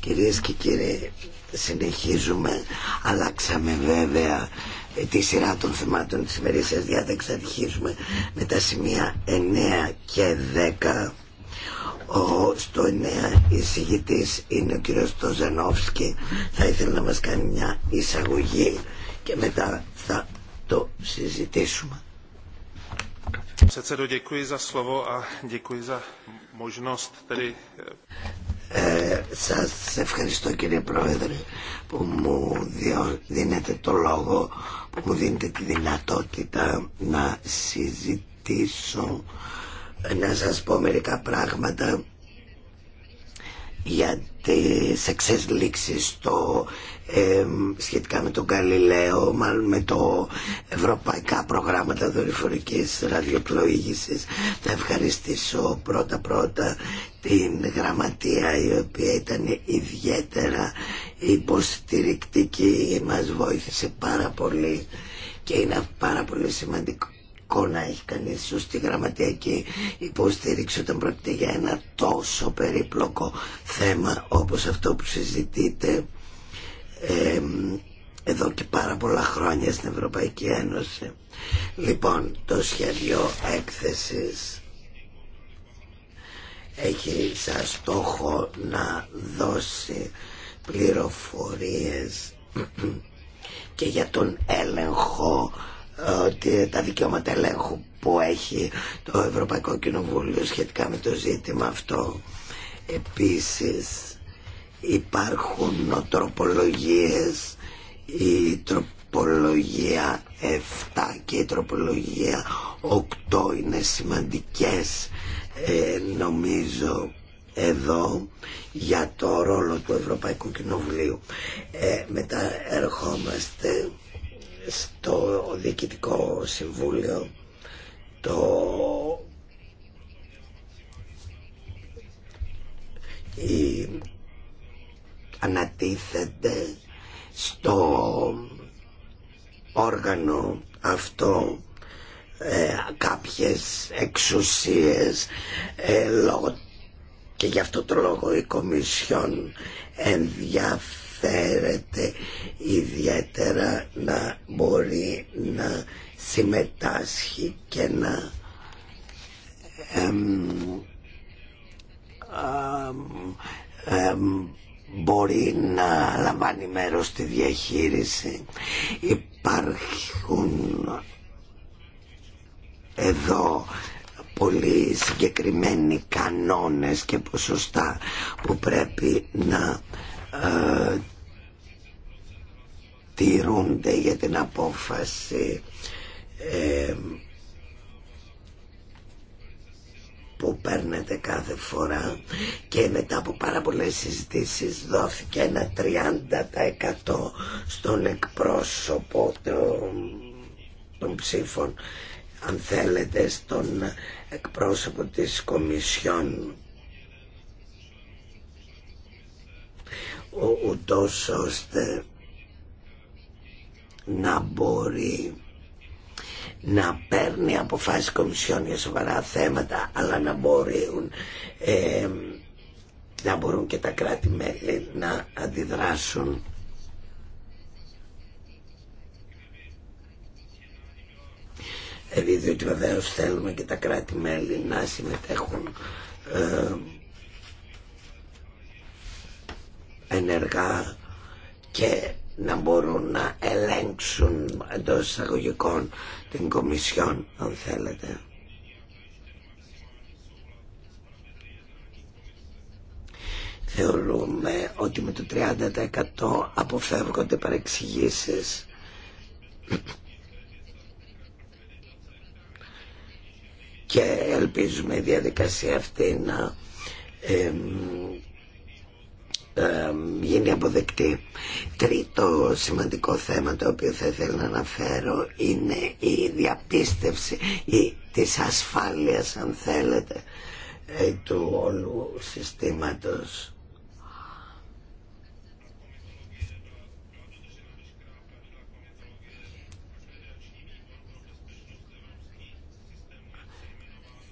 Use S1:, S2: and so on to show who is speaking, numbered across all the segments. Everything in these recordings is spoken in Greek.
S1: Κυρίες και κύριοι, συνεχίζουμε. Αλλάξαμε βέβαια ε, τη σειρά των θεμάτων της ημερήσιας διάταξης. Αρχίζουμε με τα σημεία 9 και 10. Ο, στο 9 εισηγητής είναι ο κύριος Τοζανόφσκι. Θα ήθελε να μας κάνει μια εισαγωγή και μετά θα το συζητήσουμε. Ε, σας ευχαριστώ κύριε Πρόεδρε που μου δίνετε το λόγο, που μου δίνετε τη δυνατότητα να συζητήσω, να σας πω μερικά πράγματα για τις εξελίξεις στο, σχετικά με τον Καλλιλέο, μάλλον με το ευρωπαϊκά προγράμματα δορυφορικής ραδιοπλοήγησης. Θα ευχαριστήσω πρώτα πρώτα την γραμματεία η οποία ήταν ιδιαίτερα υποστηρικτική, μας βοήθησε πάρα πολύ και είναι πάρα πολύ σημαντικό εικόνα έχει κανεί σωστή γραμματιακή υποστήριξη όταν πρόκειται για ένα τόσο περίπλοκο θέμα όπως αυτό που συζητείτε ε, εδώ και πάρα πολλά χρόνια στην Ευρωπαϊκή Ένωση. Λοιπόν, το σχέδιο έκθεσης έχει σαν στόχο να δώσει πληροφορίες και για τον έλεγχο ότι τα δικαιώματα ελέγχου που έχει το Ευρωπαϊκό Κοινοβούλιο σχετικά με το ζήτημα αυτό. Επίσης υπάρχουν τροπολογίες η τροπολογία 7 και η τροπολογία 8 είναι σημαντικές ε, νομίζω εδώ για το ρόλο του Ευρωπαϊκού Κοινοβουλίου. Ε, μετά ερχόμαστε στο Διοικητικό Συμβούλιο το ανατίθεται στο όργανο αυτό ε, κάποιες εξουσίες ε, λόγω και γι' αυτό το λόγο η Κομισιόν ενδιαφέρει ενδιαφέρεται ιδιαίτερα να μπορεί να συμμετάσχει και να μπορεί να λαμβάνει μέρος στη διαχείριση. Υπάρχουν εδώ πολύ συγκεκριμένοι κανόνες και ποσοστά που πρέπει να τηρούνται για την απόφαση ε, που παίρνετε κάθε φορά και μετά από πάρα πολλές συζητήσεις δόθηκε ένα 30% στον εκπρόσωπο των, των ψήφων αν θέλετε στον εκπρόσωπο της Κομισιόν ούτως ώστε να μπορεί να παίρνει αποφάσεις κομισιών για σοβαρά θέματα αλλά να μπορούν να μπορούν και τα κράτη-μέλη να αντιδράσουν διότι βεβαίως θέλουμε και τα κράτη-μέλη να συμμετέχουν ενεργά και να μπορούν να ελέγξουν εντό εισαγωγικών την Κομισιόν, αν θέλετε. Θεωρούμε ότι με το 30% αποφεύγονται παρεξηγήσεις. Και ελπίζουμε η διαδικασία αυτή να γίνει αποδεκτή. Τρίτο σημαντικό θέμα το οποίο θα ήθελα να αναφέρω είναι η διαπίστευση ή της ασφάλειας αν θέλετε ε, του όλου συστήματος.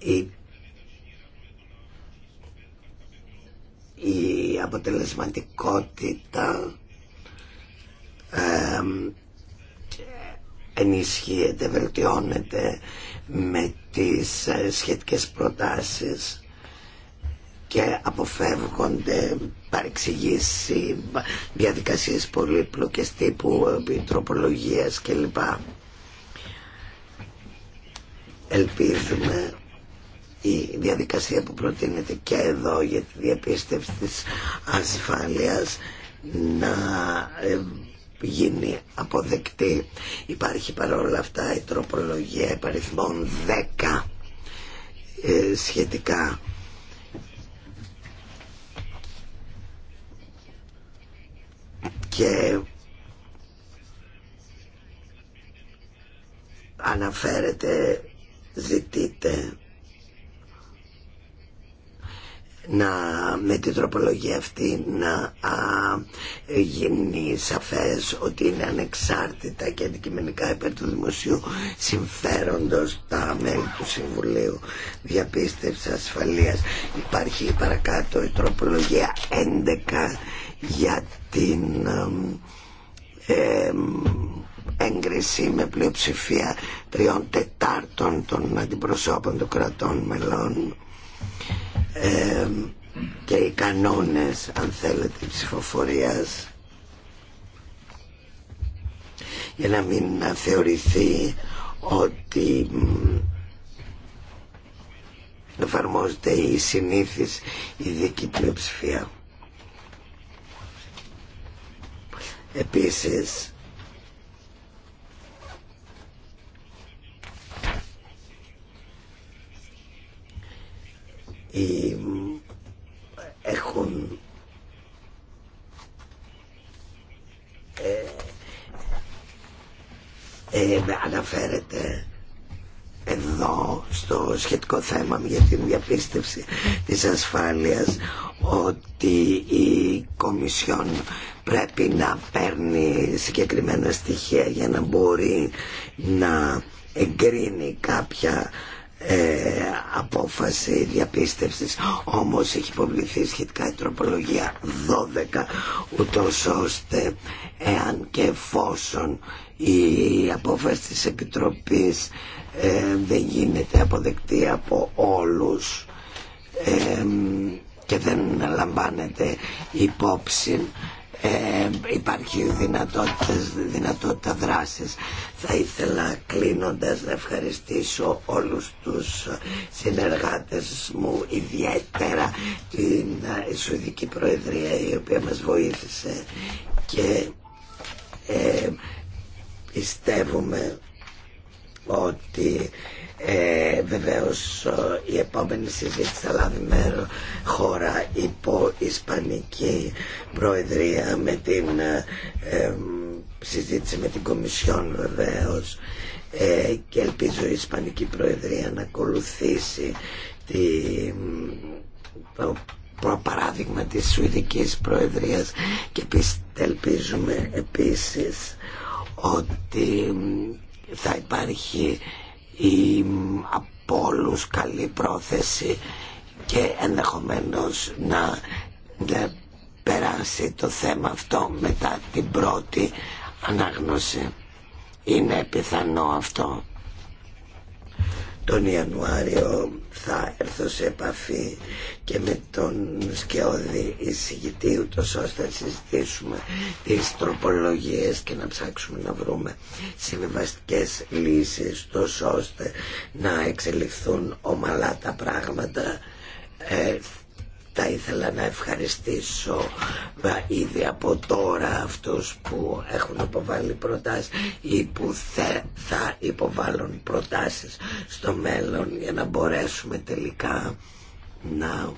S1: Η αποτελεσματικότητα ε, ενισχύεται, βελτιώνεται με τις ε, σχετικές προτάσεις και αποφεύγονται παρεξηγήσει, διαδικασίες πολύπλοκες τύπου ε, τροπολογίας κλπ. Ελπίζουμε η διαδικασία που προτείνεται και εδώ για τη διαπίστευση της ασφάλειας να ε, γίνει αποδεκτή. Υπάρχει παρόλα αυτά η τροπολογία επαριθμών 10 ε, σχετικά και αναφέρεται, ζητείται να, με την τροπολογία αυτή να γίνει σαφές ότι είναι ανεξάρτητα και αντικειμενικά υπέρ του δημοσίου συμφέροντος τα μέλη του Συμβουλίου Διαπίστευσης Ασφαλείας. Υπάρχει παρακάτω η τροπολογία 11 για την ε, έγκριση με πλειοψηφία τριών τετάρτων των αντιπροσώπων των κρατών μελών και οι κανόνες αν θέλετε ψηφοφορίας για να μην θεωρηθεί ότι εφαρμόζεται η συνήθις ειδική πλειοψηφία. Επίσης, Ε, ε, ε, αναφέρεται εδώ στο σχετικό θέμα για την διαπίστευση της ασφάλειας ότι η Κομισιόν πρέπει να παίρνει συγκεκριμένα στοιχεία για να μπορεί να εγκρίνει κάποια ε, απόφαση διαπίστευσης όμως έχει υποβληθεί σχετικά η τροπολογία 12 ούτως ώστε εάν και εφόσον η απόφαση της Επιτροπής ε, δεν γίνεται αποδεκτή από όλους ε, και δεν λαμβάνεται υπόψη ε, υπάρχει δυνατότητα, δυνατότητα δράσης. Θα ήθελα κλείνοντας να ευχαριστήσω όλους τους συνεργάτες μου, ιδιαίτερα την ε, Σουηδική Προεδρία η οποία μας βοήθησε και ε, πιστεύουμε ότι ε, βεβαίως η επόμενη συζήτηση θα λάβει μέρο χώρα υπό Ισπανική Προεδρία με την ε, συζήτηση με την Κομισιόν βεβαίως ε, και ελπίζω η Ισπανική Προεδρία να ακολουθήσει τη, το παράδειγμα της Σουηδικής Προεδρίας και ελπίζουμε επίσης ότι θα υπάρχει η από όλου καλή πρόθεση και ενδεχομένως να περάσει το θέμα αυτό μετά την πρώτη ανάγνωση. Είναι πιθανό αυτό τον Ιανουάριο θα έρθω σε επαφή και με τον Σκεώδη εισηγητή ούτως ώστε να συζητήσουμε τις τροπολογίες και να ψάξουμε να βρούμε συμβιβαστικές λύσεις τόσο ώστε να εξελιχθούν ομαλά τα πράγματα ε, θα ήθελα να ευχαριστήσω ήδη από τώρα αυτούς που έχουν υποβάλει προτάσεις ή που θα υποβάλουν προτάσεις στο μέλλον για να μπορέσουμε τελικά να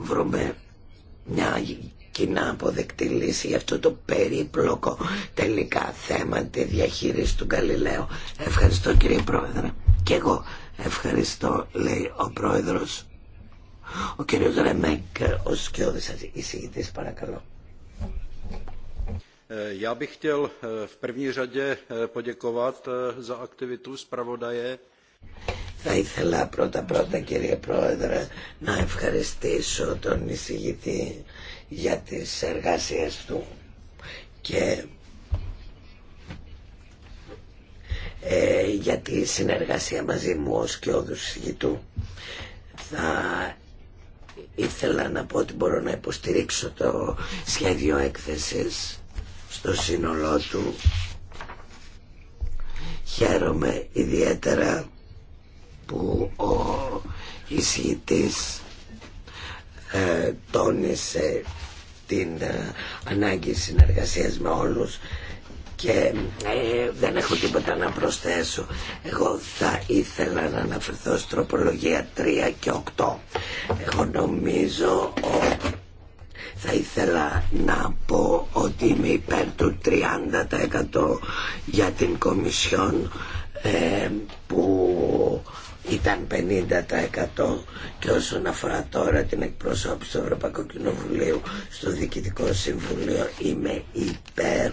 S1: βρούμε μια κοινά αποδεκτή λύση για αυτό το περίπλοκο τελικά θέμα τη διαχείριση του Γαλιλαίου. Ευχαριστώ κύριε Πρόεδρε. Και εγώ Ευχαριστώ, λέει ο πρόεδρος. Ο κύριος Ρεμέκ, ο σκιώδης εισηγητής, παρακαλώ. Θα ήθελα πρώτα πρώτα κύριε Πρόεδρε να ευχαριστήσω τον εισηγητή για τις εργασίες του και ε, για τη συνεργασία μαζί μου ως και όδους Θα ήθελα να πω ότι μπορώ να υποστηρίξω το σχέδιο έκθεσης στο σύνολό του. Χαίρομαι ιδιαίτερα που ο εισηγητής ε, τόνισε την ε, ανάγκη συνεργασίας με όλους και ε, δεν έχω τίποτα να προσθέσω. Εγώ θα ήθελα να αναφερθώ στην τροπολογία 3 και 8. Εγώ νομίζω ότι θα ήθελα να πω ότι είμαι υπέρ του 30% για την Κομισιόν ε, που ήταν 50% και όσον αφορά τώρα την εκπροσώπηση του Ευρωπαϊκού Κοινοβουλίου στο Διοικητικό Συμβουλίο είμαι υπέρ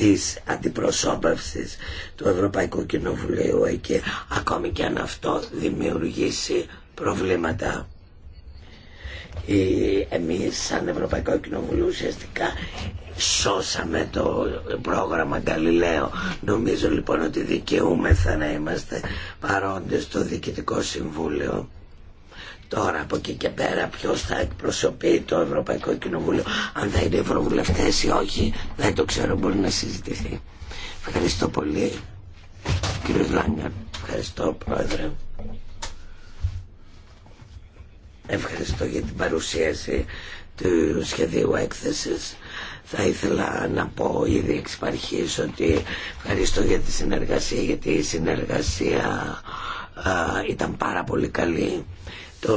S1: της αντιπροσώπευσης του Ευρωπαϊκού Κοινοβουλίου εκεί ακόμη και αν αυτό δημιουργήσει προβλήματα εμείς σαν Ευρωπαϊκό Κοινοβουλίο ουσιαστικά σώσαμε το πρόγραμμα Γαλιλαίο νομίζω λοιπόν ότι δικαιούμεθα να είμαστε παρόντες στο Διοικητικό Συμβούλιο Τώρα από εκεί και πέρα ποιο θα εκπροσωπεί το Ευρωπαϊκό Κοινοβούλιο. Αν θα είναι ευρωβουλευτέ ή όχι, δεν το ξέρω, μπορεί να συζητηθεί. Ευχαριστώ πολύ, κύριε Λάνια. Ευχαριστώ, Πρόεδρε. Ευχαριστώ για την παρουσίαση του σχεδίου έκθεσης. Θα ήθελα να πω ήδη εξ ότι ευχαριστώ για τη συνεργασία, γιατί η συνεργασία ήταν πάρα πολύ καλή το,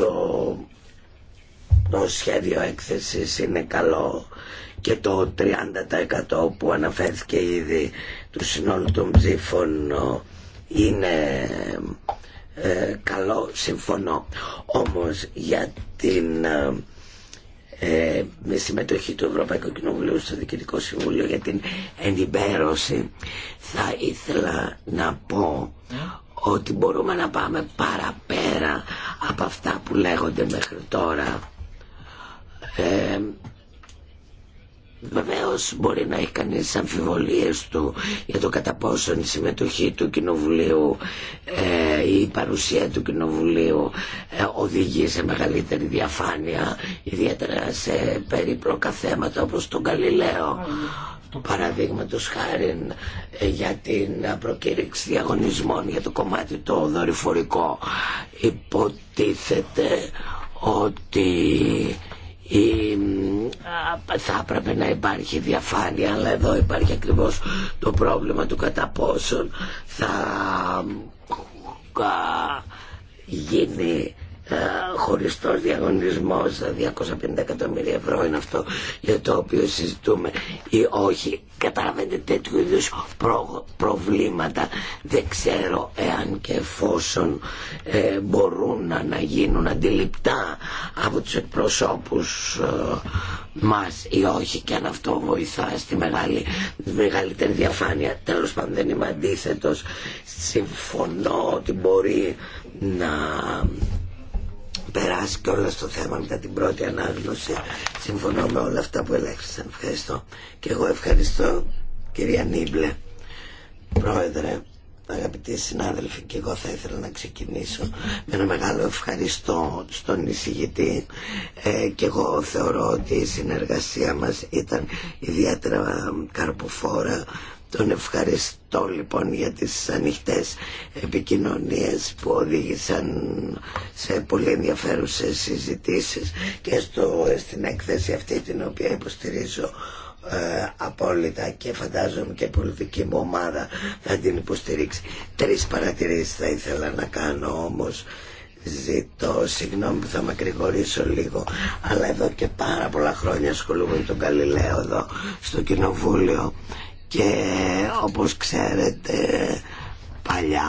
S1: το σχέδιο έκθεσης είναι καλό και το 30% που αναφέρθηκε ήδη του συνόλου των ψήφων ε, είναι ε, καλό, συμφωνώ. Όμως για την ε, με συμμετοχή του Ευρωπαϊκού Κοινοβουλίου στο Διοικητικό Συμβούλιο για την ενημέρωση θα ήθελα να πω ότι μπορούμε να πάμε παραπέρα από αυτά που λέγονται μέχρι τώρα. Ε, Βεβαίω μπορεί να έχει κανεί αμφιβολίες του για το κατά πόσον η συμμετοχή του Κοινοβουλίου ε, η παρουσία του Κοινοβουλίου ε, οδηγεί σε μεγαλύτερη διαφάνεια, ιδιαίτερα σε περίπλοκα θέματα όπως τον Καλλιλέο. Παραδείγματο χάρη ε, για την ε, προκήρυξη διαγωνισμών για το κομμάτι το δορυφορικό υποτίθεται ότι θα έπρεπε να υπάρχει διαφάνεια αλλά εδώ υπάρχει ακριβώς το πρόβλημα του κατά πόσον θα γίνει ε, χωριστός διαγωνισμός 250 ε, εκατομμύρια ευρώ είναι αυτό για το οποίο συζητούμε ή όχι καταλαβαίνετε τέτοιου είδου προβλήματα δεν ξέρω εάν και εφόσον ε, μπορούν να, γίνουν αντιληπτά από τους εκπροσώπους ε, μας ή όχι και αν αυτό βοηθά στη μεγάλη, μεγαλύτερη διαφάνεια τέλος πάντων δεν είμαι αντίθετος συμφωνώ ότι μπορεί να περάσει και όλα στο θέμα μετά την πρώτη ανάγνωση. Συμφωνώ με όλα αυτά που ελέγχθησαν. Ευχαριστώ. Και εγώ ευχαριστώ κυρία Νίμπλε, πρόεδρε, αγαπητοί συνάδελφοι, και εγώ θα ήθελα να ξεκινήσω με ένα μεγάλο ευχαριστώ στον εισηγητή ε, και εγώ θεωρώ ότι η συνεργασία μας ήταν ιδιαίτερα καρποφόρα τον ευχαριστώ λοιπόν για τις ανοιχτές επικοινωνίες που οδήγησαν σε πολύ ενδιαφέρουσες συζητήσεις και στο, στην έκθεση αυτή την οποία υποστηρίζω ε, απόλυτα και φαντάζομαι και η πολιτική μου ομάδα θα την υποστηρίξει. Τρεις παρατηρήσεις θα ήθελα να κάνω όμως. Ζητώ συγγνώμη που θα με ακρηγορήσω λίγο, αλλά εδώ και πάρα πολλά χρόνια ασχολούμαι τον Καλλιλέο εδώ στο Κοινοβούλιο και όπως ξέρετε παλιά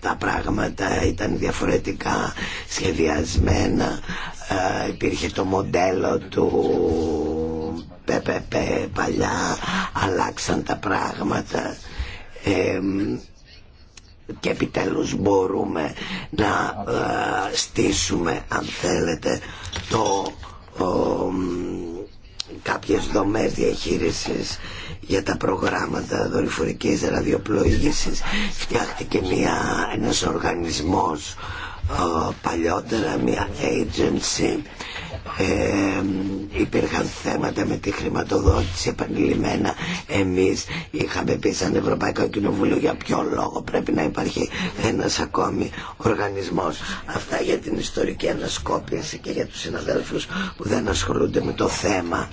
S1: τα πράγματα ήταν διαφορετικά σχεδιασμένα ε, υπήρχε το μοντέλο του ΠΠΠ παλιά αλλάξαν τα πράγματα και επιτέλους μπορούμε να ε, στήσουμε αν θέλετε το κάποιες δομές διαχείρισης για τα προγράμματα δορυφορικής ραδιοπλοήγησης φτιάχτηκε μια, ένας οργανισμός παλιότερα μια agency ε, υπήρχαν θέματα με τη χρηματοδότηση επανειλημμένα εμείς είχαμε πει σαν Ευρωπαϊκό Κοινοβούλιο για ποιο λόγο πρέπει να υπάρχει ένας ακόμη οργανισμός αυτά για την ιστορική ανασκόπηση και για τους συναδέλφους που δεν ασχολούνται με το θέμα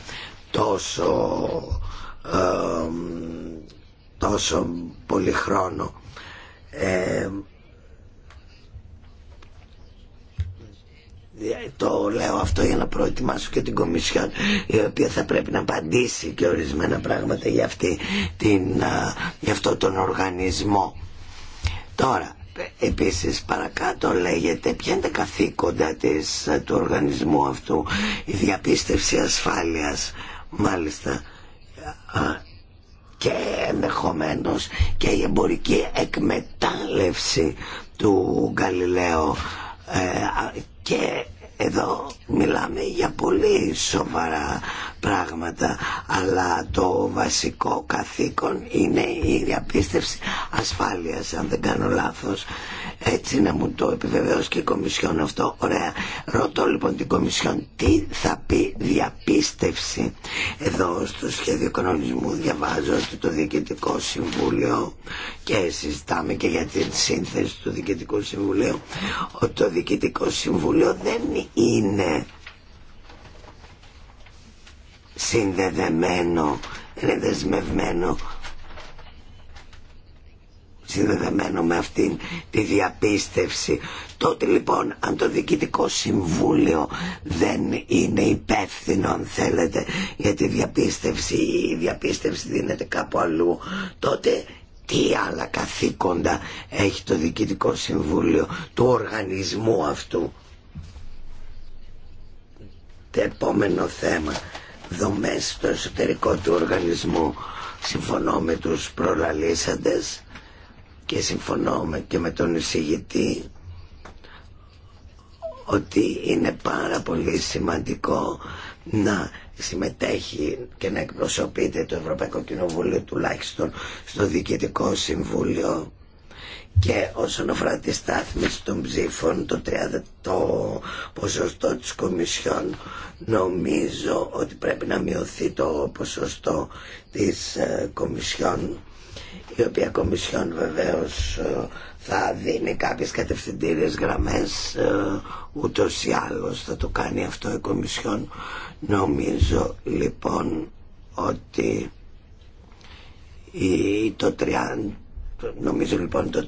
S1: τόσο ε, τόσο πολύ χρόνο ε, Ε, το λέω αυτό για να προετοιμάσω και την Κομισιόν η οποία θα πρέπει να απαντήσει και ορισμένα πράγματα για, αυτή, την, για αυτό τον οργανισμό. Τώρα, επίσης παρακάτω λέγεται ποια είναι τα καθήκοντα της, του οργανισμού αυτού η διαπίστευση ασφάλειας μάλιστα και ενδεχομένω και η εμπορική εκμετάλλευση του Γκαλιλαίου ε, και εδώ μιλάμε για πολύ σοβαρά πράγματα αλλά το βασικό καθήκον είναι η διαπίστευση ασφάλειας αν δεν κάνω λάθος έτσι να μου το επιβεβαιώσει και η Κομισιόν αυτό ωραία ρωτώ λοιπόν την Κομισιόν τι θα πει διαπίστευση εδώ στο σχέδιο οικονομισμού διαβάζω ότι το Διοικητικό Συμβούλιο και συζητάμε και για την σύνθεση του Διοικητικού Συμβουλίου ότι το Διοικητικό Συμβούλιο δεν είναι συνδεδεμένο, είναι δεσμευμένο συνδεδεμένο με αυτήν τη διαπίστευση. Τότε λοιπόν αν το Διοικητικό Συμβούλιο δεν είναι υπεύθυνο αν θέλετε για τη διαπίστευση ή η διαπίστευση δίνεται κάπου αλλού τότε τι άλλα καθήκοντα έχει το Διοικητικό Συμβούλιο του οργανισμού αυτού επόμενο θέμα δομές στο εσωτερικό του οργανισμού συμφωνώ με τους προλαλήσαντες και συμφωνώ και με τον εισηγητή ότι είναι πάρα πολύ σημαντικό να συμμετέχει και να εκπροσωπείται το Ευρωπαϊκό Κοινοβούλιο τουλάχιστον στο Διοικητικό Συμβούλιο και όσον αφορά τη στάθμιση των ψήφων το 30% το ποσοστό της Κομισιόν νομίζω ότι πρέπει να μειωθεί το ποσοστό της ε, Κομισιόν η οποία Κομισιόν βεβαίως ε, θα δίνει κάποιες κατευθυντήριες γραμμές ε, ούτως ή άλλως θα το κάνει αυτό η Κομισιόν νομίζω λοιπόν ότι το 30 Νομίζω λοιπόν το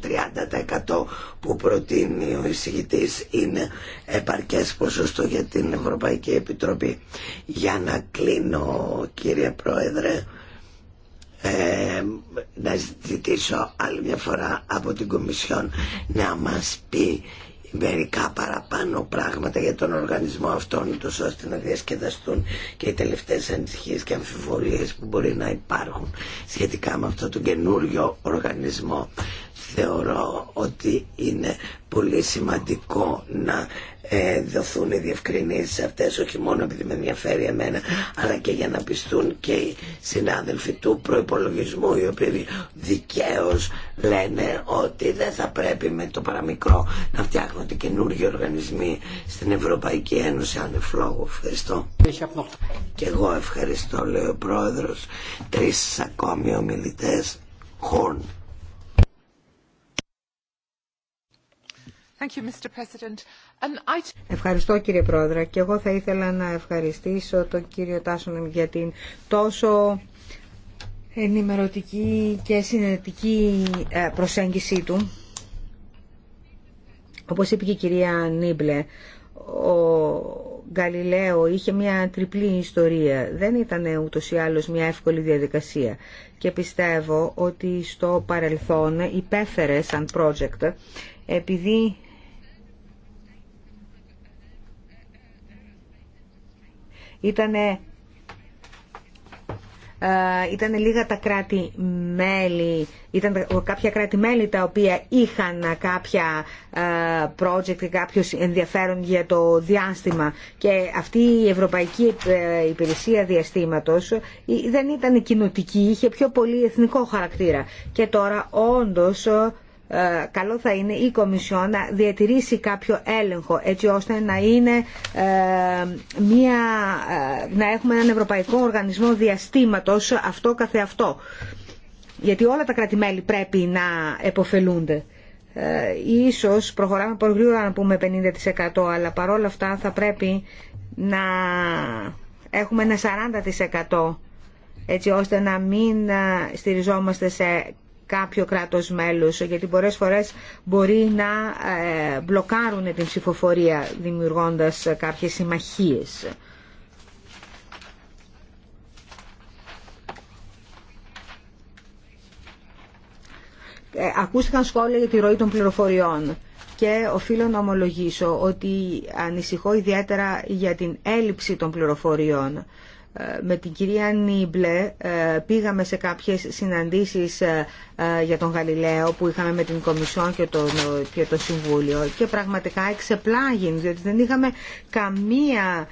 S1: 30% που προτείνει ο εισηγητής είναι επαρκές ποσοστό για την Ευρωπαϊκή Επιτροπή. Για να κλείνω κύριε Πρόεδρε ε, να ζητήσω άλλη μια φορά από την Κομισιόν να μας πει μερικά παραπάνω πράγματα για τον οργανισμό αυτόν τους ώστε να διασκεδαστούν και οι τελευταίες ανησυχίες και αμφιβολίες που μπορεί να υπάρχουν σχετικά με αυτό τον καινούριο οργανισμό θεωρώ ότι είναι πολύ σημαντικό να ε, δοθούν οι διευκρινήσεις αυτές όχι μόνο επειδή με ενδιαφέρει εμένα αλλά και για να πιστούν και οι συνάδελφοι του προϋπολογισμού οι οποίοι δικαίως λένε ότι δεν θα πρέπει με το παραμικρό να φτιάχνονται καινούργιοι οργανισμοί στην Ευρωπαϊκή Ένωση αν ευχαριστώ και εγώ ευχαριστώ λέει ο πρόεδρος τρεις ακόμη
S2: ομιλητές Χόρν Ευχαριστώ κύριε Πρόεδρε και εγώ θα ήθελα να ευχαριστήσω τον κύριο Τάσον για την τόσο ενημερωτική και συνεργατική ε, προσέγγιση του. Όπως είπε και η κυρία Νίμπλε, ο Γκαλιλαίο είχε μια τριπλή ιστορία. Δεν ήταν ούτως ή άλλως μια εύκολη διαδικασία. Και πιστεύω ότι στο παρελθόν υπέφερε σαν project επειδή Ήτανε, ε, ήτανε λίγα τα κράτη-μέλη, ήταν κάποια κράτη-μέλη τα οποία είχαν κάποια ε, project, κάποιο ενδιαφέρον για το διάστημα και αυτή η Ευρωπαϊκή ε, Υπηρεσία Διαστήματος δεν ήταν κοινοτική, είχε πιο πολύ εθνικό χαρακτήρα. Και τώρα όντως ε, καλό θα είναι η Κομισιόν να διατηρήσει κάποιο έλεγχο έτσι ώστε να είναι ε, μια, ε, να έχουμε έναν ευρωπαϊκό οργανισμό διαστήματος αυτό καθεαυτό. Γιατί όλα τα κράτη-μέλη πρέπει να εποφελούνται. Ε, ίσως προχωράμε πολύ γρήγορα να πούμε 50% αλλά παρόλα αυτά θα πρέπει να έχουμε ένα 40% έτσι ώστε να μην στηριζόμαστε σε κάποιο κράτος μέλος, γιατί πολλές φορές μπορεί να ε, μπλοκάρουν την ψηφοφορία δημιουργώντας κάποιες συμμαχίες. Ε, ακούστηκαν σχόλια για τη ροή των πληροφοριών και οφείλω να ομολογήσω ότι ανησυχώ ιδιαίτερα για την έλλειψη των πληροφοριών ε, με την κυρία Νίμπλε ε, πήγαμε σε κάποιες συναντήσεις ε, για τον Γαλιλαίο που είχαμε με την Κομισιόν και το, και το Συμβούλιο και πραγματικά εξεπλάγει διότι δεν είχαμε καμία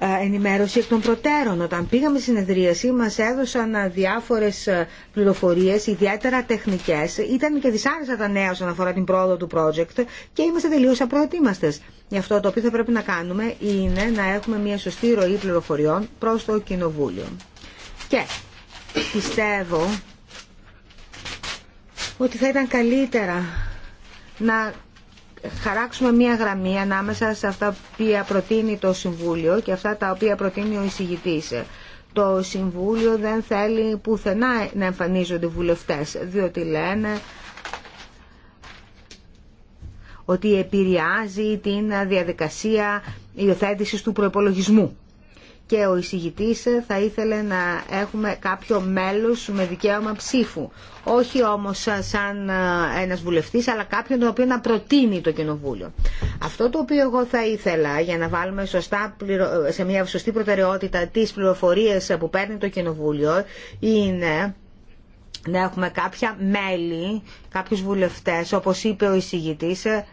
S2: ε, ενημέρωση εκ των προτέρων. Όταν πήγαμε στη συνεδρίαση μας έδωσαν ε, διάφορες ε, πληροφορίες, ιδιαίτερα τεχνικές. Ήταν και δυσάρεστα τα νέα όσον αφορά την πρόοδο του project και είμαστε τελείως απροετοίμαστες. Γι' αυτό το οποίο θα πρέπει να κάνουμε είναι να έχουμε μια σωστή ροή πληροφοριών προς το Κοινοβούλιο. Και πιστεύω ότι θα ήταν καλύτερα να χαράξουμε μία γραμμή ανάμεσα σε αυτά που προτείνει το Συμβούλιο και αυτά τα οποία προτείνει ο εισηγητής. Το Συμβούλιο δεν θέλει πουθενά να εμφανίζονται βουλευτές, διότι λένε ότι επηρεάζει την διαδικασία υιοθέτηση του προπολογισμού και ο εισηγητής θα ήθελε να έχουμε κάποιο μέλος με δικαίωμα ψήφου. Όχι όμως σαν ε, ένας βουλευτής, αλλά κάποιον τον οποίο να προτείνει το Κοινοβούλιο. Αυτό το οποίο εγώ θα ήθελα για να βάλουμε σωστά, σε μια σωστή προτεραιότητα τις πληροφορίες που παίρνει το Κοινοβούλιο είναι να έχουμε κάποια μέλη, κάποιους βουλευτές, όπως είπε ο εισηγητής, ε,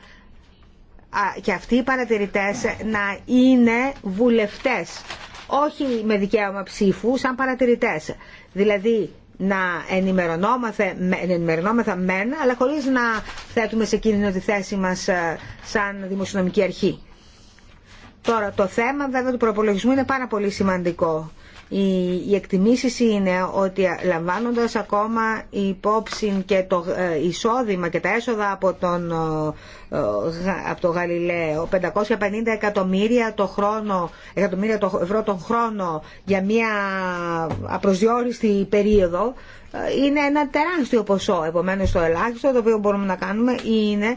S2: και αυτοί οι παρατηρητές να είναι βουλευτές όχι με δικαίωμα ψήφου, σαν παρατηρητές. Δηλαδή να ενημερωνόμεθα μεν, αλλά χωρίς να θέτουμε σε κίνδυνο τη θέση μας ε, σαν δημοσιονομική αρχή. Τώρα, το θέμα βέβαια του προπολογισμού είναι πάρα πολύ σημαντικό. Οι εκτιμήσεις είναι ότι λαμβάνοντας ακόμα υπόψη και το ε, εισόδημα και τα έσοδα από τον ε, ε, από το Γαλιλαίο 550 εκατομμύρια το χρόνο εκατομμύρια το ευρώ τον χρόνο για μια απροσδιόριστη περίοδο είναι ένα τεράστιο ποσό επομένως το ελάχιστο το οποίο μπορούμε να κάνουμε είναι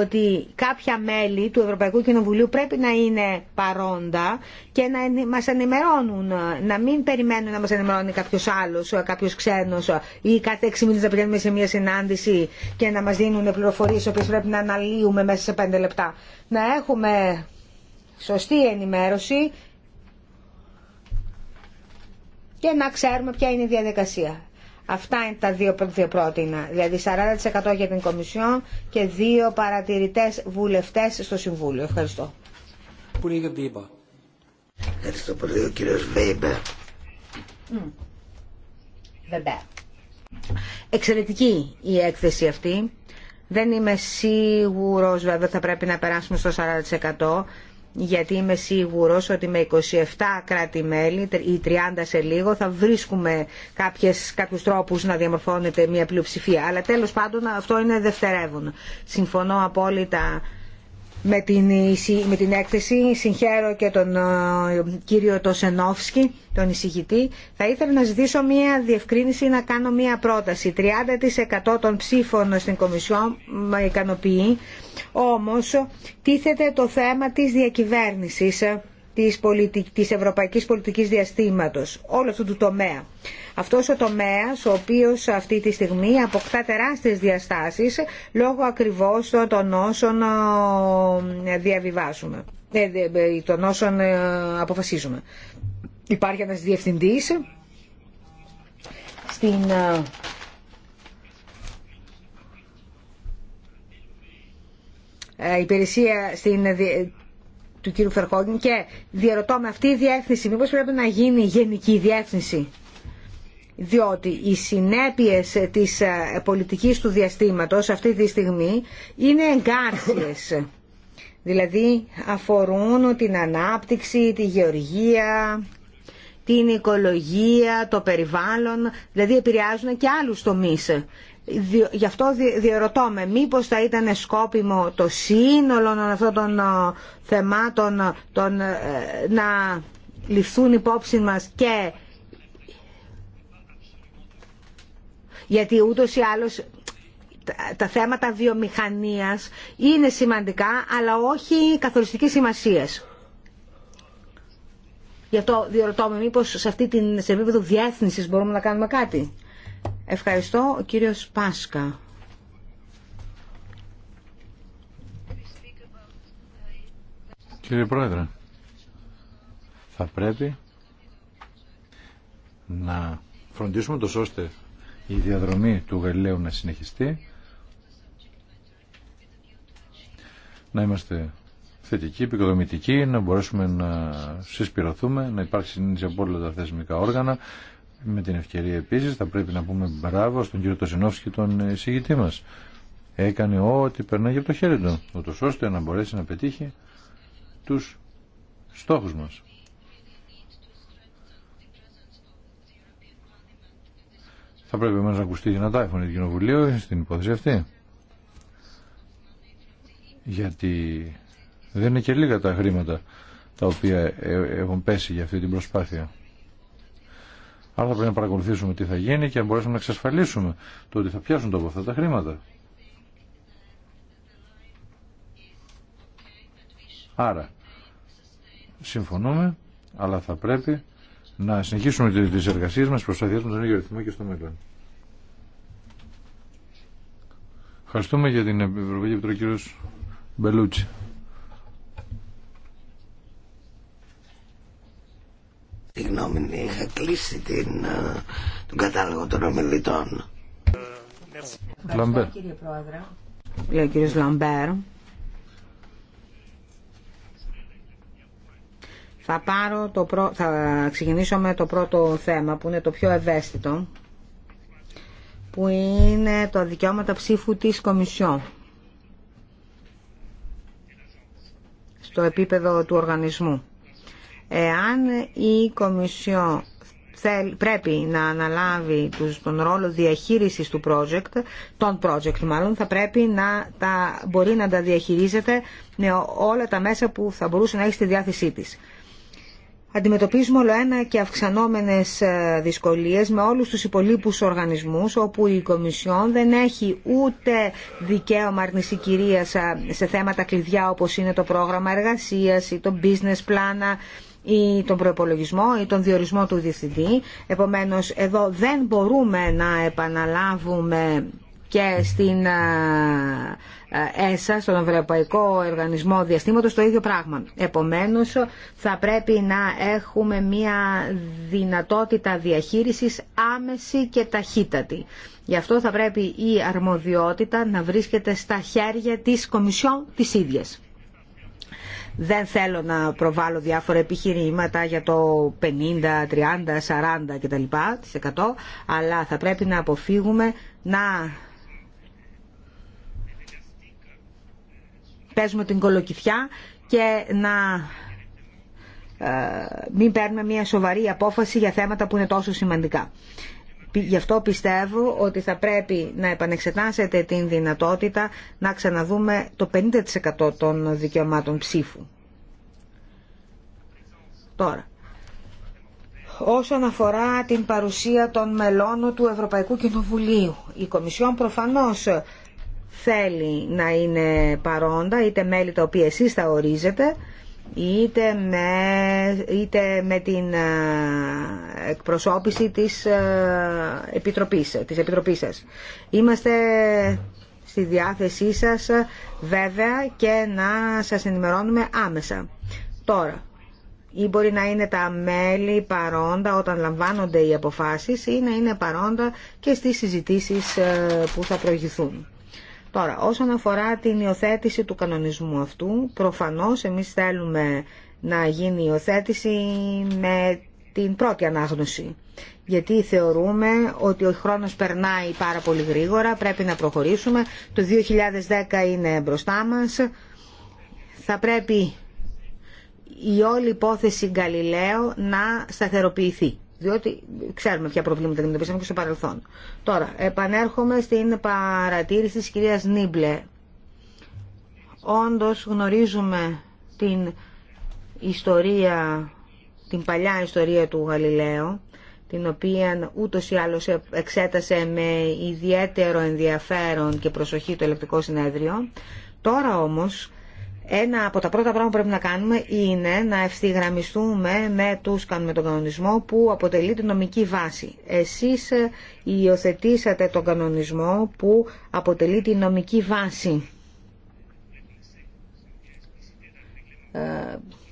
S2: ότι κάποια μέλη του Ευρωπαϊκού Κοινοβουλίου πρέπει να είναι παρόντα και να μας ενημερώνουν, να μην περιμένουν να μας ενημερώνει κάποιος άλλος, κάποιος ξένος ή κάθε έξι μήνες να πηγαίνουμε σε μια συνάντηση και να μας δίνουν πληροφορίες που πρέπει να αναλύουμε μέσα σε πέντε λεπτά. Να έχουμε σωστή ενημέρωση και να ξέρουμε ποια είναι η διαδικασία. Αυτά είναι τα δύο, δύο δηλαδή 40% για την Κομισιόν και δύο παρατηρητές βουλευτές στο Συμβούλιο. Ευχαριστώ.
S1: Ευχαριστώ πολύ ο
S2: Εξαιρετική η έκθεση αυτή. Δεν είμαι σίγουρος βέβαια θα πρέπει να περάσουμε στο 40% γιατί είμαι σίγουρος ότι με 27 κράτη-μέλη ή 30 σε λίγο θα βρίσκουμε κάποιες, κάποιους τρόπους να διαμορφώνεται μια πλειοψηφία. Αλλά τέλος πάντων αυτό είναι δευτερεύουν. Συμφωνώ απόλυτα με την, με την έκθεση. Συγχαίρω και τον ε, κύριο Τοσενόφσκι, τον εισηγητή. Θα ήθελα να ζητήσω μία διευκρίνηση να κάνω μία πρόταση. 30% των ψήφων στην Κομισιόν με ικανοποιεί, όμως τίθεται το θέμα της διακυβέρνησης της, της ευρωπαϊκής πολιτικής διαστήματος, όλο αυτού του τομέα. Αυτός ο τομέας, ο οποίος αυτή τη στιγμή αποκτά τεράστιες διαστάσεις λόγω ακριβώς των όσων ε, διαβιβάζουμε, ε, ε, των όσων αποφασίζουμε. Υπάρχει ένας διευθυντής στην υπηρεσία στην του κύριου Φερχόγγιν και διαρωτώ με αυτή η διεύθυνση μήπως πρέπει να γίνει γενική διεύθυνση διότι οι συνέπειες της ε, πολιτικής του διαστήματος αυτή τη στιγμή είναι εγκάρσιες. Δηλαδή αφορούν την ανάπτυξη, τη γεωργία, την οικολογία, το περιβάλλον, δηλαδή επηρεάζουν και άλλους τομείς. Γι' αυτό διερωτώ με μήπως θα ήταν σκόπιμο το σύνολο αυτών των ε, θεμάτων ε, ε, να ληφθούν υπόψη μας και γιατί ούτως ή άλλως τα θέματα βιομηχανίας είναι σημαντικά αλλά όχι καθοριστική σημασίας. Γι' αυτό διερωτώ μήπως σε, αυτή την, σε επίπεδο διεύθυνσης μπορούμε να κάνουμε κάτι. Ευχαριστώ, ο κύριος Πάσκα.
S3: Κύριε Πρόεδρε, θα πρέπει να φροντίσουμε το ώστε η διαδρομή του Γαλιλαίου να συνεχιστεί, να είμαστε θετικοί, επικοδομητικοί, να μπορέσουμε να συσπηρωθούμε, να υπάρξει συνήθεια από όλα τα θεσμικά όργανα με την ευκαιρία επίσης θα πρέπει να πούμε μπράβο στον κύριο Τωσινόφσκι τον εισηγητή μας. Έκανε ό,τι περνάει από το χέρι του, ούτω ώστε να μπορέσει να πετύχει τους στόχους μας. Θα πρέπει εμείς να ακουστεί δυνατά η φωνή του Κοινοβουλίου στην υπόθεση αυτή. Γιατί δεν είναι και λίγα τα χρήματα τα οποία ε, έχουν πέσει για αυτή την προσπάθεια. Άρα θα πρέπει να παρακολουθήσουμε τι θα γίνει και αν μπορέσουμε να εξασφαλίσουμε το ότι θα πιάσουν από αυτά τα χρήματα. Άρα, συμφωνούμε, αλλά θα πρέπει να συνεχίσουμε τις εργασίες μας, προσπαθειές μας τον ίδιο ρυθμό και στο μέλλον. Ευχαριστούμε για την Ευρωπαϊκή Επιτροπή, κύριος
S1: Μπελούτσι. κλείσει την, ε, τον κατάλογο των ομιλητών.
S2: Λαμπέρ. Κύριε Πρόεδρε. Λέει ο κύριος Λαμπέρ. Θα, πάρω το προ... θα ξεκινήσω με το πρώτο θέμα που είναι το πιο ευαίσθητο που είναι το δικαιώματα ψήφου της Κομισιόν στο επίπεδο του οργανισμού. Εάν η Κομισιόν πρέπει να αναλάβει τον ρόλο διαχείρισης του project, των project μάλλον, θα πρέπει να τα, μπορεί να τα διαχειρίζεται με όλα τα μέσα που θα μπορούσε να έχει στη διάθεσή της. Αντιμετωπίζουμε όλο ένα και αυξανόμενες ε, δυσκολίες με όλους τους υπολείπους οργανισμούς όπου η Κομισιόν δεν έχει ούτε δικαίωμα αρνησή ε, σε θέματα κλειδιά όπως είναι το πρόγραμμα εργασίας ή το business plan ή τον προπολογισμό ή τον διορισμό του διευθυντή. Επομένως, εδώ δεν μπορούμε να επαναλάβουμε και στην ΕΣΑ, στον Ευρωπαϊκό Οργανισμό Διαστήματος, το ίδιο πράγμα. Επομένως, θα πρέπει να έχουμε μια δυνατότητα διαχείρισης άμεση και ταχύτατη. Γι' αυτό θα πρέπει η αρμοδιότητα να βρίσκεται στα χέρια της Κομισιόν της ίδιας. Δεν θέλω να προβάλλω διάφορα επιχειρήματα για το 50, 30, 40 κτλ. αλλά θα πρέπει να αποφύγουμε να παίζουμε την κολοκυθιά και να ε, μην παίρνουμε μια σοβαρή απόφαση για θέματα που είναι τόσο σημαντικά. Γι' αυτό πιστεύω ότι θα πρέπει να επανεξετάσετε την δυνατότητα να ξαναδούμε το 50% των δικαιωμάτων ψήφου. Τώρα, όσον αφορά την παρουσία των μελών του Ευρωπαϊκού Κοινοβουλίου, η Κομισιόν προφανώς θέλει να είναι παρόντα, είτε μέλη τα οποία εσείς τα ορίζετε, είτε με, είτε με την ε, εκπροσώπηση της ε, Επιτροπής, της Επιτροπής σας. Είμαστε στη διάθεσή σας βέβαια και να σας ενημερώνουμε άμεσα. Τώρα, ή μπορεί να είναι τα μέλη παρόντα όταν λαμβάνονται οι αποφάσεις ή να είναι παρόντα και στις συζητήσεις ε, που θα προηγηθούν. Τώρα, όσον αφορά την υιοθέτηση του κανονισμού αυτού, προφανώς εμείς θέλουμε να γίνει υιοθέτηση με την πρώτη ανάγνωση. Γιατί θεωρούμε ότι ο χρόνος περνάει πάρα πολύ γρήγορα, πρέπει να προχωρήσουμε. Το 2010 είναι μπροστά μας. Θα πρέπει η όλη υπόθεση Γκαλιλαίο να σταθεροποιηθεί διότι ξέρουμε ποια προβλήματα αντιμετωπίσαμε και στο παρελθόν. Τώρα, επανέρχομαι στην παρατήρηση της κυρίας Νίμπλε. Όντως γνωρίζουμε την ιστορία, την παλιά ιστορία του Γαλιλαίου, την οποία ούτως ή άλλως εξέτασε με ιδιαίτερο ενδιαφέρον και προσοχή το ηλεκτρικό συνέδριο. Τώρα όμως ένα από τα πρώτα πράγματα που πρέπει να κάνουμε είναι να ευθυγραμμιστούμε με, τους, με τον κανονισμό που αποτελεί την νομική βάση. Εσείς ε, υιοθετήσατε τον κανονισμό που αποτελεί την νομική βάση. Ε,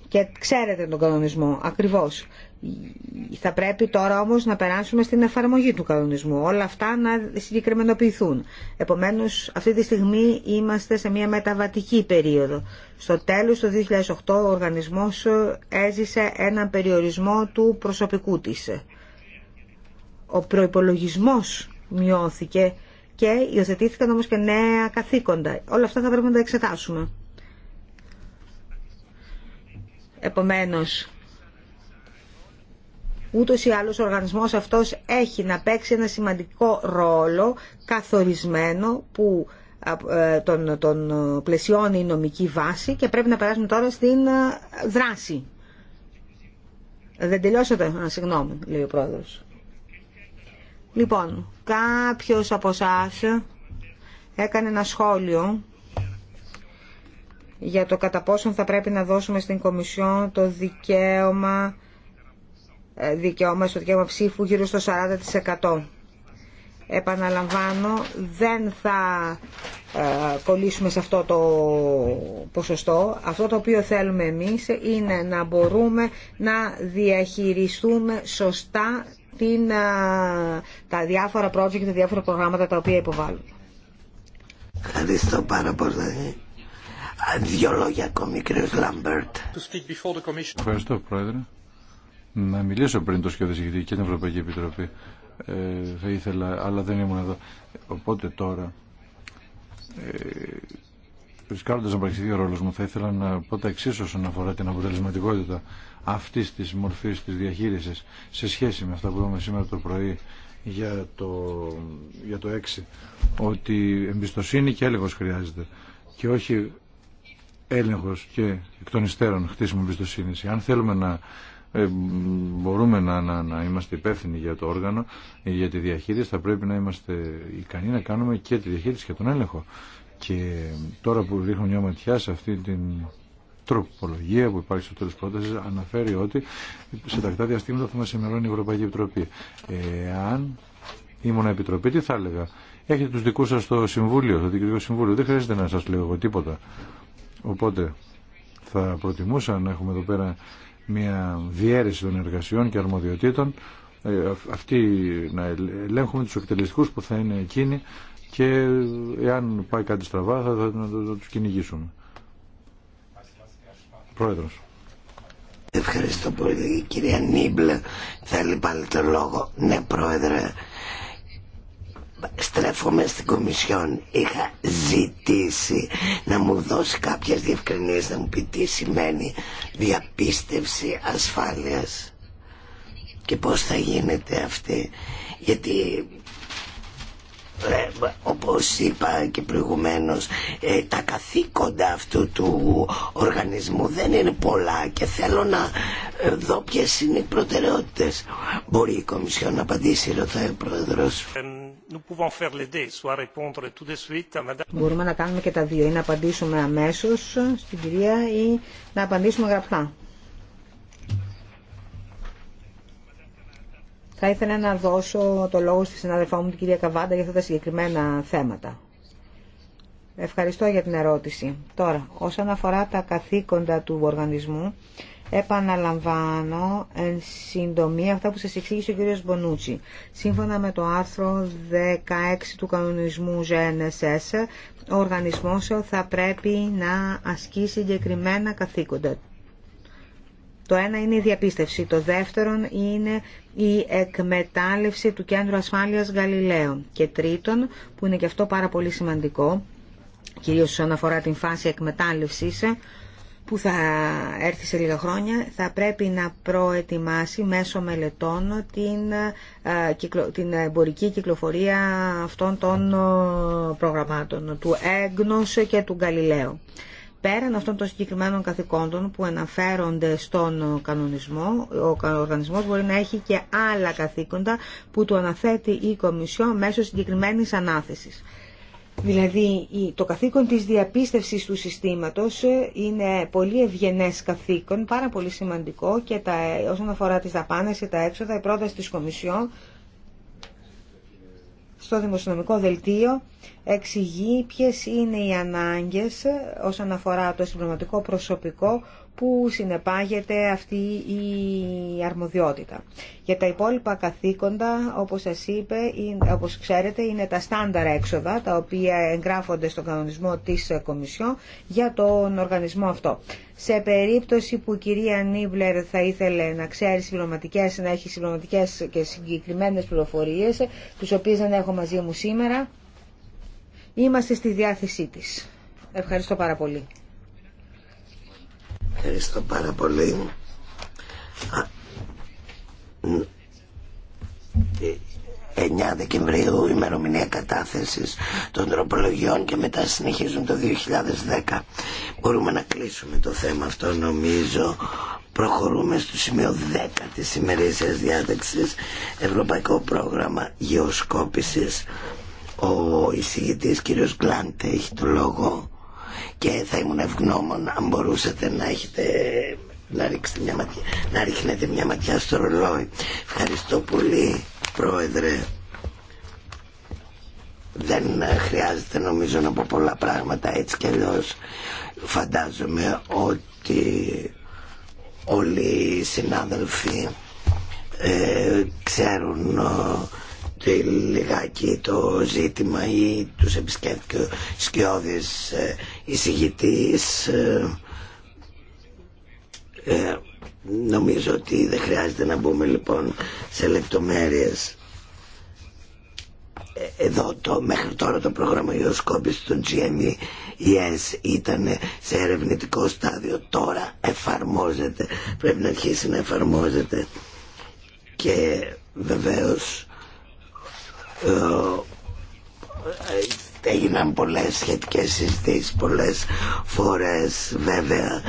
S2: και ξέρετε τον κανονισμό ακριβώς. Θα πρέπει τώρα όμως να περάσουμε στην εφαρμογή του κανονισμού. Όλα αυτά να συγκεκριμενοποιηθούν. Επομένως, αυτή τη στιγμή είμαστε σε μια μεταβατική περίοδο. Στο τέλος του 2008 ο οργανισμός έζησε έναν περιορισμό του προσωπικού της. Ο προϋπολογισμός μειώθηκε και υιοθετήθηκαν όμως και νέα καθήκοντα. Όλα αυτά θα πρέπει να τα εξετάσουμε. Επομένως, Ούτως ή άλλως ο οργανισμός αυτός έχει να παίξει ένα σημαντικό ρόλο καθορισμένο που ε, τον, τον πλαισιώνει η νομική βάση και πρέπει να περάσουμε τώρα στην ε, δράση. Δεν τελειώσατε, συγγνώμη, λέει ο πρόεδρος. Λοιπόν, κάποιος από εσά έκανε ένα σχόλιο για το κατά πόσον θα πρέπει να δώσουμε στην Κομισιόν το δικαίωμα ε, δικαίωμα, στο δικαίωμα ψήφου γύρω στο 40%. Επαναλαμβάνω, δεν θα ε, κολλήσουμε σε αυτό το ποσοστό. Αυτό το οποίο θέλουμε εμείς είναι να μπορούμε να διαχειριστούμε σωστά την, ε, τα διάφορα project τα διάφορα προγράμματα τα οποία υποβάλλουν.
S1: Ευχαριστώ πάρα πολύ. Δύο λόγια ακόμη, κύριος Λάμπερτ. Ευχαριστώ, Πρόεδρε
S3: να μιλήσω πριν το γιατί και την Ευρωπαϊκή Επιτροπή. Ε, θα ήθελα, αλλά δεν ήμουν εδώ. Οπότε τώρα, ε, ρισκάροντας να παρεξηγεί ο ρόλος μου, θα ήθελα να πω τα εξής όσον αφορά την αποτελεσματικότητα αυτή τη μορφή τη διαχείριση σε σχέση με αυτά που είπαμε σήμερα το πρωί για το, για το 6 ότι εμπιστοσύνη και έλεγχο χρειάζεται και όχι έλεγχο και εκ των υστέρων χτίσιμο εμπιστοσύνη. Αν θέλουμε να ε, μπορούμε να, να, να είμαστε υπεύθυνοι για το όργανο, για τη διαχείριση, θα πρέπει να είμαστε ικανοί να κάνουμε και τη διαχείριση και τον έλεγχο. Και τώρα που ρίχνω μια ματιά σε αυτή την τροπολογία που υπάρχει στο τέλο πρόταση, αναφέρει ότι σε τακτά διαστήματα θα μα ενημερώνει η Ευρωπαϊκή Επιτροπή. Ε, αν ήμουν επιτροπή, τι θα έλεγα. Έχετε του δικού σα στο Συμβούλιο, στο σας Συμβούλιο. Δεν χρειάζεται να σας λέω εγώ τίποτα. Οπότε θα προτιμούσα να έχουμε εδώ πέρα μια διαίρεση των εργασιών και αρμοδιοτήτων ε, αυτή να ελέγχουμε τους εκτελεστικούς που θα είναι εκείνοι και εάν πάει κάτι στραβά θα, θα τους κυνηγήσουμε.
S1: Πρόεδρος. Ευχαριστώ πολύ κυρία Νίμπλε. Θέλει πάλι το λόγο. Ναι πρόεδρε στρέφομαι στην Κομισιόν είχα ζητήσει να μου δώσει κάποιες διευκρινίες να μου πει τι σημαίνει διαπίστευση ασφάλειας και πώς θα γίνεται αυτή γιατί όπως είπα και προηγουμένως ε, τα καθήκοντα αυτού του οργανισμού δεν είναι πολλά και θέλω να ε, δω ποιες είναι οι προτεραιότητες μπορεί η Κομισιόν να απαντήσει ρωτάει ο Πρόεδρος ε, Μπορούμε
S2: να κάνουμε και τα δύο ή να απαντήσουμε αμέσως στην κυρία ή να απαντήσουμε γραπτά Θα ήθελα να δώσω το λόγο στη συναδελφά μου την κυρία Καβάντα για αυτά τα συγκεκριμένα θέματα. Ευχαριστώ για την ερώτηση. Τώρα, όσον αφορά τα καθήκοντα του οργανισμού, επαναλαμβάνω εν συντομή αυτά που σας εξήγησε ο κύριος Μπονούτσι. Σύμφωνα με το άρθρο 16 του κανονισμού GNSS, ο οργανισμός θα πρέπει να ασκεί συγκεκριμένα καθήκοντα. Το ένα είναι η διαπίστευση, το δεύτερο είναι η εκμετάλλευση του Κέντρου Ασφάλειας Γαλιλαίων και τρίτον, που είναι και αυτό πάρα πολύ σημαντικό, κυρίως όσον αφορά την φάση εκμετάλλευσης, που θα έρθει σε λίγα χρόνια, θα πρέπει να προετοιμάσει μέσω μελετών την, ε, την εμπορική κυκλοφορία αυτών των ε, προγραμμάτων, του Έγνος και του Γαλιλαίου πέραν αυτών των συγκεκριμένων καθηκόντων που αναφέρονται στον κανονισμό, ο οργανισμός μπορεί να έχει και άλλα καθήκοντα που του αναθέτει η Κομισιό μέσω συγκεκριμένης ανάθεσης. Δηλαδή το καθήκον της διαπίστευσης του συστήματος ε, είναι πολύ ευγενές καθήκον, πάρα πολύ σημαντικό και τα, ε, όσον αφορά τις δαπάνες και τα έξοδα, η πρόταση της Κομισιόν στο δημοσιονομικό δελτίο εξηγεί ποιες είναι οι ανάγκες όσον αφορά το συμπληρωματικό προσωπικό που συνεπάγεται αυτή η αρμοδιότητα. Για τα υπόλοιπα καθήκοντα, όπως σας είπε, όπως ξέρετε, είναι τα στάνταρα έξοδα, τα οποία εγγράφονται στον κανονισμό της Κομισιό, για τον οργανισμό αυτό. Σε περίπτωση που η κυρία Νίβλερ θα ήθελε να ξέρει συμπληρωματικές, να έχει συμπληρωματικές και συγκεκριμένες πληροφορίες, τις οποίες δεν έχω μαζί μου σήμερα, είμαστε στη διάθεσή της. Ευχαριστώ πάρα πολύ.
S1: Ευχαριστώ πάρα πολύ. 9 ε, Δεκεμβρίου ημερομηνία κατάθεσης των τροπολογιών και μετά συνεχίζουν το 2010. Μπορούμε να κλείσουμε το θέμα αυτό νομίζω. Προχωρούμε στο σημείο 10 της ημερήσιας διάταξης Ευρωπαϊκό Πρόγραμμα Γεωσκόπησης. Ο εισηγητής κύριος Γκλάντε έχει το λόγο και θα ήμουν ευγνώμων αν μπορούσατε να έχετε να, μια ματιά, να ρίχνετε μια ματιά στο ρολόι. Ευχαριστώ πολύ, Πρόεδρε. Δεν χρειάζεται νομίζω να πω πολλά πράγματα έτσι κι αλλιώς φαντάζομαι ότι όλοι οι συνάδελφοι ε, ξέρουν ε, λιγάκι το ζήτημα ή τους επισκέφθηκε ο σκιώδης ε, εισηγητής. Ε, ε, νομίζω ότι δεν χρειάζεται να μπούμε λοιπόν σε λεπτομέρειες. Εδώ το, μέχρι τώρα το πρόγραμμα ιοσκόπηση του GMES ήταν σε ερευνητικό στάδιο. Τώρα εφαρμόζεται. Πρέπει να αρχίσει να εφαρμόζεται. Και βεβαίως ε, έγιναν πολλές σχετικές συζητήσεις πολλές φορές βέβαια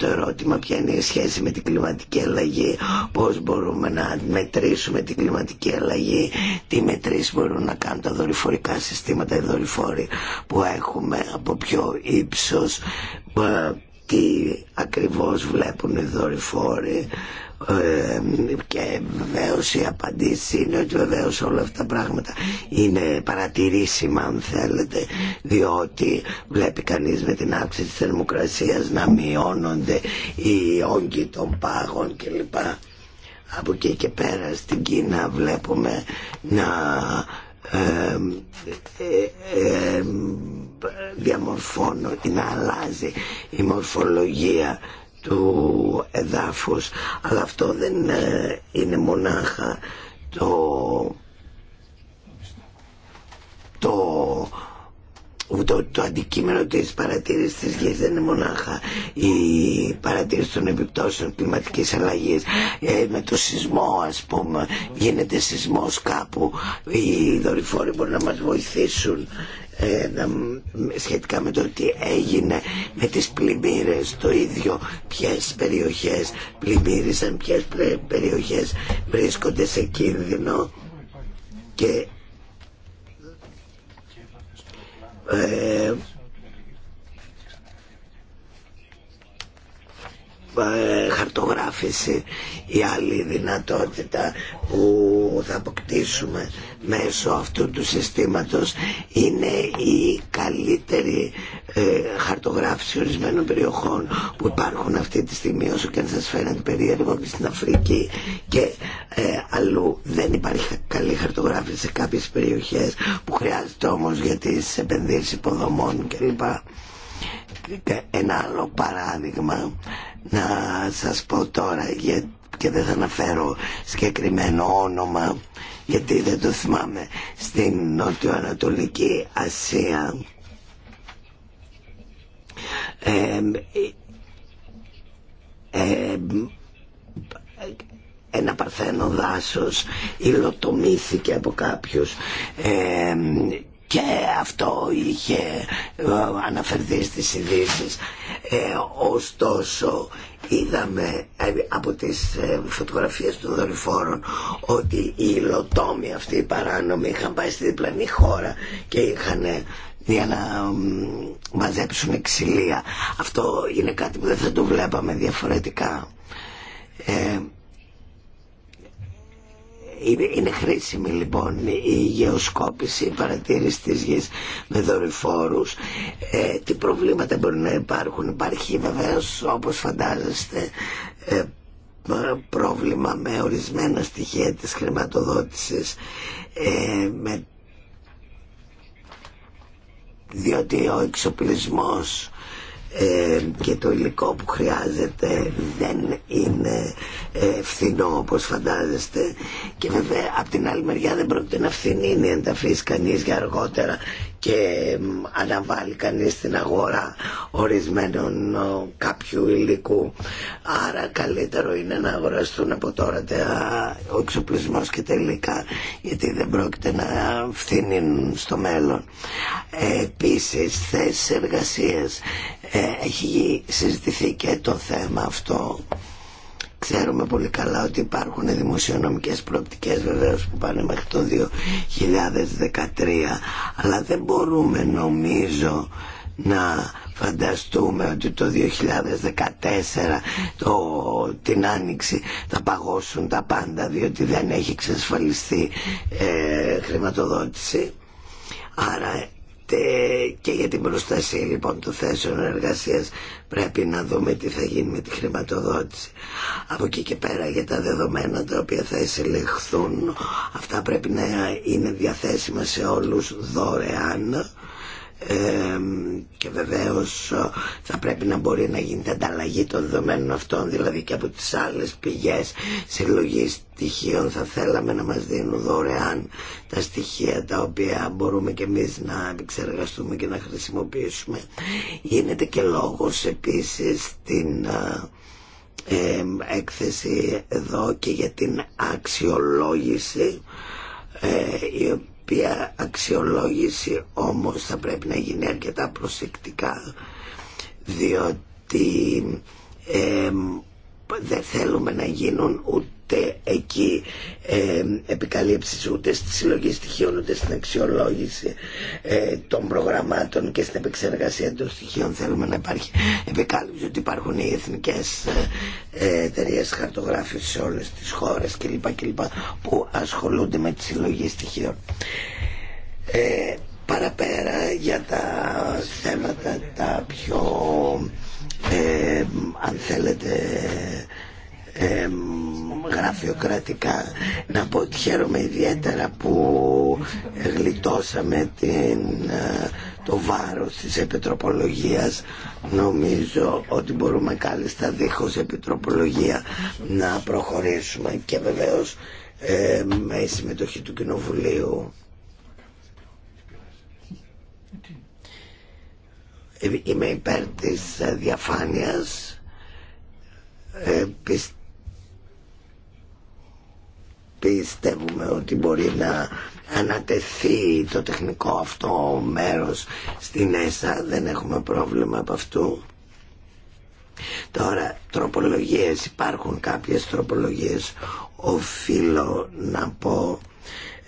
S1: ε, ερώτημα ποια είναι η σχέση με την κλιματική αλλαγή πως μπορούμε να μετρήσουμε την κλιματική αλλαγή τι μετρήσει μπορούν να κάνουν τα δορυφορικά συστήματα οι δορυφόροι που έχουμε από πιο ύψος ε, τι ακριβώς βλέπουν οι δορυφόροι ε, και βεβαίω η απαντήση είναι ότι βεβαίω όλα αυτά τα πράγματα είναι παρατηρήσιμα αν θέλετε διότι βλέπει κανείς με την αύξηση της θερμοκρασίας να μειώνονται οι όγκοι των πάγων κλπ. Από εκεί και πέρα στην Κίνα βλέπουμε να ε, ε, ε, ε να αλλάζει η μορφολογία του εδάφους αλλά αυτό δεν ε, είναι μονάχα το το το, αντικείμενο της παρατήρησης της γης δεν είναι μονάχα η παρατήρηση των επιπτώσεων κλιματικής αλλαγής ε, με το σεισμό ας πούμε γίνεται σεισμός κάπου οι δορυφόροι μπορούν να μας βοηθήσουν ε, σχετικά με το τι έγινε με τις πλημμύρες το ίδιο ποιες περιοχές πλημμύρισαν ποιες περιοχές βρίσκονται σε κίνδυνο και ε, Ε, χαρτογράφηση ή άλλη δυνατότητα που θα αποκτήσουμε μέσω αυτού του συστήματος είναι η καλύτερη ε, χαρτογράφηση ορισμένων περιοχών που υπάρχουν αυτή τη στιγμή όσο και αν σας φαίνεται περίεργο και στην Αφρική και ε, αλλού δεν υπάρχει καλή χαρτογράφηση σε κάποιες περιοχές που χρειάζεται όμως για τις επενδύσεις υποδομών κλπ. Ένα άλλο παράδειγμα να σας πω τώρα για, και δεν θα αναφέρω συγκεκριμένο όνομα γιατί δεν το θυμάμαι στην νότιο-ανατολική Ασία ε, ένα παρθένο δάσος υλοτομήθηκε από κάποιους ε, και αυτό είχε ε, αναφερθεί στις ειδήσει. Ε, ωστόσο είδαμε ε, από τις ε, φωτογραφίες των δορυφόρων ότι οι υλοτόμοι αυτοί οι παράνομοι είχαν πάει στη διπλανή χώρα και είχαν για να μαζέψουν ξυλία. Αυτό είναι κάτι που δεν θα το βλέπαμε διαφορετικά. Είναι χρήσιμη λοιπόν η γεωσκόπηση, η παρατήρηση της γης με δορυφόρους, ε, τι προβλήματα μπορεί να υπάρχουν. Υπάρχει βεβαίως όπως φαντάζεστε ε, πρόβλημα με ορισμένα στοιχεία της χρηματοδότησης ε, με διότι ο εξοπλισμός ε, και το υλικό που χρειάζεται δεν είναι ε, φθηνό όπως φαντάζεστε και βέβαια από την άλλη μεριά δεν πρόκειται να φθηνίνει αν τα αφήσει για αργότερα και αναβάλει κανείς στην αγορά ορισμένων κάποιου υλικού άρα καλύτερο είναι να αγοραστούν από τώρα ο εξοπλισμός και τελικά γιατί δεν πρόκειται να φθηνίνουν στο μέλλον ε, επίσης θέσεις ε, έχει συζητηθεί και το θέμα αυτό ξέρουμε πολύ καλά ότι υπάρχουν δημοσιονομικές προοπτικές βεβαίως που πάνε μέχρι το 2013 αλλά δεν μπορούμε νομίζω να φανταστούμε ότι το 2014 το, την Άνοιξη θα παγώσουν τα πάντα διότι δεν έχει εξασφαλιστεί ε, χρηματοδότηση άρα ε, και για την προστασία λοιπόν των θέσεων εργασία πρέπει να δούμε τι θα γίνει με τη χρηματοδότηση. Από εκεί και πέρα για τα δεδομένα τα οποία θα εισελεχθούν αυτά πρέπει να είναι διαθέσιμα σε όλους δωρεάν ε, και βεβαίως ε, θα πρέπει να μπορεί να γίνεται ανταλλαγή των δεδομένων αυτών δηλαδή και από τις άλλες πηγές συλλογή στοιχείων θα θέλαμε να μας δίνουν δωρεάν τα στοιχεία τα οποία μπορούμε και εμείς να επεξεργαστούμε και να χρησιμοποιήσουμε γίνεται και λόγος επίσης την ε, έκθεση εδώ και για την αξιολόγηση ε, οποία αξιολόγηση όμως θα πρέπει να γίνει αρκετά προσεκτικά διότι δεν θέλουμε να γίνουν ούτε ούτε εκεί ε, ούτε στη συλλογή στοιχείων ούτε στην αξιολόγηση ε, των προγραμμάτων και στην επεξεργασία των στοιχείων θέλουμε να υπάρχει επικάλυψη ότι υπάρχουν οι εθνικές ε, εταιρείε χαρτογράφηση σε όλες τις χώρες κλπ, κλπ που ασχολούνται με τη συλλογή στοιχείων ε, παραπέρα για τα θέματα τα πιο ε, αν θέλετε ε, γραφειοκρατικά να πω ότι χαίρομαι ιδιαίτερα που γλιτώσαμε την, ε, το βάρος της επιτροπολογίας νομίζω ότι μπορούμε κάλλιστα δίχως επιτροπολογία να προχωρήσουμε και βεβαίως ε, με η συμμετοχή του Κοινοβουλίου ε, είμαι υπέρ της διαφάνειας ε, πιστεύω πιστεύουμε ότι μπορεί να ανατεθεί το τεχνικό αυτό μέρος στην ΕΣΑ δεν έχουμε πρόβλημα από αυτού τώρα τροπολογίες υπάρχουν κάποιες τροπολογίες οφείλω να πω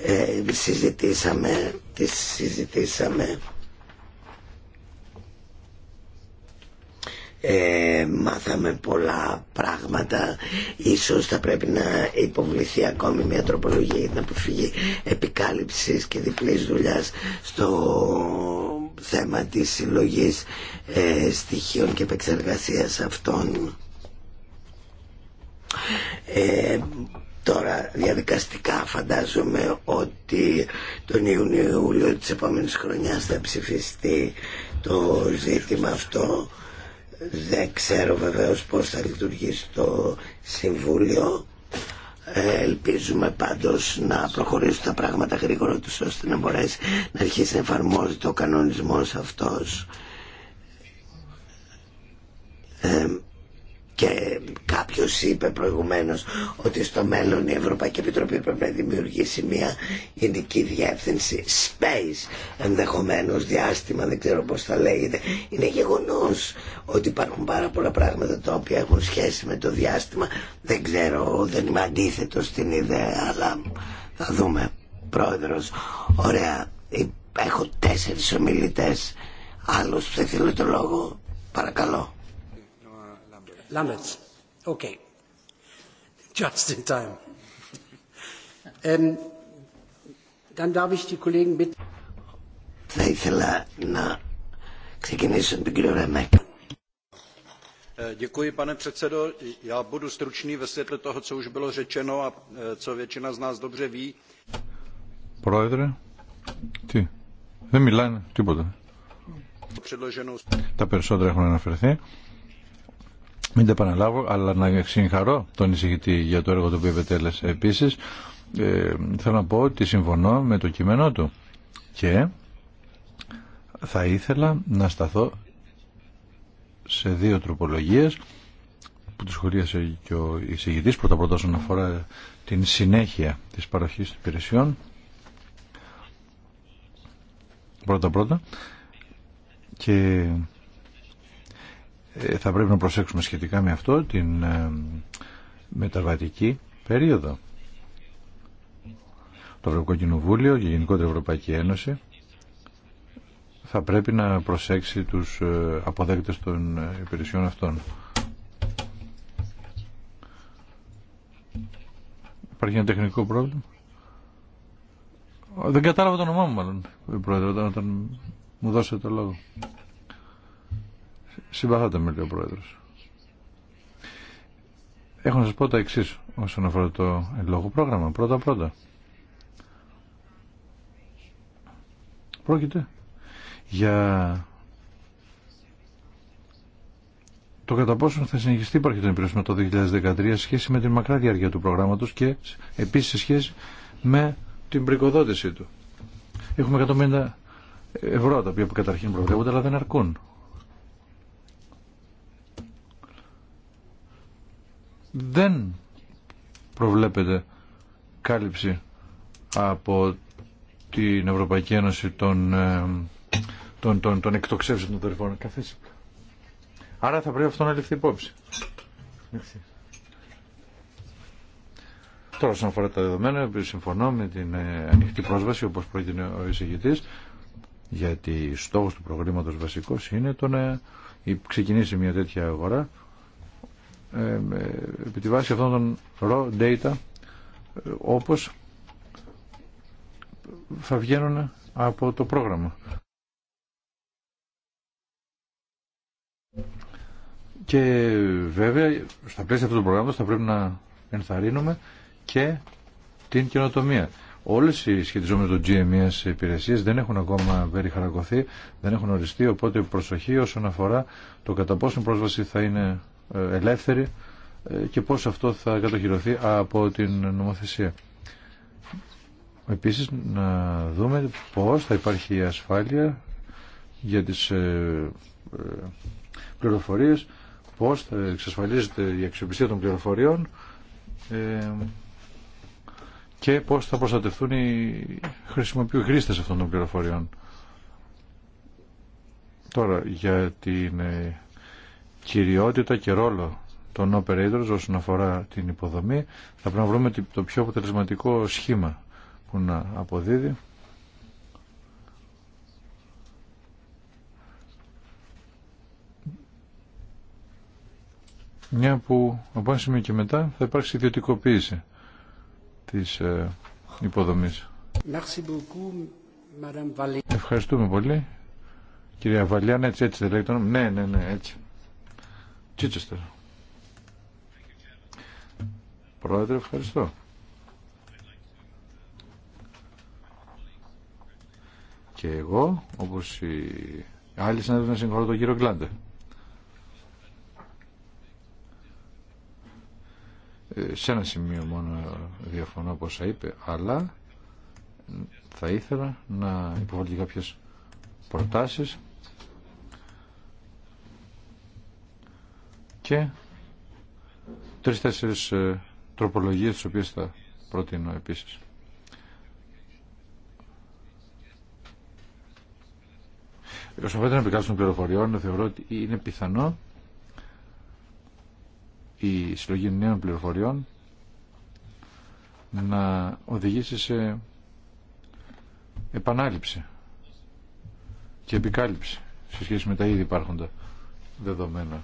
S1: ε, συζητήσαμε τις συζητήσαμε Ε, μάθαμε πολλά πράγματα ίσως θα πρέπει να υποβληθεί ακόμη μια τροπολογία για την αποφυγή επικάλυψης και διπλής δουλειάς στο θέμα της συλλογής ε, στοιχείων και επεξεργασίας αυτών ε, Τώρα διαδικαστικά φαντάζομαι ότι τον Ιούνιο-Ιούλιο της επόμενης χρονιάς θα ψηφιστεί το ζήτημα αυτό. Δεν ξέρω βεβαίως πώς θα λειτουργήσει το Συμβούλιο. Ε, ελπίζουμε πάντως να προχωρήσουν τα πράγματα γρήγορα τους ώστε να μπορέσει να αρχίσει να εφαρμόζεται ο κανονισμός αυτός. Ε, και κάποιο είπε προηγουμένω ότι στο μέλλον η Ευρωπαϊκή Επιτροπή πρέπει να δημιουργήσει μια γενική διεύθυνση space ενδεχομένω διάστημα, δεν ξέρω πώ θα λέγεται. Είναι γεγονό ότι υπάρχουν πάρα πολλά πράγματα τα οποία έχουν σχέση με το διάστημα. Δεν ξέρω, δεν είμαι αντίθετο στην ιδέα, αλλά θα δούμε. πρόεδρο. ωραία, έχω τέσσερι ομιλητέ άλλο που θα το λόγο, παρακαλώ. Lamberts. Okay.
S4: Just in time. Ähm, dann darf
S1: Θα ήθελα να ξεκινήσω τον κύριο Ρεμέκ.
S3: Ε, děkuji, Já co a e, co z nás Πρόεδρε, τι, δεν μιλάνε τίποτα. Τα περισσότερα έχουν αναφερθεί. Μην τα επαναλάβω, αλλά να συγχαρώ τον εισηγητή για το έργο το οποίο επετέλεσε. Επίσης, ε, θέλω να πω ότι συμφωνώ με το κείμενό του και θα ήθελα να σταθώ σε δύο τροπολογίες που τις χωρίασε και ο εισηγητής πρώτα πρώτα όσον αφορά την συνέχεια της παροχής των υπηρεσιών πρώτα πρώτα και ε, θα πρέπει να προσέξουμε σχετικά με αυτό την ε, μεταβατική περίοδο. Το Ευρωπαϊκό Κοινοβούλιο και γενικότερα η Ευρωπαϊκή Ένωση θα πρέπει να προσέξει τους ε, αποδέκτες των υπηρεσιών αυτών. Υπάρχει ένα τεχνικό πρόβλημα. Δεν κατάλαβα το όνομά μου μάλλον, πρόεδρε, όταν μου δώσετε το λόγο. Συμπαθάτε με, λέει ο Έχω να σας πω τα εξή όσον αφορά το λόγο πρόγραμμα. Πρώτα-πρώτα. Πρόκειται για το κατά πόσο θα συνεχιστεί υπάρχει το υπηρεσμό το 2013 σχέση με την μακρά διάρκεια του προγράμματος και επίσης σε σχέση με την πρικοδότησή του. Έχουμε 150 ευρώ τα οποία που καταρχήν προβλέπονται αλλά δεν αρκούν. δεν προβλέπεται κάλυψη από την Ευρωπαϊκή Ένωση των, ε, των, των, των εκτοξεύσεων των δορυφών. Άρα θα πρέπει αυτό να ληφθεί υπόψη. Τώρα, όσον αφορά τα δεδομένα, συμφωνώ με την ε, ανοιχτή πρόσβαση, όπως πρότεινε ο εισηγητή, γιατί στόχος του προγράμματος βασικός είναι το να ξεκινήσει μια τέτοια αγορά ε, επί τη βάση αυτών των raw data όπως θα βγαίνουν από το πρόγραμμα. Και βέβαια στα πλαίσια αυτού του προγράμματος θα πρέπει να ενθαρρύνουμε και την καινοτομία. Όλες οι σχετιζόμενες των το GMS e δεν έχουν ακόμα περιχαρακωθεί, δεν έχουν οριστεί, οπότε προσοχή όσον αφορά το κατά πόσο πρόσβαση θα είναι ελεύθερη ε, και πώς αυτό θα κατοχυρωθεί από την νομοθεσία. Επίσης να δούμε πώς θα υπάρχει η ασφάλεια για τις ε, ε, πληροφορίες, πώς θα εξασφαλίζεται η αξιοπιστία των πληροφοριών και πώς θα προστατευτούν οι χρήστες αυτών των πληροφοριών. Τώρα για την κυριότητα και ρόλο των operators όσον αφορά την υποδομή. Θα πρέπει να βρούμε το πιο αποτελεσματικό σχήμα που να αποδίδει. Μια που από ένα σημείο και μετά θα υπάρξει ιδιωτικοποίηση της ε, υποδομής. Ευχαριστούμε πολύ. Κυρία Βαλιάν, ναι, έτσι, έτσι δεν λέει το Ναι, ναι, ναι, έτσι. Τσίτσεστερ. Πρόεδρε, ευχαριστώ. Και εγώ, όπως οι άλλοι συνάδελφοι, να συγχωρώ τον κύριο Γκλάντε. Ε, σε ένα σημείο μόνο διαφωνώ όπως είπε, αλλά θα ήθελα να υποβάλω και κάποιες προτάσεις και τρεις-τέσσερις ε, τροπολογίες τις οποίες θα προτείνω επίσης. Όσον αφορά την επικάλυψη των πληροφοριών, θεωρώ ότι είναι πιθανό η συλλογή νέων πληροφοριών να οδηγήσει σε επανάληψη και επικάλυψη σε σχέση με τα ήδη υπάρχοντα δεδομένα.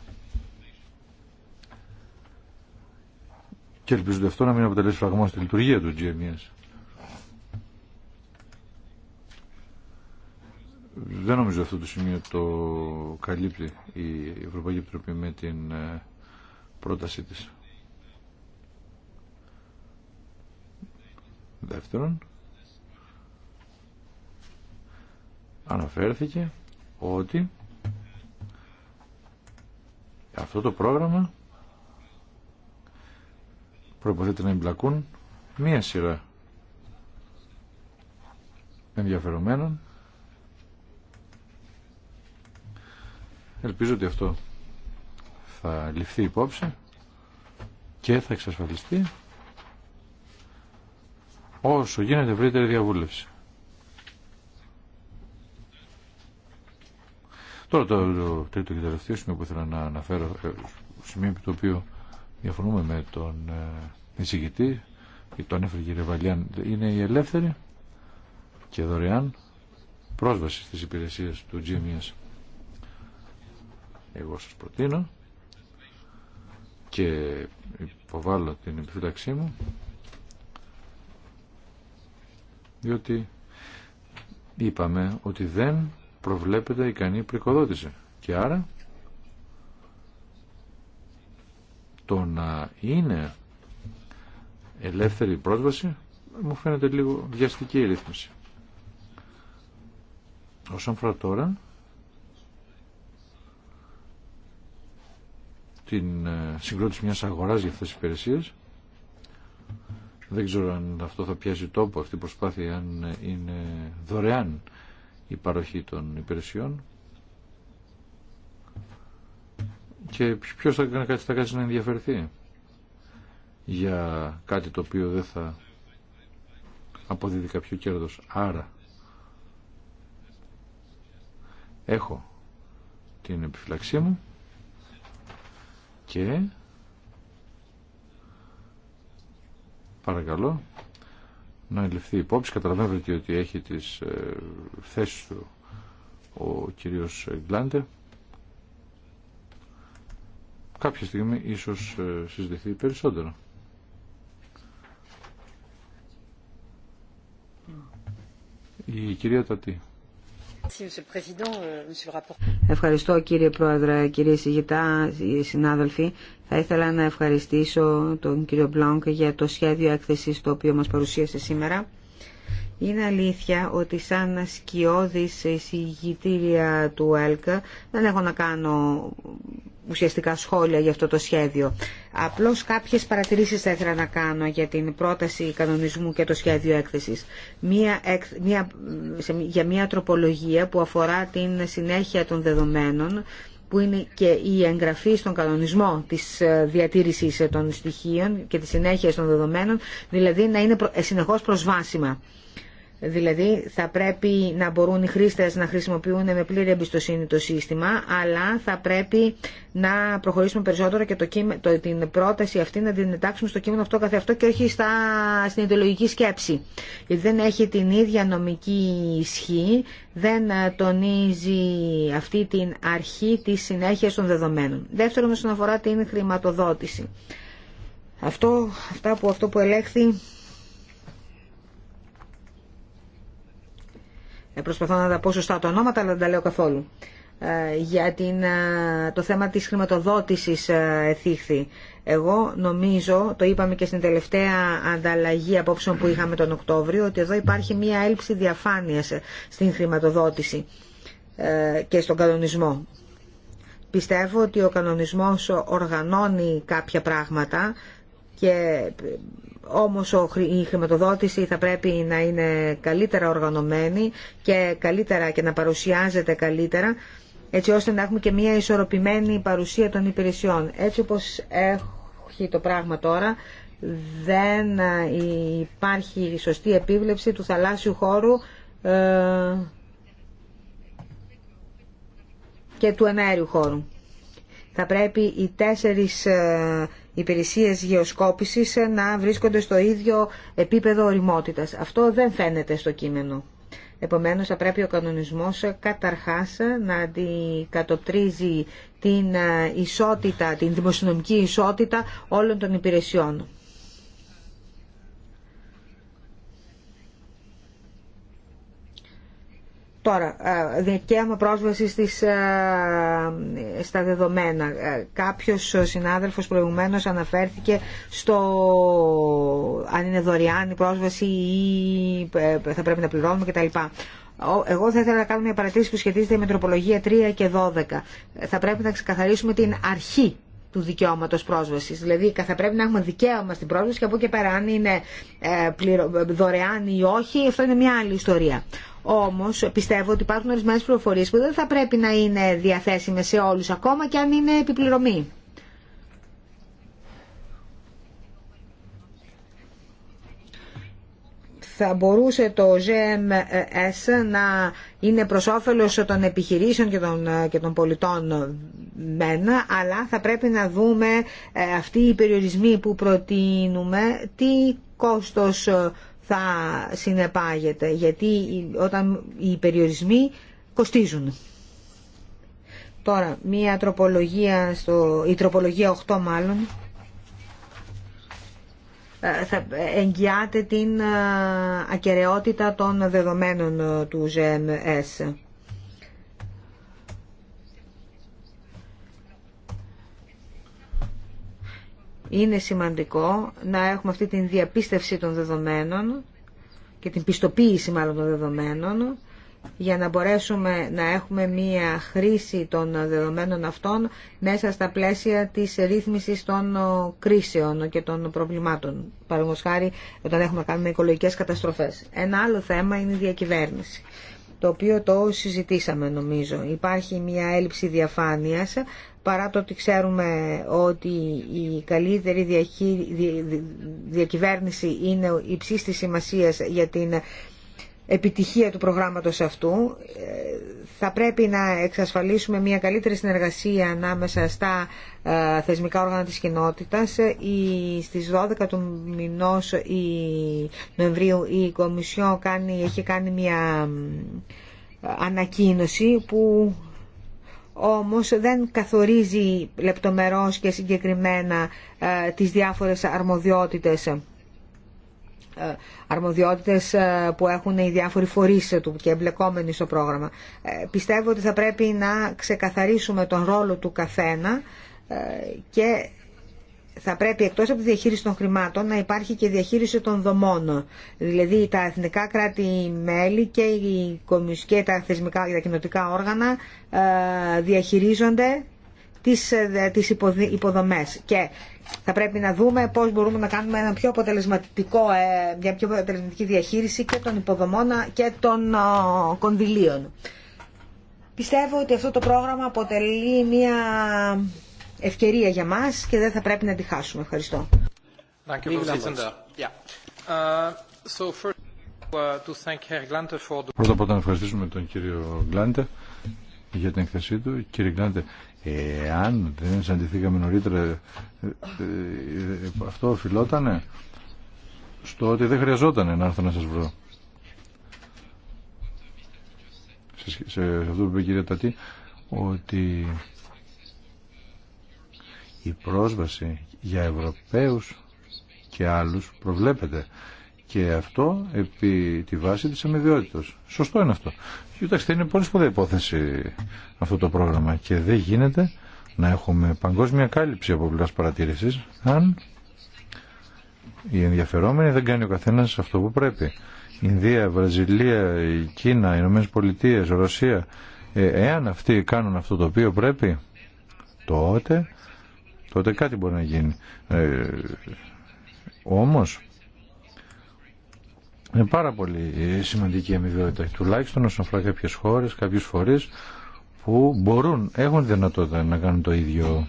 S3: και ότι αυτό να μην αποτελέσει φραγμό στη λειτουργία του GMS. E Δεν νομίζω αυτό το σημείο το καλύπτει η Ευρωπαϊκή Επιτροπή με την ε, πρότασή της. Δεύτερον, αναφέρθηκε ότι αυτό το πρόγραμμα Προποθέτει να εμπλακούν μία σειρά ενδιαφερομένων. Ελπίζω ότι αυτό θα ληφθεί υπόψη και θα εξασφαλιστεί όσο γίνεται ευρύτερη διαβούλευση. Τώρα το τρίτο και τελευταίο σημείο που ήθελα να αναφέρω, ε, σημείο το οποίο διαφωνούμε με τον ε, εισηγητή και τον έφερε κύριε Βαλιάν είναι η ελεύθερη και δωρεάν πρόσβαση στις υπηρεσίες του GMS εγώ σας προτείνω και υποβάλλω την επιφύλαξή μου διότι είπαμε ότι δεν προβλέπεται ικανή πρικοδότηση και άρα το να είναι ελεύθερη πρόσβαση μου φαίνεται λίγο βιαστική η ρύθμιση. Όσον αφορά τώρα την ε, συγκρότηση μιας αγοράς για αυτές τις υπηρεσίες δεν ξέρω αν αυτό θα πιάσει τόπο αυτή η προσπάθεια αν είναι δωρεάν η παροχή των υπηρεσιών και ποιο θα, κάνει κάτι, θα κάτσει να ενδιαφερθεί για κάτι το οποίο δεν θα αποδίδει κάποιο κέρδος. Άρα έχω την επιφυλαξή μου και παρακαλώ να η υπόψη. Καταλαβαίνετε ότι έχει τις ε, θέσεις του ο κύριος Γκλάντερ κάποια στιγμή ίσως ε, συζητηθεί περισσότερο. Η κυρία Τατή. Euh,
S2: Ευχαριστώ κύριε Πρόεδρε, κύριε Σιγητά, συνάδελφοι. Θα ήθελα να ευχαριστήσω τον κύριο Μπλάνκ για το σχέδιο έκθεσης το οποίο μας παρουσίασε σήμερα. Είναι αλήθεια ότι σαν σκιώδης εισηγητήρια του ΕΛΚΑ δεν έχω να κάνω ουσιαστικά σχόλια για αυτό το σχέδιο. Απλώς κάποιες παρατηρήσεις θα ήθελα να κάνω για την πρόταση κανονισμού και το σχέδιο έκθεσης. Μία, μία, για μια τροπολογία που αφορά την συνέχεια των δεδομένων που είναι και η εγγραφή στον κανονισμό της ε, διατήρησης των στοιχείων και της συνέχεια των δεδομένων, δηλαδή να είναι ε, συνεχώς προσβάσιμα. Δηλαδή θα πρέπει να μπορούν οι χρήστες να χρησιμοποιούν με πλήρη εμπιστοσύνη το σύστημα, αλλά θα πρέπει να προχωρήσουμε περισσότερο και το, την πρόταση αυτή να την εντάξουμε στο κείμενο αυτό καθε και όχι στα, στην ιδεολογική σκέψη. Γιατί δεν έχει την ίδια νομική ισχύ, δεν τονίζει αυτή την αρχή της συνέχειας των δεδομένων. Δεύτερον, όσον αφορά την χρηματοδότηση. Αυτό, που, αυτό που ελέγχθη Ε, προσπαθώ να τα πω σωστά τα ονόματα, αλλά δεν τα λέω καθόλου. Ε, για ε, το θέμα της χρηματοδότησης εθίχθη. Εγώ νομίζω, το είπαμε και στην τελευταία ανταλλαγή απόψεων που είχαμε τον Οκτώβριο, ότι εδώ υπάρχει μία έλλειψη διαφάνειας στην χρηματοδότηση και στον κανονισμό. Πιστεύω ότι ο κανονισμός οργανώνει κάποια πράγματα και όμως η χρηματοδότηση θα πρέπει να είναι καλύτερα οργανωμένη και καλύτερα και να παρουσιάζεται καλύτερα έτσι ώστε να έχουμε και μια ισορροπημένη παρουσία των υπηρεσιών. Έτσι όπως έχει το πράγμα τώρα δεν υπάρχει σωστή επίβλεψη του θαλάσσιου χώρου ε, και του ενέργειου χώρου. Θα πρέπει οι τέσσερις ε, υπηρεσίε γεωσκόπησης ε, να βρίσκονται στο ίδιο επίπεδο οριμότητας. Αυτό δεν φαίνεται στο κείμενο. Επομένως θα πρέπει ο κανονισμός ε, καταρχάς ε, να αντικατοπτρίζει την ισότητα, την δημοσιονομική ισότητα όλων των υπηρεσιών. Τώρα, ε, δικαίωμα πρόσβαση στις, ε, στα δεδομένα. Ε, Κάποιο συνάδελφος προηγουμένω αναφέρθηκε στο αν είναι δωρεάν η πρόσβαση ή θα πρέπει να πληρώνουμε κτλ. Εγώ θα ήθελα να κάνω μια παρατήρηση που σχετίζεται με τροπολογία 3 και 12. Θα πρέπει να ξεκαθαρίσουμε την αρχή του δικαιώματο πρόσβαση. Δηλαδή, θα πρέπει να έχουμε δικαίωμα στην πρόσβαση και από εκεί πέρα, αν είναι δωρεάν ή όχι, αυτό είναι μια άλλη ιστορία. Όμως πιστεύω ότι υπάρχουν ορισμένε πληροφορίε που δεν θα πρέπει να είναι διαθέσιμες σε όλους, ακόμα και αν είναι επιπληρωμή. θα μπορούσε το GMS να είναι προς όφελος των επιχειρήσεων και των, και πολιτών ΜΕΝΑ, αλλά θα πρέπει να δούμε ε, αυτοί οι περιορισμοί που προτείνουμε, τι κόστος ε, θα συνεπάγεται, γιατί όταν οι περιορισμοί κοστίζουν. Τώρα, μία τροπολογία, στο, η τροπολογία 8 μάλλον, ε, θα εγγυάται την ε, ακαιρεότητα των δεδομένων ε, του ΖΕΜΕΣ. είναι σημαντικό να έχουμε αυτή την διαπίστευση των δεδομένων και την πιστοποίηση μάλλον των δεδομένων για να μπορέσουμε να έχουμε μία χρήση των δεδομένων αυτών μέσα στα πλαίσια της ρύθμισης των κρίσεων και των προβλημάτων. Παραδείγματος χάρη όταν έχουμε κάνει με οικολογικές καταστροφές. Ένα άλλο θέμα είναι η διακυβέρνηση το οποίο το συζητήσαμε νομίζω. Υπάρχει μια έλλειψη διαφάνειας, παρά το ότι ξέρουμε ότι η καλύτερη διακυβέρνηση είναι υψής της σημασίας για την επιτυχία του προγράμματος αυτού. Ε, θα πρέπει να εξασφαλίσουμε μια καλύτερη συνεργασία ανάμεσα στα ε, θεσμικά όργανα της κοινότητας. Ε, η, στις 12 του μηνός η, Νοεμβρίου η Κομισιό κάνει, έχει κάνει μια ανακοίνωση που όμως δεν καθορίζει λεπτομερώς και συγκεκριμένα τις διάφορες αρμοδιότητες ε, αρμοδιότητες ε, που έχουν οι διάφοροι φορείς του και εμπλεκόμενοι στο πρόγραμμα. Ε, πιστεύω ότι θα πρέπει να ξεκαθαρίσουμε τον ρόλο του καθένα και θα πρέπει εκτός από τη διαχείριση των χρημάτων να υπάρχει και διαχείριση των δομών. Δηλαδή τα εθνικά κράτη-μέλη και, οι και τα θεσμικά και τα κοινοτικά όργανα διαχειρίζονται τις, ε, τις υποδομές και θα πρέπει να δούμε πώς μπορούμε να κάνουμε ένα πιο αποτελεσματικό, ε, μια πιο αποτελεσματική διαχείριση και των υποδομών και των κονδυλίων. Πιστεύω ότι αυτό το πρόγραμμα αποτελεί μια ευκαιρία για μας και δεν θα πρέπει να τη χάσουμε. Ευχαριστώ.
S3: Uh, uh, Πρώτα απ' όλα να ευχαριστήσουμε τον κύριο Γκλάντε για την εκθεσή του. Κύριε εάν δεν συναντηθήκαμε νωρίτερα, ε, ε, αυτό οφειλότανε στο ότι δεν χρειαζόταν να έρθω να σας βρω. Σε, σε αυτό που είπε η κυρία Τατή, ότι η πρόσβαση για Ευρωπαίους και άλλους προβλέπεται και αυτό επί τη βάση της αμοιβαιότητας. Σωστό είναι αυτό. Κοιτάξτε, είναι πολύ σπουδαία υπόθεση αυτό το πρόγραμμα και δεν γίνεται να έχουμε παγκόσμια κάλυψη από πλευρά παρατήρηση αν οι ενδιαφερόμενοι δεν κάνει ο καθένα αυτό που πρέπει. Ινδία, Βραζιλία, η Κίνα, Ηνωμένε Πολιτείε, Ρωσία. Ε, εάν αυτοί κάνουν αυτό το οποίο πρέπει, τότε, τότε κάτι μπορεί να γίνει. Ε, όμως, είναι πάρα πολύ σημαντική η αμοιβαιότητα, τουλάχιστον όσον αφορά κάποιε χώρε, κάποιε φορεί που μπορούν, έχουν δυνατότητα να κάνουν το ίδιο.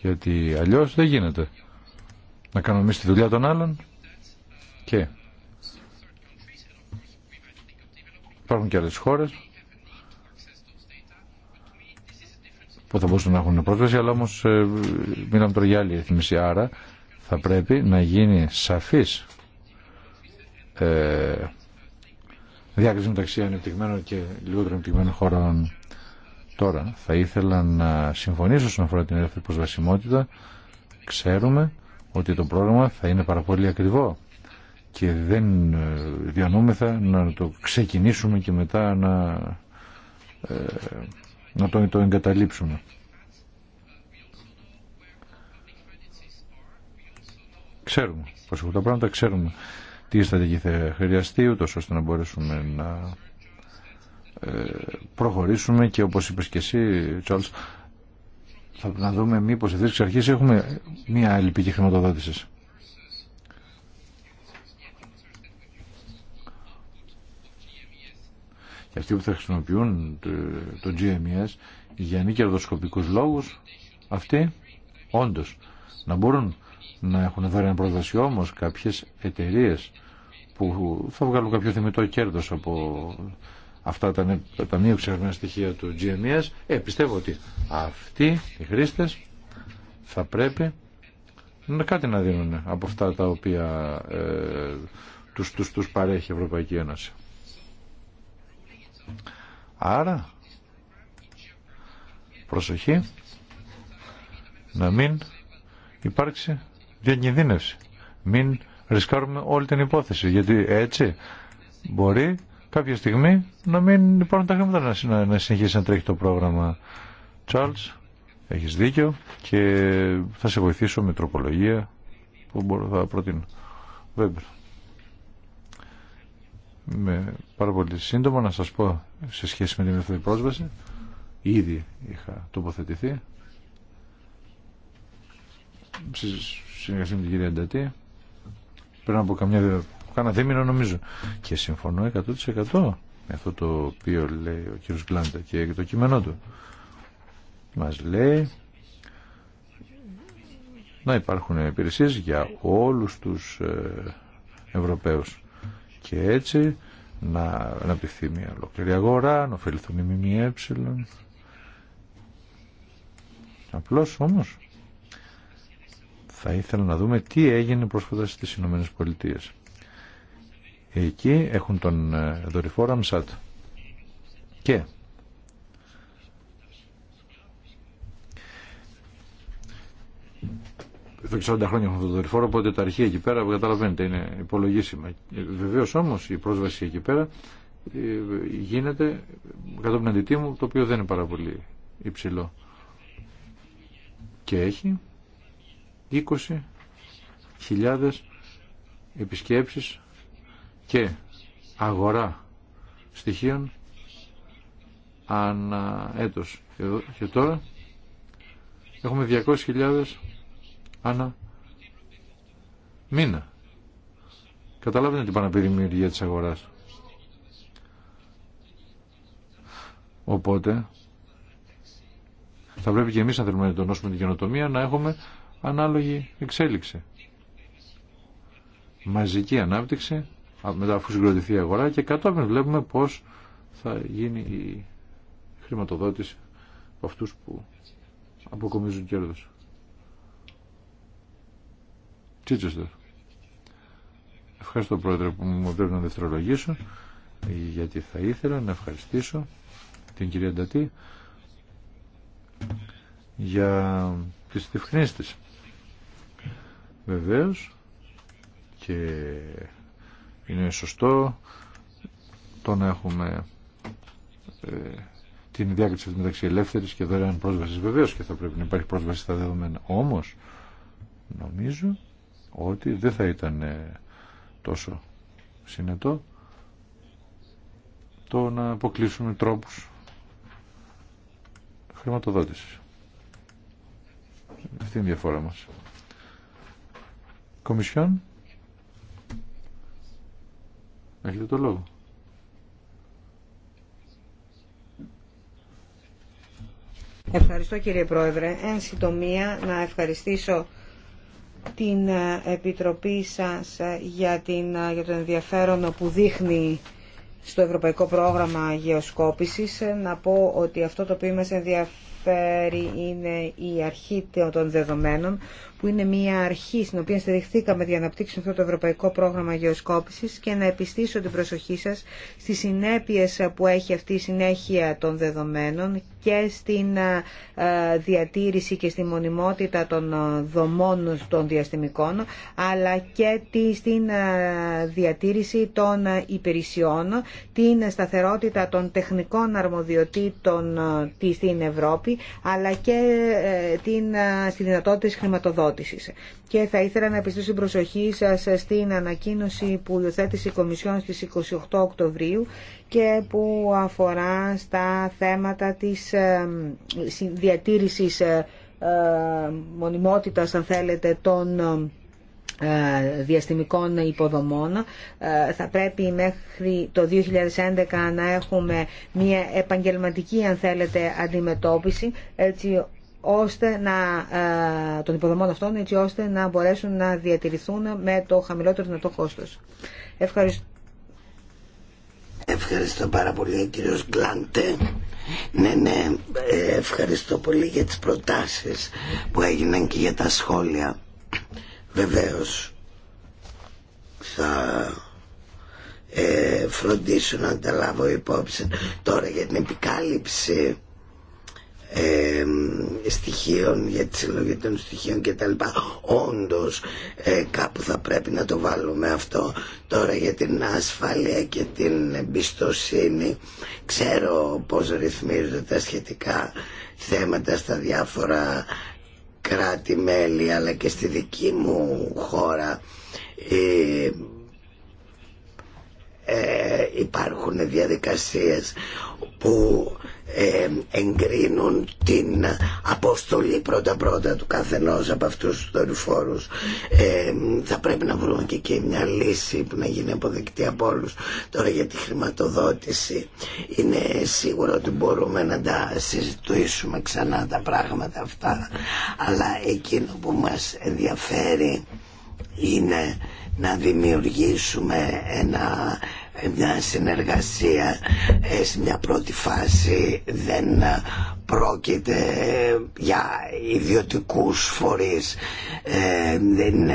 S3: Γιατί αλλιώ δεν γίνεται. Να κάνουμε εμεί τη δουλειά των άλλων και υπάρχουν και άλλε χώρε που θα μπορούσαν να έχουν πρόσβαση, αλλά όμω ε, μιλάμε τώρα για άλλη ρυθμίση. Άρα θα πρέπει να γίνει σαφής ε, διάκριση μεταξύ ανεπτυγμένων και λιγότερο ανεπτυγμένων χωρών. Τώρα θα ήθελα να συμφωνήσω στον αφορά την ελεύθερη προσβασιμότητα. Ξέρουμε ότι το πρόγραμμα θα είναι πάρα πολύ ακριβό και δεν ε, διανούμεθα να το ξεκινήσουμε και μετά να, ε, να το, το εγκαταλείψουμε. Ξέρουμε, προς τα πράγματα ξέρουμε τι στρατηγική θα χρειαστεί, ούτως ώστε να μπορέσουμε να ε, προχωρήσουμε και όπως είπες και εσύ, Τσόλς, θα να δούμε μήπως ευθύς εξ αρχή έχουμε μία ελληπική χρηματοδότηση. Και αυτοί που θα χρησιμοποιούν το GMS για μη κερδοσκοπικούς λόγους, αυτοί όντως να μπορούν να έχουν δωρεάν πρόταση όμως κάποιες εταιρείε που θα βγάλουν κάποιο θεμητό κέρδος από αυτά τα, τα μη στοιχεία του GMS ε, πιστεύω ότι αυτοί οι χρήστες θα πρέπει να κάτι να δίνουν από αυτά τα οποία ε, τους, τους, τους παρέχει η Ευρωπαϊκή Ένωση. Άρα, προσοχή να μην υπάρξει διακινδύνευση. Μην ρισκάρουμε όλη την υπόθεση, γιατί έτσι μπορεί κάποια στιγμή να μην υπάρχουν τα χρήματα να, να συνεχίσει να τρέχει το πρόγραμμα. Τσάρλ. έχεις δίκιο και θα σε βοηθήσω με τροπολογία που μπορώ, θα προτείνω. Βέβαια. Με πάρα πολύ σύντομα να σας πω σε σχέση με την πρόσβαση ήδη είχα τοποθετηθεί συνεργασία με την κυρία Ντατή πριν από καμιά κάνα δίμηνο νομίζω και συμφωνώ 100% με αυτό το οποίο λέει ο κύριος Γκλάντα και το κείμενό του μας λέει να υπάρχουν υπηρεσίες για όλους τους ε, Ευρωπαίους και έτσι να αναπτυχθεί μια ολόκληρη αγορά, να ωφεληθούν οι ΜΜΕ. Απλώς όμως θα ήθελα να δούμε τι έγινε πρόσφατα στις Ηνωμένε Πολιτείες. Εκεί έχουν τον ε, δορυφόρο Αμσάτ. Και εδώ 40 χρόνια έχουν τον δορυφόρο, οπότε τα αρχεία εκεί πέρα, καταλαβαίνετε, είναι υπολογίσιμα. Ε, Βεβαίω όμω η πρόσβαση εκεί πέρα ε, γίνεται κατόπιν αντιτίμου, το οποίο δεν είναι πάρα πολύ υψηλό. Και έχει 20.000 επισκέψεις και αγορά στοιχείων ανά έτος. Και τώρα έχουμε 200.000 ανά μήνα. Καταλάβετε την παραπηρημιουργία της αγοράς. Οπότε θα πρέπει και εμείς να θέλουμε να εντονώσουμε την καινοτομία να έχουμε ανάλογη εξέλιξη. Μαζική ανάπτυξη, μετά αφού συγκροτηθεί η αγορά και κατόπιν βλέπουμε πώς θα γίνει η χρηματοδότηση από αυτούς που αποκομίζουν κέρδος. Τσίτσεστερ. Ευχαριστώ πρόεδρε που μου πρέπει να δευτερολογήσω γιατί θα ήθελα να ευχαριστήσω την κυρία Ντατή για τις διευκρινήσεις της βεβαίως και είναι σωστό το να έχουμε ε, την διάκριση μεταξύ ελεύθερης και δωρεάν πρόσβασης βεβαίως και θα πρέπει να υπάρχει πρόσβαση στα δεδομένα. Όμως νομίζω ότι δεν θα ήταν ε, τόσο συνετό το να αποκλείσουμε τρόπους χρηματοδότησης. Αυτή είναι η διαφορά μας. Κομισιόν. Έχετε το λόγο.
S2: Ευχαριστώ κύριε Πρόεδρε. Εν συντομία να ευχαριστήσω την ε, Επιτροπή σας ε, για, την, ε, για το ενδιαφέρον που δείχνει στο Ευρωπαϊκό Πρόγραμμα Γεωσκόπησης. Να πω ότι αυτό το οποίο μας ενδιαφέρει είναι η αρχή των δεδομένων που είναι μια αρχή στην οποία στηριχθήκαμε για να αναπτύξουμε αυτό το ευρωπαϊκό πρόγραμμα γεωσκόπησης και να επιστήσω την προσοχή σας στις συνέπειες που έχει αυτή η συνέχεια των δεδομένων και στην διατήρηση και στη μονιμότητα των δομών των διαστημικών αλλά και στην διατήρηση των υπηρεσιών, την σταθερότητα των τεχνικών αρμοδιοτήτων στην Ευρώπη αλλά και ε, την, στη δυνατότητα της χρηματοδότησης και θα ήθελα να επιστήσω την προσοχή σας στην ανακοίνωση που υιοθέτησε η Κομισιόν στις 28 Οκτωβρίου και που αφορά στα θέματα της ε, διατήρησης ε, ε, μονιμότητας, αν θέλετε, των διαστημικών υποδομών θα πρέπει μέχρι το 2011 να έχουμε μια επαγγελματική αν θέλετε αντιμετώπιση έτσι ώστε να, ε, των υποδομών αυτών έτσι ώστε να μπορέσουν να διατηρηθούν με το χαμηλότερο δυνατό κόστος. Ευχαριστώ.
S1: Ευχαριστώ πάρα πολύ κύριος Γκλάντε. Ναι, ναι, ε, ευχαριστώ πολύ για τις προτάσεις που έγιναν και για τα σχόλια. Βεβαίως θα ε, φροντίσω να τα λάβω υπόψη τώρα για την επικάλυψη ε, στοιχείων, για τη συλλογή των στοιχείων κτλ. Όντως ε, κάπου θα πρέπει να το βάλουμε αυτό τώρα για την ασφάλεια και την εμπιστοσύνη. Ξέρω πώς ρυθμίζονται τα σχετικά θέματα στα διάφορα κράτη-μέλη αλλά και στη δική μου χώρα ε, ε υπάρχουν διαδικασίες που εγκρίνουν την αποστολή πρώτα-πρώτα του καθενός από αυτούς τους δορυφόρους θα πρέπει να βρούμε και εκεί μια λύση που να γίνει αποδεκτή από όλους τώρα για τη χρηματοδότηση είναι σίγουρο ότι μπορούμε να τα συζητήσουμε ξανά τα πράγματα αυτά αλλά εκείνο που μας ενδιαφέρει είναι να δημιουργήσουμε ένα ε, μια συνεργασία ε, σε μια πρώτη φάση δεν ε, πρόκειται για ιδιωτικούς φορείς δεν,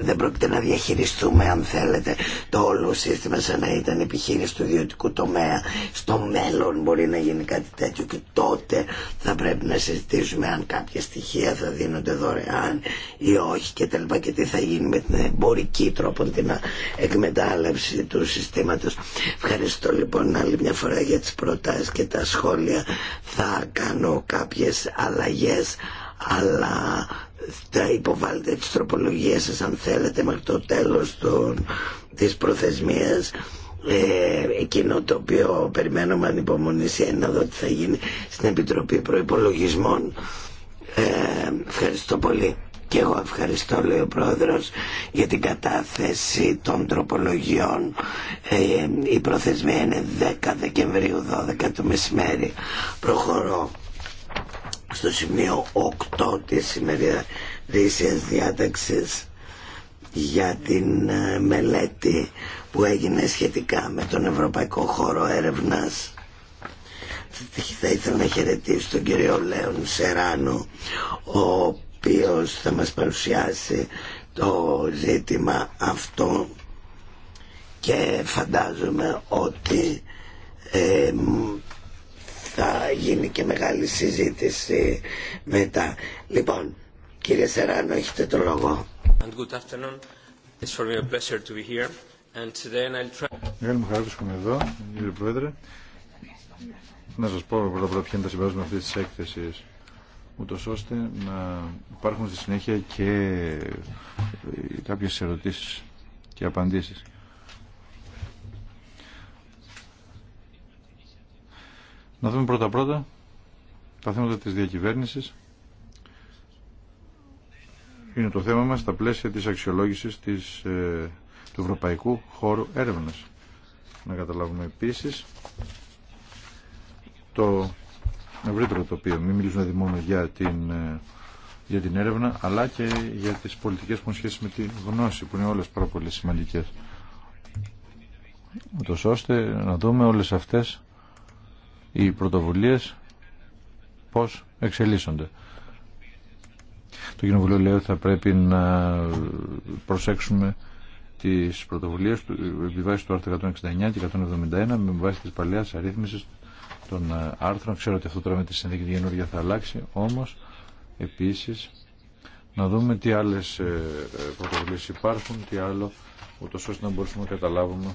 S1: δεν πρόκειται να διαχειριστούμε αν θέλετε το όλο σύστημα σαν να ήταν επιχείρηση του ιδιωτικού τομέα στο μέλλον μπορεί να γίνει κάτι τέτοιο και τότε θα πρέπει να συζητήσουμε αν κάποια στοιχεία θα δίνονται δωρεάν ή όχι και τα και τι θα γίνει με την εμπορική τρόπο την εκμετάλλευση του συστήματος. Ευχαριστώ λοιπόν άλλη μια φορά για τις προτάσεις και τα σχόλια. Θα κάνω κάποιες αλλαγές αλλά θα υποβάλλετε τις τροπολογίες σας αν θέλετε μέχρι το τέλος των, της προθεσμίας ε, εκείνο το οποίο περιμένω με ανυπομονησία είναι να δω τι θα γίνει στην Επιτροπή Προϋπολογισμών ε, ευχαριστώ πολύ και εγώ ευχαριστώ, λέει ο πρόεδρος, για την κατάθεση των τροπολογιών. Ε, η προθεσμία είναι 10 Δεκεμβρίου, 12 το μεσημέρι. Προχωρώ στο σημείο 8 της σημερινής διάταξης για την ε, μελέτη που έγινε σχετικά με τον Ευρωπαϊκό Χώρο Έρευνας θα ήθελα να χαιρετήσω τον κύριο Λέων Σεράνο ο οποίος θα μας παρουσιάσει το ζήτημα αυτό και φαντάζομαι ότι θα γίνει και μεγάλη συζήτηση μετά. Λοιπόν, κύριε Σεράνο, έχετε το λόγο.
S3: Μεγάλη μου χαρά βρίσκομαι εδώ, κύριε Πρόεδρε. Να σας πω πρώτα πρώτα ποιο είναι τα συμπέρασμα αυτής της έκθεσης ούτω ώστε να υπάρχουν στη συνέχεια και ε, κάποιες ερωτήσεις και απαντήσεις. Να δούμε πρώτα πρώτα τα θέματα της διακυβέρνησης. Είναι το θέμα μας στα πλαίσια της αξιολόγησης της, ε, του Ευρωπαϊκού Χώρου Έρευνας. Να καταλάβουμε επίσης το ευρύτερο τοπίο. Μην μιλήσουμε δηλαδή μόνο για την, ε, για την έρευνα, αλλά και για τις πολιτικές που έχουν σχέση με τη γνώση, που είναι όλες πάρα πολύ σημαντικές. Ούτως ώστε να δούμε όλες αυτές οι πρωτοβουλίες πώς εξελίσσονται. Το Κοινοβουλίο λέει ότι θα πρέπει να προσέξουμε τις πρωτοβουλίες του, επιβάσει του άρθρου 169 και 171 με βάση της παλαιάς αρρύθμισης των ε, άρθρων. Ξέρω ότι αυτό τώρα με τη συνθήκη καινούργια θα αλλάξει, Όμω, επίση να δούμε τι άλλε ε, πρωτοβουλίε υπάρχουν, τι άλλο, ούτω ώστε να μπορούμε να καταλάβουμε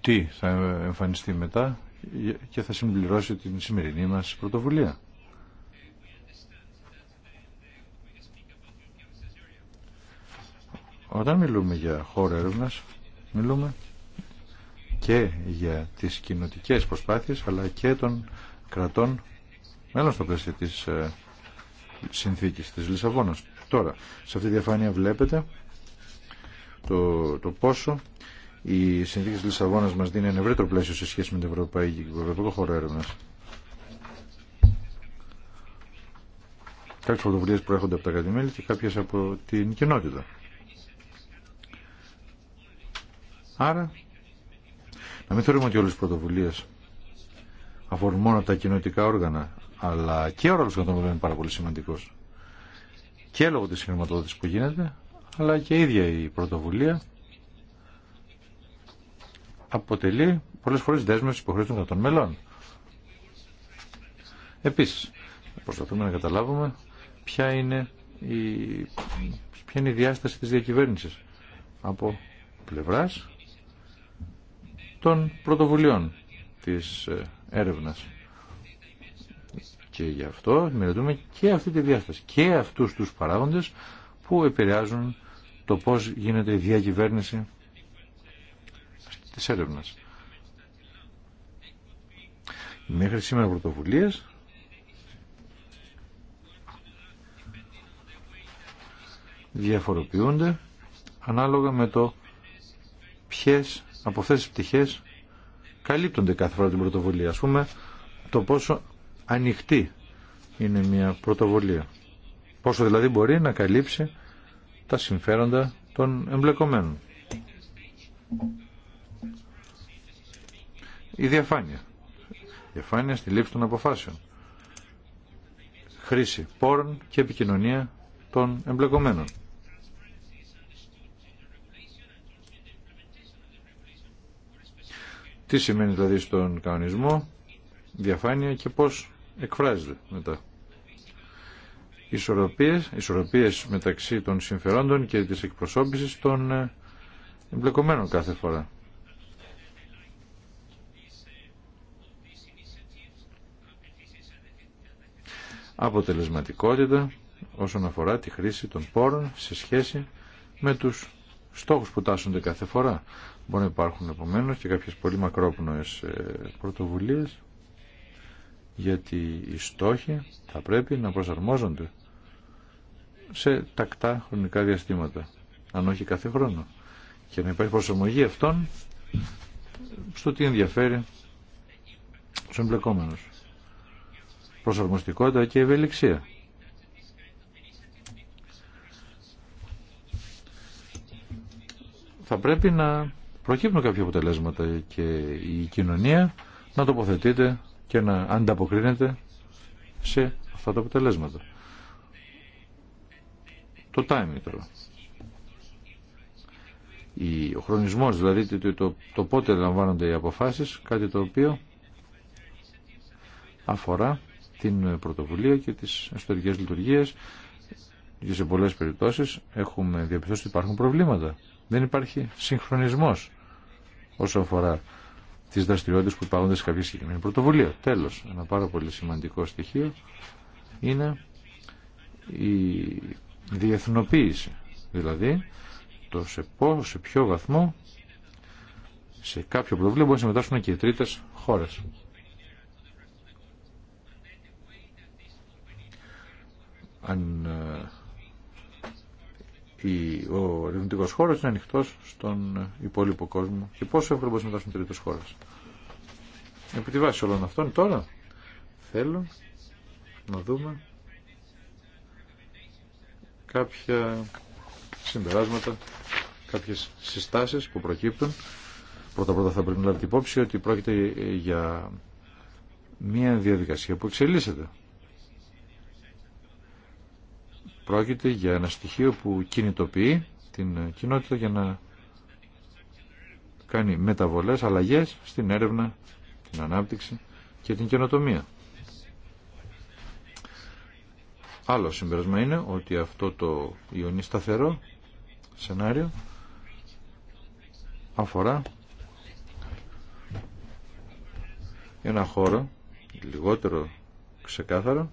S3: τι θα εμφανιστεί μετά και θα συμπληρώσει την σημερινή μας πρωτοβουλία. Όταν μιλούμε για χώρο έρευνα, μιλούμε και για τις κοινοτικέ προσπάθειες αλλά και των κρατών μέλλον στο πλαίσιο της ε, συνθήκης της Λισαβόνας. Τώρα, σε αυτή τη διαφάνεια βλέπετε το, το πόσο η συνθήκη της Λισαβόνας μας δίνει ένα ευρύτερο πλαίσιο σε σχέση με την Ευρωπαϊκή και Ευρωπαϊκό χώρο έρευνας. Κάποιες φωτοβουλίες προέρχονται από τα κατημέλη και κάποιες από την κοινότητα. Άρα να μην θεωρούμε ότι όλε οι πρωτοβουλίε αφορούν μόνο τα κοινωτικά όργανα, αλλά και ο ρόλο των είναι πάρα πολύ σημαντικό Και λόγω τη χρηματοδότηση που γίνεται, αλλά και η ίδια η πρωτοβουλία αποτελεί πολλές φορές δέσμευση υποχρέωση των κρατών μελών. Επίση, προσπαθούμε να καταλάβουμε ποια είναι η, ποια είναι η διάσταση τη διακυβέρνηση από πλευράς των πρωτοβουλειών της ε, έρευνας. Και γι' αυτό μελετούμε και αυτή τη διάσταση και αυτούς τους παράγοντες που επηρεάζουν το πώς γίνεται η διακυβέρνηση της έρευνας. Μέχρι σήμερα πρωτοβουλίες διαφοροποιούνται ανάλογα με το ποιες από αυτές τις πτυχές καλύπτονται κάθε φορά την πρωτοβουλία. Ας πούμε το πόσο ανοιχτή είναι μια πρωτοβουλία. Πόσο δηλαδή μπορεί να καλύψει τα συμφέροντα των εμπλεκομένων. Η διαφάνεια. Η διαφάνεια στη λήψη των αποφάσεων. Χρήση πόρων και επικοινωνία των εμπλεκομένων. Τι σημαίνει δηλαδή στον κανονισμό, διαφάνεια και πώς εκφράζεται μετά. Ισορροπίες, ισορροπίες μεταξύ των συμφερόντων και της εκπροσώπησης των ε, εμπλεκομένων κάθε φορά. Αποτελεσματικότητα όσον αφορά τη χρήση των πόρων σε σχέση με τους στόχους που τάσσονται κάθε φορά. Μπορεί να υπάρχουν επομένω και κάποιε πολύ μακρόπνοε πρωτοβουλίε, γιατί οι στόχοι θα πρέπει να προσαρμόζονται σε τακτά χρονικά διαστήματα αν όχι κάθε χρόνο και να υπάρχει προσαρμογή αυτών στο τι ενδιαφέρει του εμπλεκόμενου. προσαρμοστικότητα και ευελιξία θα πρέπει να προκύπτουν κάποια αποτελέσματα και η κοινωνία να τοποθετείται και να ανταποκρίνεται σε αυτά τα αποτελέσματα. Το timing τώρα. Ο χρονισμός, δηλαδή το, το, το πότε λαμβάνονται οι αποφάσεις, κάτι το οποίο αφορά την πρωτοβουλία και τις εσωτερικές λειτουργίες και σε πολλές περιπτώσεις έχουμε διαπιστώσει ότι υπάρχουν προβλήματα. Δεν υπάρχει συγχρονισμός όσον αφορά τι δραστηριότητε που υπάρχουν σε κάποια συγκεκριμένη πρωτοβουλία. Τέλο, ένα πάρα πολύ σημαντικό στοιχείο είναι η διεθνοποίηση. Δηλαδή, το σε, σε ποιο βαθμό σε κάποιο πρωτοβουλίο μπορεί να συμμετάσχουν και οι τρίτε χώρε. Αν ε, η, ο ερευνητικό χώρο είναι ανοιχτό στον υπόλοιπο κόσμο και πόσο εύκολο μπορεί να μετάσχουν τρίτο χώρο. Επί τη βάση όλων αυτών τώρα θέλω να δούμε κάποια συμπεράσματα, κάποιες συστάσεις που προκύπτουν. Πρώτα-πρώτα θα πρέπει να λάβετε υπόψη ότι πρόκειται για μια διαδικασία που εξελίσσεται. Πρόκειται για ένα στοιχείο που κινητοποιεί την κοινότητα για να κάνει μεταβολές, αλλαγές στην έρευνα, την ανάπτυξη και την καινοτομία. Άλλο συμπέρασμα είναι ότι αυτό το Ιωνί σταθερό σενάριο αφορά ένα χώρο λιγότερο ξεκάθαρο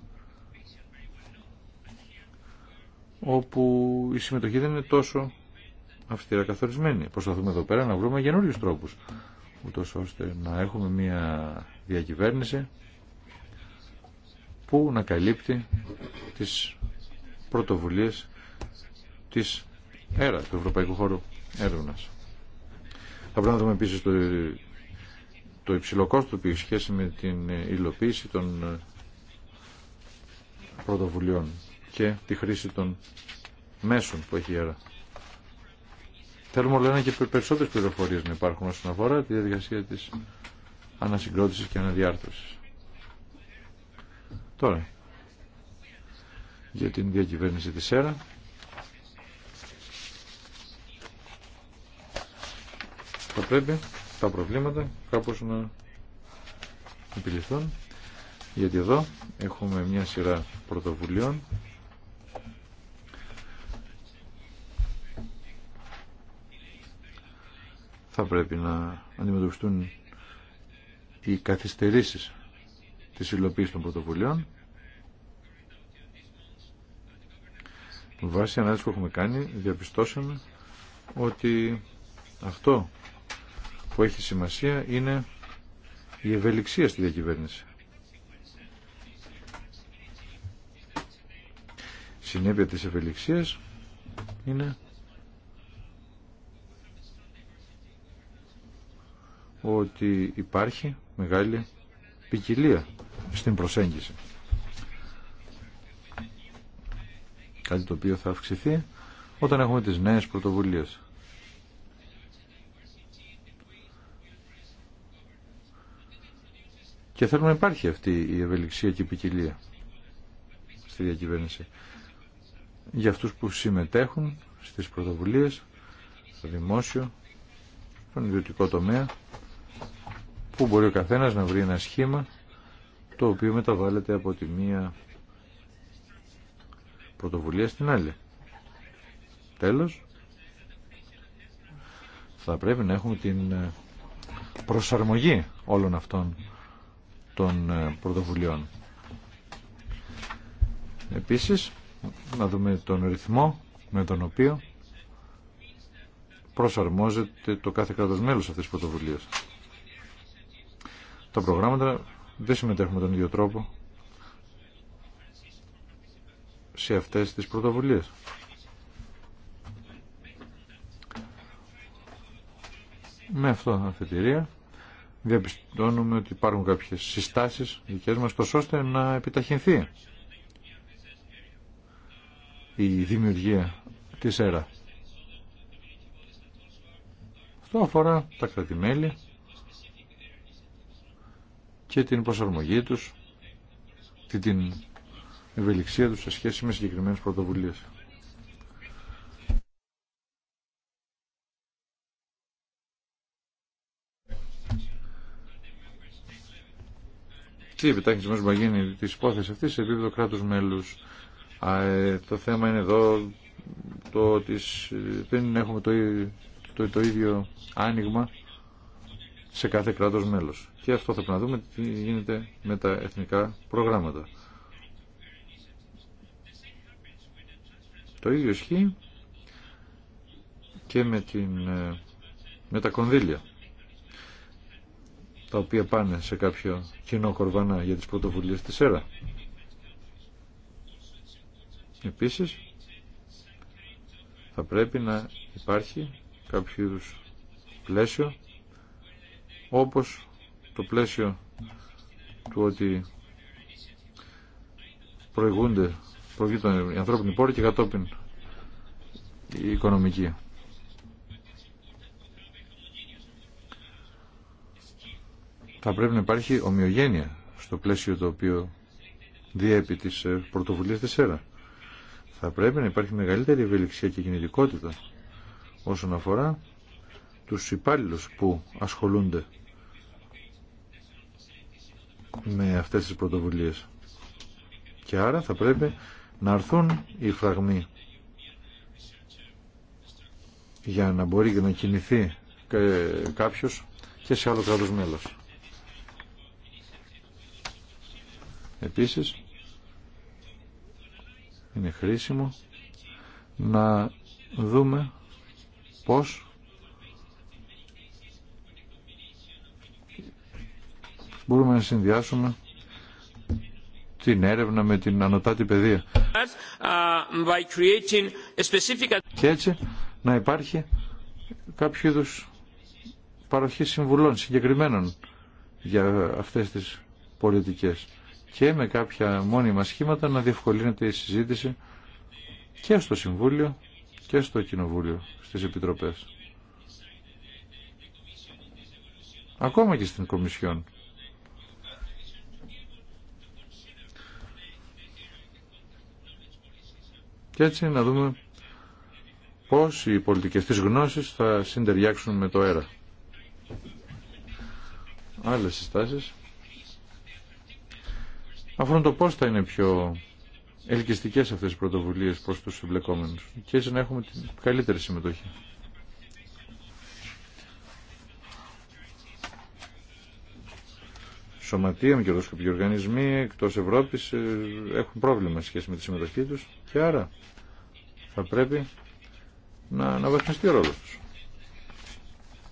S3: όπου η συμμετοχή δεν είναι τόσο αυστηρά καθορισμένη. Προσπαθούμε εδώ πέρα να βρούμε καινούριου τρόπους, ούτω ώστε να έχουμε μια διακυβέρνηση που να καλύπτει τις πρωτοβουλίες της ΕΡΑ, του Ευρωπαϊκού Χώρου Έρευνα. Θα πρέπει να δούμε επίση το, το υψηλό κόστο που έχει σχέση με την υλοποίηση των πρωτοβουλειών και τη χρήση των μέσων που έχει η ΕΡΑ. Θέλουμε όλο ένα και περισσότερε πληροφορίε να υπάρχουν όσον αφορά τη διαδικασία τη ανασυγκρότηση και αναδιάρθρωση. Τώρα, για την διακυβέρνηση τη ΕΡΑ. Θα πρέπει τα προβλήματα κάπως να επιληθούν, γιατί εδώ έχουμε μια σειρά πρωτοβουλειών θα πρέπει να αντιμετωπιστούν οι καθυστερήσεις της υλοποίησης των πρωτοβουλειών βάση ανάλυση που έχουμε κάνει διαπιστώσαμε ότι αυτό που έχει σημασία είναι η ευελιξία στη διακυβέρνηση. Συνέπεια της ευελιξίας είναι ότι υπάρχει μεγάλη ποικιλία στην προσέγγιση. Κάτι το οποίο θα αυξηθεί όταν έχουμε τις νέες πρωτοβουλίες. Και θέλουμε να υπάρχει αυτή η ευελιξία και η ποικιλία στη διακυβέρνηση. Για αυτούς που συμμετέχουν στις πρωτοβουλίες, στο δημόσιο, στον ιδιωτικό τομέα, που μπορεί ο καθένας να βρει ένα σχήμα το οποίο μεταβάλλεται από τη μία πρωτοβουλία στην άλλη. Τέλος, θα πρέπει να έχουμε την προσαρμογή όλων αυτών των ε, πρωτοβουλειών. Επίσης, να δούμε τον ρυθμό με τον οποίο προσαρμόζεται το κάθε κράτος μέλος αυτής της πρωτοβουλίας τα προγράμματα δεν συμμετέχουν με τον ίδιο τρόπο σε αυτές τις πρωτοβουλίες. Με αυτό αφετηρία διαπιστώνουμε ότι υπάρχουν κάποιες συστάσεις δικές μας τόσο ώστε να επιταχυνθεί η δημιουργία της ΕΡΑ. Αυτό αφορά τα κρατημέλη και την προσαρμογή τους, την ευελιξία τους σε σχέση με συγκεκριμένες πρωτοβουλίες. Τι επιτάχυνση μας μπορεί γίνει τη υπόθεση αυτή σε επίπεδο κράτους μέλους. Ε, το θέμα είναι εδώ το ότι δεν έχουμε το, το, το ίδιο άνοιγμα σε κάθε κράτος μέλος. Και αυτό θα πρέπει να δούμε τι γίνεται με τα εθνικά προγράμματα. Το ίδιο ισχύει και με, την, ε, με τα κονδύλια τα οποία πάνε σε κάποιο κοινό κορβανά για τις πρωτοβουλίες της ΕΡΑ. Επίσης, θα πρέπει να υπάρχει κάποιο πλαίσιο όπως το πλαίσιο του ότι προηγούνται, προηγούνται οι ανθρώπινοι πόροι και κατόπιν η οικονομική. Θα πρέπει να υπάρχει ομοιογένεια στο πλαίσιο το οποίο διέπει τις ε, πρωτοβουλίες της ΕΡΑ. Θα πρέπει να υπάρχει μεγαλύτερη ευελιξία και κινητικότητα όσον αφορά τους υπάλληλους που ασχολούνται με αυτές τις πρωτοβουλίες. Και άρα θα πρέπει να αρθούν οι φραγμοί για να μπορεί να κινηθεί κάποιος και σε άλλο κράτος μέλος. Επίσης, είναι χρήσιμο να δούμε πώς μπορούμε να συνδυάσουμε την έρευνα με την ανωτάτη παιδεία.
S2: Uh,
S3: και έτσι να υπάρχει κάποιο είδου παροχή συμβουλών συγκεκριμένων για αυτές τις πολιτικές και με κάποια μόνιμα σχήματα να διευκολύνεται η συζήτηση και στο Συμβούλιο και στο Κοινοβούλιο, στις Επιτροπές. Ακόμα και στην Κομισιόν. Και έτσι να δούμε πώς οι πολιτικές της γνώσεις θα συντεριάξουν με το αέρα. Άλλες συστάσεις αφορούν το πώς θα είναι πιο ελκυστικές αυτές οι πρωτοβουλίες προς τους εμπλεκόμενους. και έτσι να έχουμε την καλύτερη συμμετοχή. Σωματεία, μικροσκοπικοί οργανισμοί εκτός Ευρώπης ε, έχουν πρόβλημα σχέση με τη συμμετοχή τους και άρα θα πρέπει να, να βαθμιστεί ο ρόλος τους.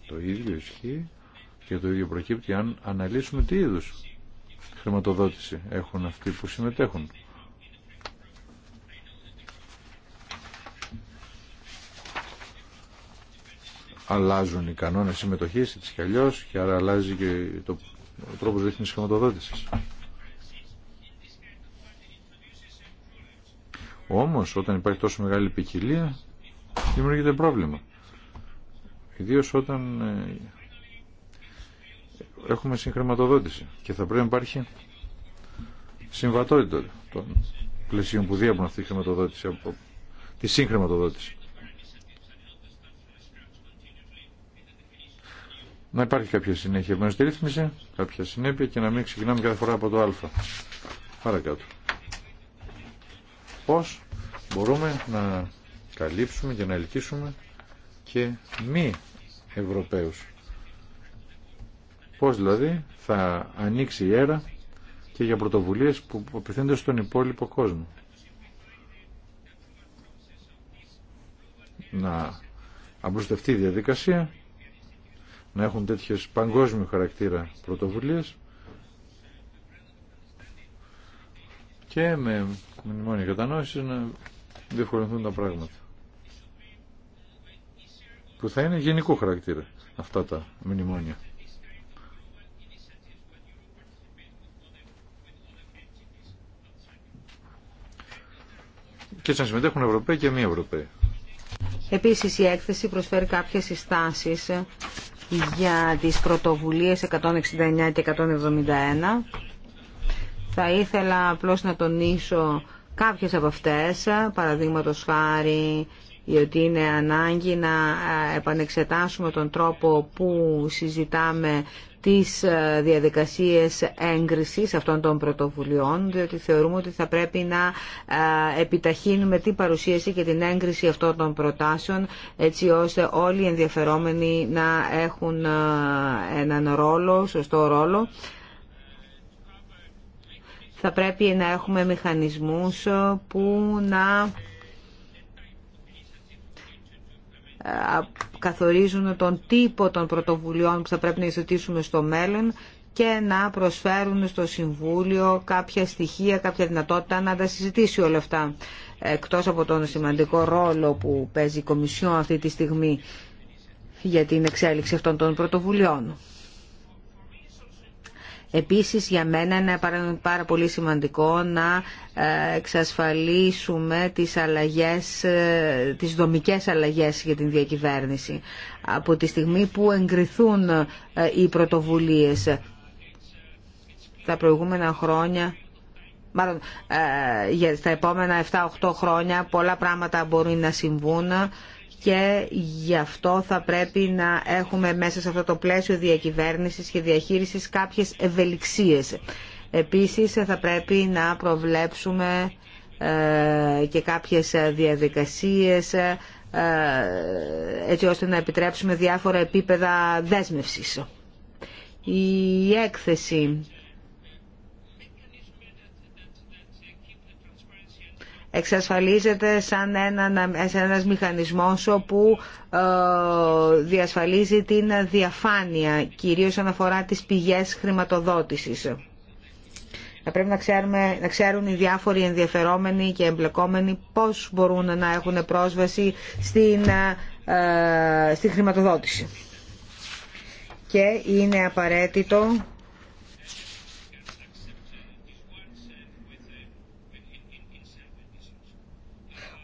S3: Το ίδιο ισχύει και το ίδιο προκύπτει αν αναλύσουμε τι είδους χρηματοδότηση έχουν αυτοί που συμμετέχουν. Αλλάζουν οι κανόνες συμμετοχής έτσι κι αλλιώς και άρα αλλάζει και το, ο τρόπος της χρηματοδότησης. Όμως όταν υπάρχει τόσο μεγάλη ποικιλία δημιουργείται πρόβλημα. Ιδίω όταν ε, έχουμε συγχρηματοδότηση και θα πρέπει να υπάρχει συμβατότητα των πλαισίων που διέπουν αυτή τη χρηματοδότηση από τη συγχρηματοδότηση. Να υπάρχει κάποια συνέχεια μέσα στη ρύθμιση, κάποια συνέπεια και να μην ξεκινάμε κάθε φορά από το α. Παρακάτω πώς μπορούμε να καλύψουμε και να ελκύσουμε και μη Ευρωπαίους. Πώς δηλαδή θα ανοίξει η αίρα και για πρωτοβουλίες που απευθύνονται στον υπόλοιπο κόσμο. Να απλουστευτεί η διαδικασία, να έχουν τέτοιες παγκόσμιου χαρακτήρα πρωτοβουλίες και με μνημόνια κατανόηση να διευκολυνθούν τα πράγματα. Που θα είναι γενικού χαρακτήρα αυτά τα μνημόνια. Και να συμμετέχουν Ευρωπαίοι και μη Ευρωπαίοι.
S2: Επίσης η έκθεση προσφέρει κάποιες συστάσεις για τις πρωτοβουλίες 169 και 171 θα ήθελα απλώς να τονίσω κάποιες από αυτές, παραδείγματο χάρη διότι είναι ανάγκη να ε, επανεξετάσουμε τον τρόπο που συζητάμε τις ε, διαδικασίες έγκρισης αυτών των πρωτοβουλειών, διότι θεωρούμε ότι θα πρέπει να ε, επιταχύνουμε την παρουσίαση και την έγκριση αυτών των προτάσεων, έτσι ώστε όλοι οι ενδιαφερόμενοι να έχουν έναν ρόλο, σωστό ρόλο θα πρέπει να έχουμε μηχανισμούς που να ε, καθορίζουν τον τύπο των πρωτοβουλειών που θα πρέπει να υιοθετήσουμε στο μέλλον και να προσφέρουν στο Συμβούλιο κάποια στοιχεία, κάποια δυνατότητα να τα συζητήσει όλα αυτά. Εκτός από τον σημαντικό ρόλο που παίζει η Κομισιόν αυτή τη στιγμή για την εξέλιξη αυτών των πρωτοβουλειών. Επίσης για μένα είναι πάρα πολύ σημαντικό να ε, εξασφαλίσουμε τις αλλαγές, ε, τις δομικές αλλαγές για την διακυβέρνηση. Από τη στιγμή που εγκριθούν ε, οι πρωτοβουλίες τα προηγούμενα χρόνια, μάλλον για τα επόμενα 7-8 χρόνια πολλά πράγματα μπορούν να συμβούν και γι' αυτό θα πρέπει να έχουμε μέσα σε αυτό το πλαίσιο διακυβέρνησης και διαχείρισης κάποιες ευελιξίες. Επίσης θα πρέπει να προβλέψουμε ε, και κάποιες διαδικασίες ε, έτσι ώστε να επιτρέψουμε διάφορα επίπεδα δέσμευσης. Η έκθεση εξασφαλίζεται σαν, ένα, σαν ένας μηχανισμός όπου ε, διασφαλίζει την διαφάνεια, κυρίως αναφορά τις πηγές χρηματοδότησης. Θα πρέπει να, ξέρουν οι διάφοροι ενδιαφερόμενοι και εμπλεκόμενοι πώς μπορούν να έχουν πρόσβαση στην, ε, στην χρηματοδότηση. Και είναι απαραίτητο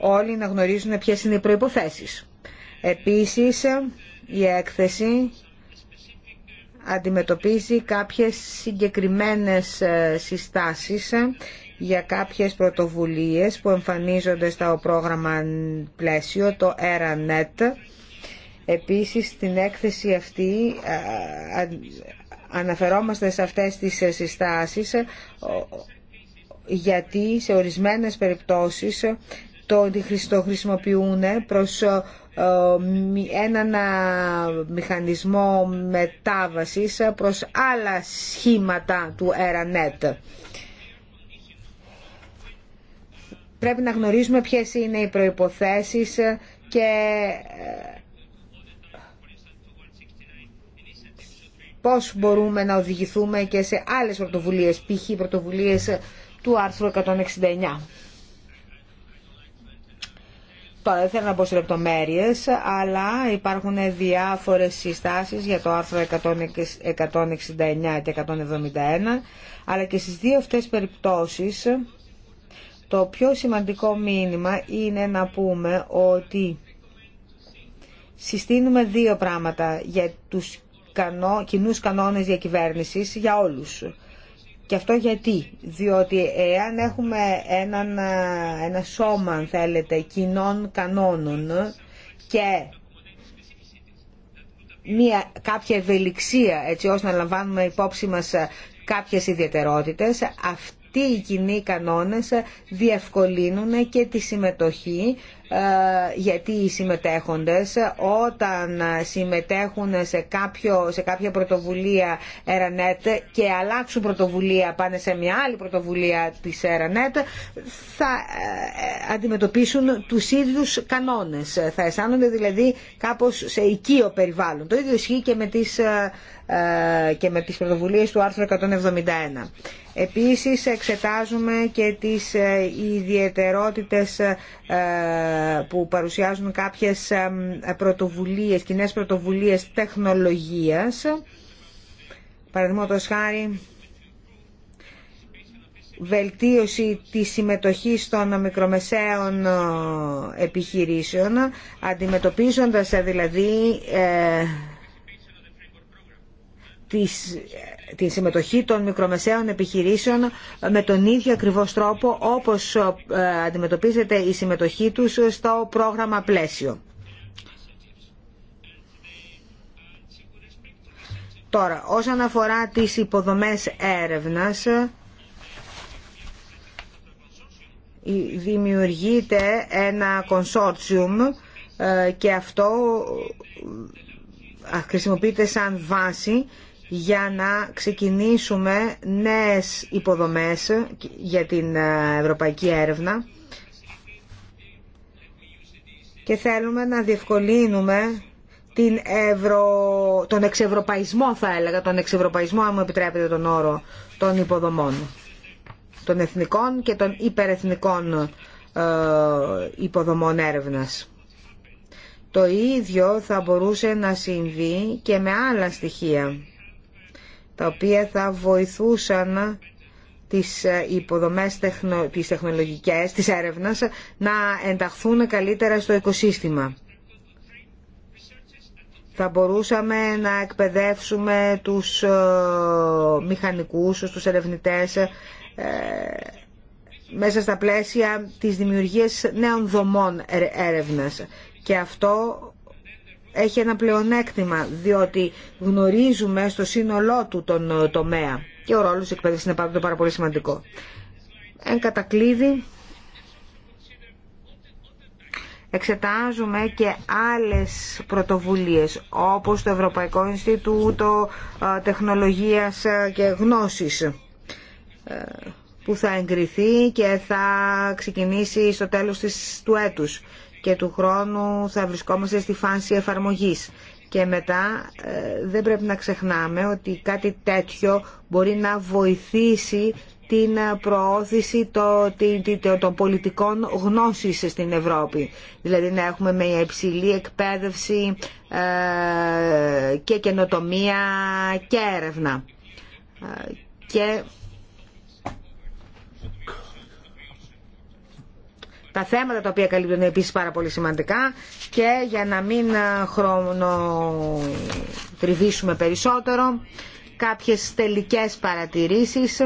S2: όλοι να γνωρίζουν ποιες είναι οι προϋποθέσεις. Επίσης, η έκθεση αντιμετωπίζει κάποιες συγκεκριμένες ε, συστάσεις ε, για κάποιες πρωτοβουλίες που εμφανίζονται στο πρόγραμμα πλαίσιο, το ERANET. Επίσης, στην έκθεση αυτή ε, αναφερόμαστε σε αυτές τις συστάσεις γιατί σε ορισμένες περιπτώσεις το, ότι χρησιμοποιούν προς ε, ε, έναν μηχανισμό μετάβασης προς άλλα σχήματα του ΕΡΑΝΕΤ. Πρέπει να γνωρίζουμε ποιες είναι οι προϋποθέσεις και ε, πώς μπορούμε να οδηγηθούμε και σε άλλες πρωτοβουλίες, π.χ. πρωτοβουλίες του άρθρου 169. Τώρα δεν θέλω να μπω σε λεπτομέρειες, αλλά υπάρχουν διάφορες συστάσεις για το άρθρο 169 και 171, αλλά και στις δύο αυτές περιπτώσεις το πιο σημαντικό μήνυμα είναι να πούμε ότι συστήνουμε δύο πράγματα για τους κανό, κοινούς κανόνες διακυβέρνησης για όλους και αυτό γιατί, διότι εάν έχουμε έναν, ένα σώμα, αν θέλετε, κοινών κανόνων και μια, κάποια ευελιξία έτσι ώστε να λαμβάνουμε υπόψη μας κάποιες ιδιαιτερότητες, αυτοί οι κοινοί κανόνες διευκολύνουν και τη συμμετοχή ε, γιατί οι συμμετέχοντες όταν συμμετέχουν σε, κάποιο, σε κάποια πρωτοβουλία ΕΡΑΝΕΤ και αλλάξουν πρωτοβουλία πάνε σε μια άλλη πρωτοβουλία της ΕΡΑΝΕΤ θα ε, αντιμετωπίσουν τους ίδιους κανόνες θα αισθάνονται δηλαδή κάπως σε οικείο περιβάλλον το ίδιο ισχύει και με τις, ε, και με τις πρωτοβουλίες του άρθρου 171 Επίσης εξετάζουμε και τις ιδιαιτερότητες που παρουσιάζουν κάποιες πρωτοβουλίες, κοινές πρωτοβουλίες τεχνολογίας. Παραδείγματος χάρη βελτίωση της συμμετοχής των μικρομεσαίων ε, επιχειρήσεων, αντιμετωπίζοντας ε, δηλαδή ε, τις, τη συμμετοχή των μικρομεσαίων επιχειρήσεων με τον ίδιο ακριβώς τρόπο όπως ε, αντιμετωπίζεται η συμμετοχή τους στο πρόγραμμα πλαίσιο. Τώρα, όσον αφορά τις υποδομές έρευνας, δημιουργείται ένα κονσόρτσιουμ ε, και αυτό ε, χρησιμοποιείται σαν βάση για να ξεκινήσουμε νέες υποδομές για την ε, ευρωπαϊκή έρευνα και θέλουμε να διευκολύνουμε την ευρω... τον εξευρωπαϊσμό θα έλεγα, τον εξευρωπαϊσμό αν μου επιτρέπετε τον όρο των υποδομών των εθνικών και των υπερεθνικών ε, υποδομών έρευνας. Το ίδιο θα μπορούσε να συμβεί και με άλλα στοιχεία τα οποία θα βοηθούσαν τις ε, υποδομές τεχνο, τις τεχνολογικές, της έρευνας, να ενταχθούν καλύτερα στο οικοσύστημα. Θα μπορούσαμε να εκπαιδεύσουμε τους ε, μηχανικούς, τους ερευνητές, ε, μέσα στα πλαίσια της δημιουργίας νέων δομών έρευνας. Και αυτό έχει ένα πλεονέκτημα διότι γνωρίζουμε στο σύνολό του τον ε, τομέα και ο ρόλος της εκπαίδευσης είναι πάρα πολύ σημαντικό. Εν κατακλείδη εξετάζουμε και άλλες πρωτοβουλίες όπως το Ευρωπαϊκό Ινστιτούτο ε, Τεχνολογίας ε, και Γνώσης που θα εγκριθεί και θα ξεκινήσει στο τέλος της, του έτους και του χρόνου θα βρισκόμαστε στη φάση εφαρμογής. Και μετά ε, δεν πρέπει να ξεχνάμε ότι κάτι τέτοιο μπορεί να βοηθήσει την προώθηση των πολιτικών γνώσης στην Ευρώπη. Δηλαδή να έχουμε με υψηλή εκπαίδευση ε, και καινοτομία και έρευνα. Ε, και Τα θέματα τα οποία καλύπτουν επίσης πάρα πολύ σημαντικά και για να μην ε, χρονοτριβήσουμε περισσότερο κάποιες τελικές παρατηρήσεις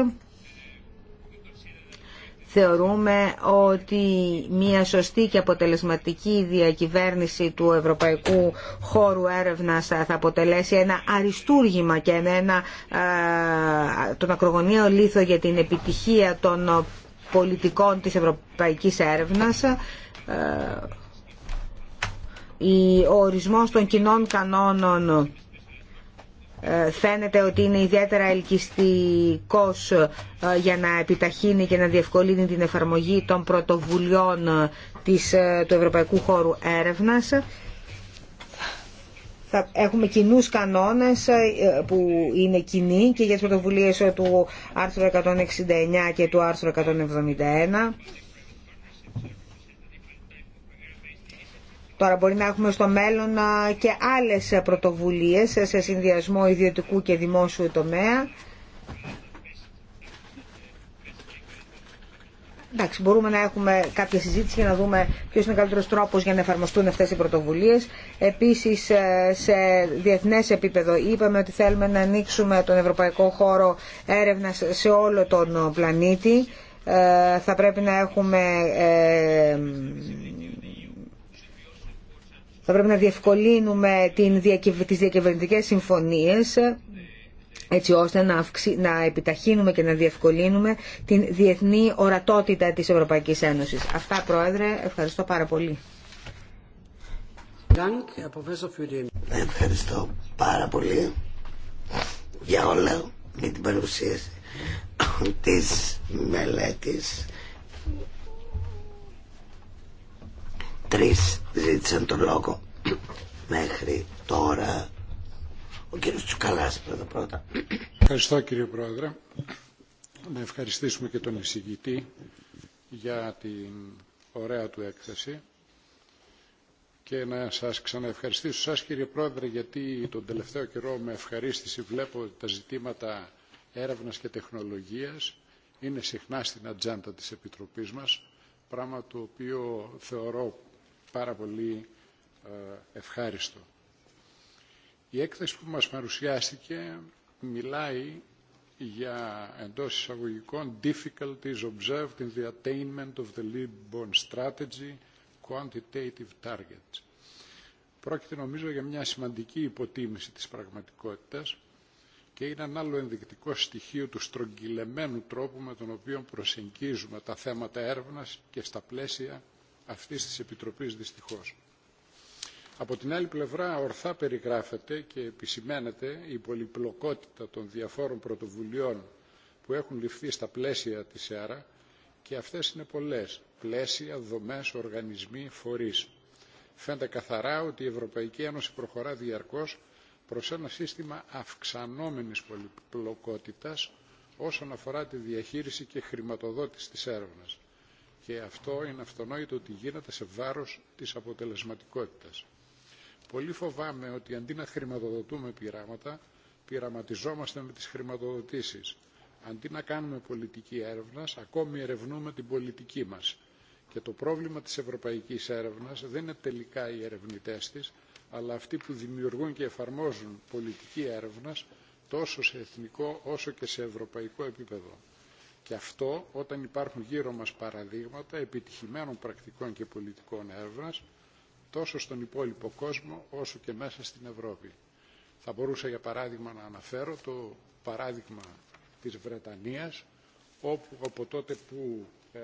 S2: θεωρούμε ότι μια σωστή και αποτελεσματική διακυβέρνηση του ευρωπαϊκού χώρου έρευνας θα αποτελέσει ένα αριστούργημα και ένα, ε, τον ακρογωνίο λίθο για την επιτυχία των πολιτικών της ευρωπαϊκής έρευνας ε, ο ορισμός των κοινών κανόνων ε, φαίνεται ότι είναι ιδιαίτερα ελκυστικός ε, για να επιταχύνει και να διευκολύνει την εφαρμογή των πρωτοβουλειών της, του Ευρωπαϊκού Χώρου Έρευνας θα έχουμε κοινού κανόνε ε, που είναι κοινοί και για τις πρωτοβουλίε ε, του άρθρου 169 και του άρθρου 171. Τώρα μπορεί να έχουμε στο μέλλον ε, και άλλες πρωτοβουλίες σε συνδυασμό ιδιωτικού και δημόσιου τομέα Εντάξει, μπορούμε να έχουμε κάποια συζήτηση για να δούμε ποιο είναι ο καλύτερο τρόπο για να εφαρμοστούν αυτέ οι πρωτοβουλίε. Επίση, ε, σε διεθνέ επίπεδο είπαμε ότι θέλουμε να ανοίξουμε τον ευρωπαϊκό χώρο έρευνα σε όλο τον πλανήτη. Ε, θα πρέπει να έχουμε... Ε, θα πρέπει να διευκολύνουμε τις διακυβερνητικέ συμφωνίες έτσι ώστε να, επιταχύνουμε και να διευκολύνουμε την διεθνή ορατότητα της Ευρωπαϊκής Ένωσης. Αυτά, Πρόεδρε, ευχαριστώ πάρα πολύ.
S1: Ευχαριστώ πάρα πολύ για όλα Με την παρουσίαση της μελέτης. Τρεις ζήτησαν τον λόγο μέχρι τώρα. Ο κύριος Τσουκαλάς πρώτα
S4: Ευχαριστώ κύριε Πρόεδρε. Να ευχαριστήσουμε και τον εισηγητή για την ωραία του έκθεση και να σας ξαναευχαριστήσω σας κύριε Πρόεδρε γιατί τον τελευταίο καιρό με ευχαρίστηση βλέπω ότι τα ζητήματα έρευνας και τεχνολογίας είναι συχνά στην ατζάντα της Επιτροπής μας, πράγμα το οποίο θεωρώ πάρα πολύ ε, ευχάριστο. Η έκθεση που μας παρουσιάστηκε μιλάει για εντό εισαγωγικών difficulties observed in the attainment of the Lisbon strategy quantitative targets. Πρόκειται νομίζω για μια σημαντική υποτίμηση της πραγματικότητας και είναι ένα άλλο ενδεικτικό στοιχείο του στρογγυλεμένου τρόπου με τον οποίο προσεγγίζουμε τα θέματα έρευνας και στα πλαίσια αυτής της Επιτροπής δυστυχώς. Από την άλλη πλευρά ορθά περιγράφεται και επισημαίνεται η πολυπλοκότητα των διαφόρων πρωτοβουλειών που έχουν ληφθεί στα πλαίσια της ΕΑΡΑ και αυτές είναι πολλές. Πλαίσια, δομές, οργανισμοί, φορείς. Φαίνεται καθαρά ότι η Ευρωπαϊκή Ένωση προχωρά διαρκώς προς ένα σύστημα αυξανόμενης πολυπλοκότητας όσον αφορά τη διαχείριση και χρηματοδότηση της έρευνας. Και αυτό είναι αυτονόητο ότι γίνεται σε βάρος της αποτελεσματικότητας. Πολύ φοβάμαι ότι αντί να χρηματοδοτούμε πειράματα, πειραματιζόμαστε με τις χρηματοδοτήσεις. Αντί να κάνουμε πολιτική έρευνα, ακόμη ερευνούμε την πολιτική μας. Και το πρόβλημα της ευρωπαϊκής έρευνας δεν είναι τελικά οι ερευνητές της, αλλά αυτοί που δημιουργούν και εφαρμόζουν πολιτική έρευνα τόσο σε εθνικό όσο και σε ευρωπαϊκό επίπεδο. Και αυτό όταν υπάρχουν γύρω μας παραδείγματα επιτυχημένων πρακτικών και πολιτικών έρευνας τόσο στον υπόλοιπο κόσμο όσο και μέσα στην Ευρώπη. Θα μπορούσα για παράδειγμα να αναφέρω το παράδειγμα της Βρετανίας όπου από τότε που ε,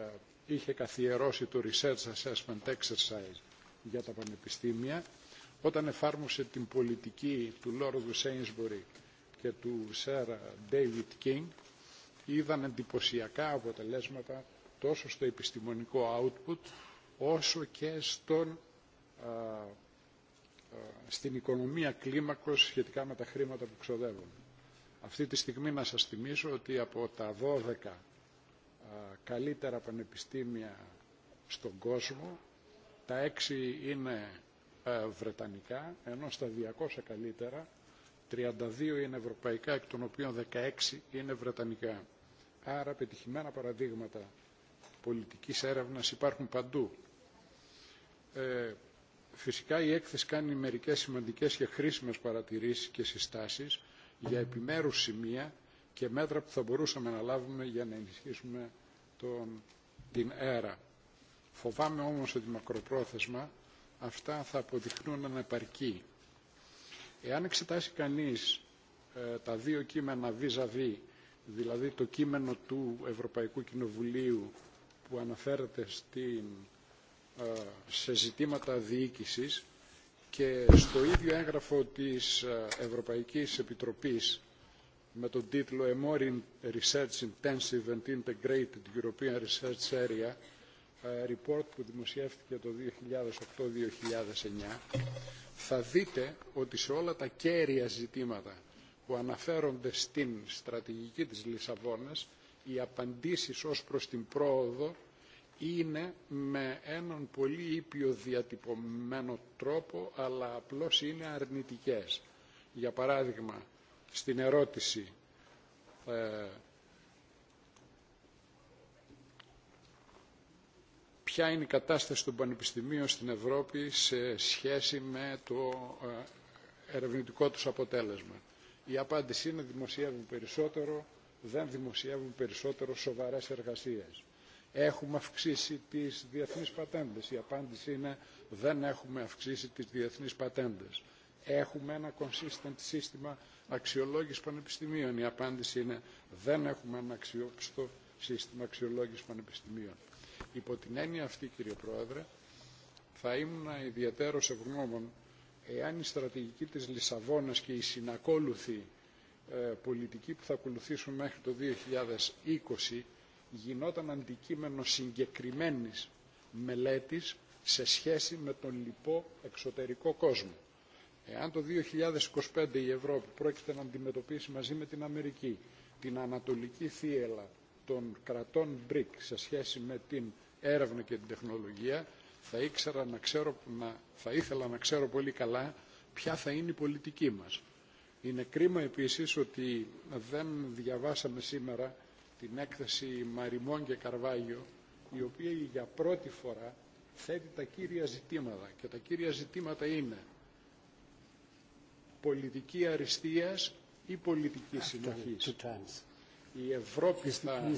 S4: είχε καθιερώσει το Research Assessment Exercise για τα πανεπιστήμια όταν εφάρμοσε την πολιτική του Λόρδου Σέινσμπορη και του Σερ David King, είδαν εντυπωσιακά αποτελέσματα τόσο στο επιστημονικό output όσο και στον στην οικονομία κλίμακος σχετικά με τα χρήματα που ξοδεύουν. Αυτή τη στιγμή να σας θυμίσω ότι από τα 12 καλύτερα πανεπιστήμια στον κόσμο, τα 6 είναι βρετανικά, ενώ στα 200 καλύτερα 32 είναι ευρωπαϊκά, εκ των οποίων 16 είναι βρετανικά. Άρα πετυχημένα παραδείγματα πολιτικής έρευνας υπάρχουν παντού. Ε, Φυσικά η έκθεση κάνει μερικές σημαντικές και χρήσιμες παρατηρήσεις και συστάσεις για επιμέρους σημεία και μέτρα που θα μπορούσαμε να λάβουμε για να ενισχύσουμε τον, την αέρα. Φοβάμαι όμως ότι μακροπρόθεσμα αυτά θα αποδειχνούν ανεπαρκή. Εάν εξετάσει κανείς ε, τα δύο κείμενα vis-à-vis, δηλαδή το κείμενο του Ευρωπαϊκού Κοινοβουλίου που αναφέρεται στην ε, σε ζητήματα διοίκησης και στο ίδιο έγγραφο της ε, Ευρωπαϊκής Επιτροπής με τον τίτλο «A more research intensive and integrated European Research Area» ε, report που δημοσιεύτηκε το 2008-2009 θα δείτε ότι σε όλα τα κέρια ζητήματα που αναφέρονται στην στρατηγική της Λισαβόνας οι απαντήσεις ως προς την πρόοδο είναι με έναν πολύ ήπιο διατυπωμένο τρόπο, αλλά απλώς είναι αρνητικές. Για παράδειγμα, στην ερώτηση ε, ποια είναι η κατάσταση των πανεπιστημίων στην Ευρώπη σε σχέση με το ε, ερευνητικό τους αποτέλεσμα. Η απάντηση είναι δημοσιεύουν περισσότερο, δεν δημοσιεύουν περισσότερο σοβαρές εργασίες. Έχουμε αυξήσει τις διεθνείς πατέντες. Η απάντηση είναι δεν έχουμε αυξήσει τις διεθνείς πατέντες. Έχουμε ένα consistent σύστημα αξιολόγηση πανεπιστημίων. Η απάντηση είναι δεν έχουμε ένα αξιόπιστο σύστημα αξιολόγηση πανεπιστημίων. Υπό την έννοια αυτή, κύριε Πρόεδρε, θα ήμουν ιδιαίτερο ευγνώμων εάν η στρατηγική της Λισαβόνας και η συνακόλουθη ε, πολιτική που θα ακολουθήσουν μέχρι το 2020 γινόταν αντικείμενο συγκεκριμένης μελέτης σε σχέση με τον λοιπό εξωτερικό κόσμο. Εάν το 2025 η Ευρώπη πρόκειται να αντιμετωπίσει μαζί με την Αμερική την ανατολική θύελα των κρατών BRIC σε σχέση με την έρευνα και την τεχνολογία, θα, ήξερα να ξέρω, να, θα ήθελα να ξέρω πολύ καλά ποια θα είναι η πολιτική μας. Είναι κρίμα επίσης ότι δεν διαβάσαμε σήμερα την έκθεση Μαριμόν και Καρβάγιο, η οποία για πρώτη φορά θέτει τα κύρια ζητήματα. Και τα κύρια ζητήματα είναι πολιτική αριστείας ή πολιτική συνοχής. Η Ευρώπη θα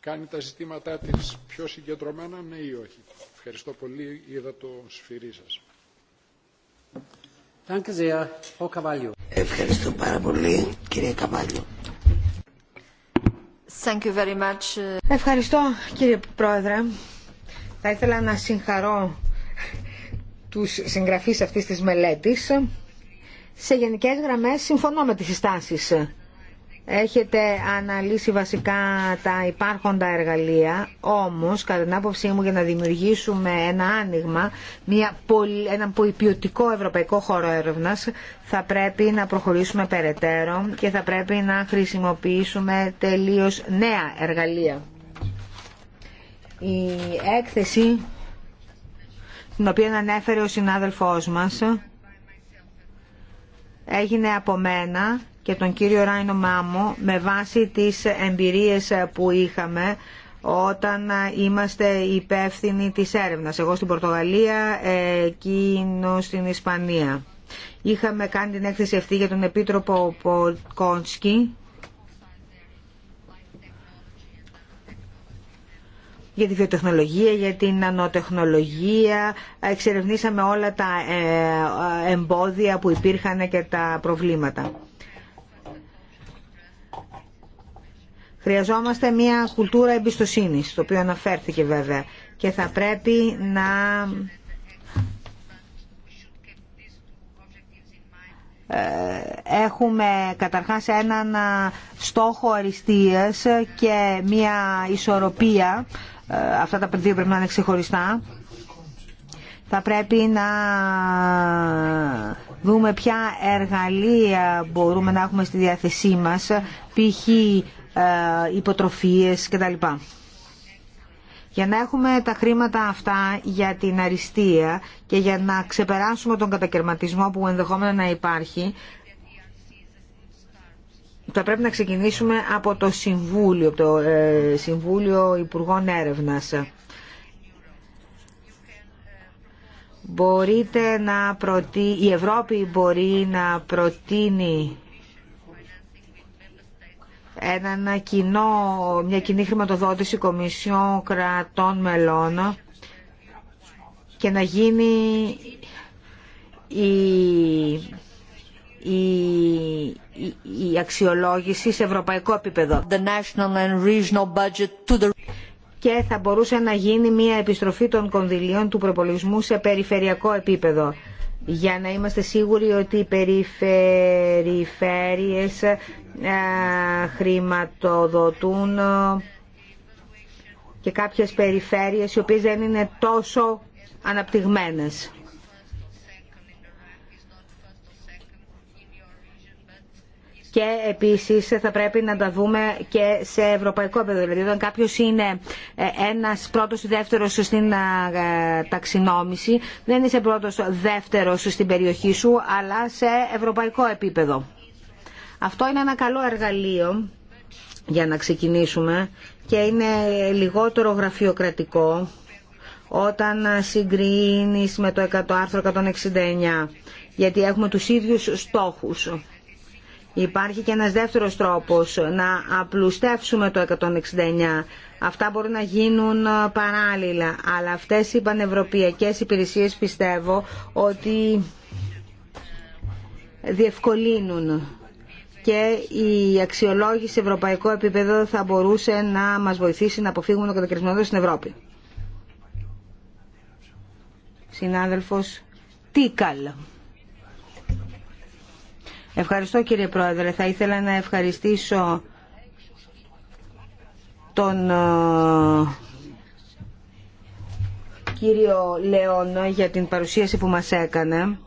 S4: κάνει τα ζητήματά της πιο συγκεντρωμένα, ναι ή όχι. Ευχαριστώ πολύ. Είδα το σφυρί σα.
S1: Ευχαριστώ πάρα πολύ, κύριε Καβάλιο.
S2: Ευχαριστώ κύριε Πρόεδρε. Θα ήθελα να συγχαρώ τους συγγραφείς αυτής της μελέτης. Σε γενικές γραμμές συμφωνώ με τις συστάσεις έχετε αναλύσει βασικά τα υπάρχοντα εργαλεία, όμως κατά την άποψή μου για να δημιουργήσουμε ένα άνοιγμα, μια, ένα ποιοτικό ευρωπαϊκό χώρο έρευνα, θα πρέπει να προχωρήσουμε περαιτέρω και θα πρέπει να χρησιμοποιήσουμε τελείως νέα εργαλεία. Η έκθεση την οποία ανέφερε ο συνάδελφός μας έγινε από μένα και τον κύριο Ράινο Μάμο με βάση τις εμπειρίες που είχαμε όταν είμαστε υπεύθυνοι της έρευνας. Εγώ στην Πορτογαλία, εκείνο στην Ισπανία. Είχαμε κάνει την έκθεση αυτή για τον Επίτροπο Κόντσκι για τη βιοτεχνολογία, για την νανοτεχνολογία. Εξερευνήσαμε όλα τα ε, ε, εμπόδια που υπήρχαν και τα προβλήματα. Χρειαζόμαστε μια κουλτούρα εμπιστοσύνης, το οποίο αναφέρθηκε βέβαια, και θα πρέπει να έχουμε καταρχάς έναν στόχο αριστείας και μια ισορροπία. Αυτά τα δύο πρέπει να είναι ξεχωριστά. Θα πρέπει να δούμε ποια εργαλεία μπορούμε να έχουμε στη διάθεσή μας, π.χ. Ε, υποτροφίες κτλ. Για να έχουμε τα χρήματα αυτά για την αριστεία και για να ξεπεράσουμε τον κατακαιρματισμό που ενδεχόμενα να υπάρχει, θα πρέπει να ξεκινήσουμε από το Συμβούλιο, το ε, Συμβούλιο Υπουργών Έρευνας. Μπορείτε να προτείνει Η Ευρώπη μπορεί να προτείνει ένα κοινό, μια κοινή χρηματοδότηση κομισιών κρατών μελών και να γίνει η, αξιολόγηση σε ευρωπαϊκό επίπεδο. national and regional budget to the... Και θα μπορούσε να γίνει μια επιστροφή των κονδυλίων του προπολογισμού σε περιφερειακό επίπεδο για να είμαστε σίγουροι ότι οι περιφερειφέρειες ε, χρηματοδοτούν ε, και κάποιες περιφέρειες οι οποίες δεν είναι τόσο αναπτυγμένες. Και επίσης θα πρέπει να τα δούμε και σε ευρωπαϊκό επίπεδο. Δηλαδή όταν κάποιος είναι ε, ένας πρώτος ή δεύτερος στην ταξινόμηση, δεν είσαι πρώτος δεύτερος στην περιοχή σου, αλλά σε ευρωπαϊκό επίπεδο. Αυτό είναι ένα καλό εργαλείο για να ξεκινήσουμε και είναι λιγότερο γραφειοκρατικό όταν συγκρίνεις με το άρθρο 169 γιατί έχουμε τους ίδιους στόχους. Υπάρχει και ένας δεύτερος τρόπος να απλουστεύσουμε το 169. Αυτά μπορούν να γίνουν παράλληλα, αλλά αυτές οι πανευρωπαϊκές υπηρεσίες πιστεύω ότι διευκολύνουν και η αξιολόγηση σε ευρωπαϊκό επίπεδο θα μπορούσε να μας βοηθήσει να αποφύγουμε τον κατακρισμό στην Ευρώπη. Συνάδελφος Τίκαλ. Ευχαριστώ κύριε Πρόεδρε. Θα ήθελα να ευχαριστήσω τον ε, κύριο Λεόν για την παρουσίαση που μας έκανε.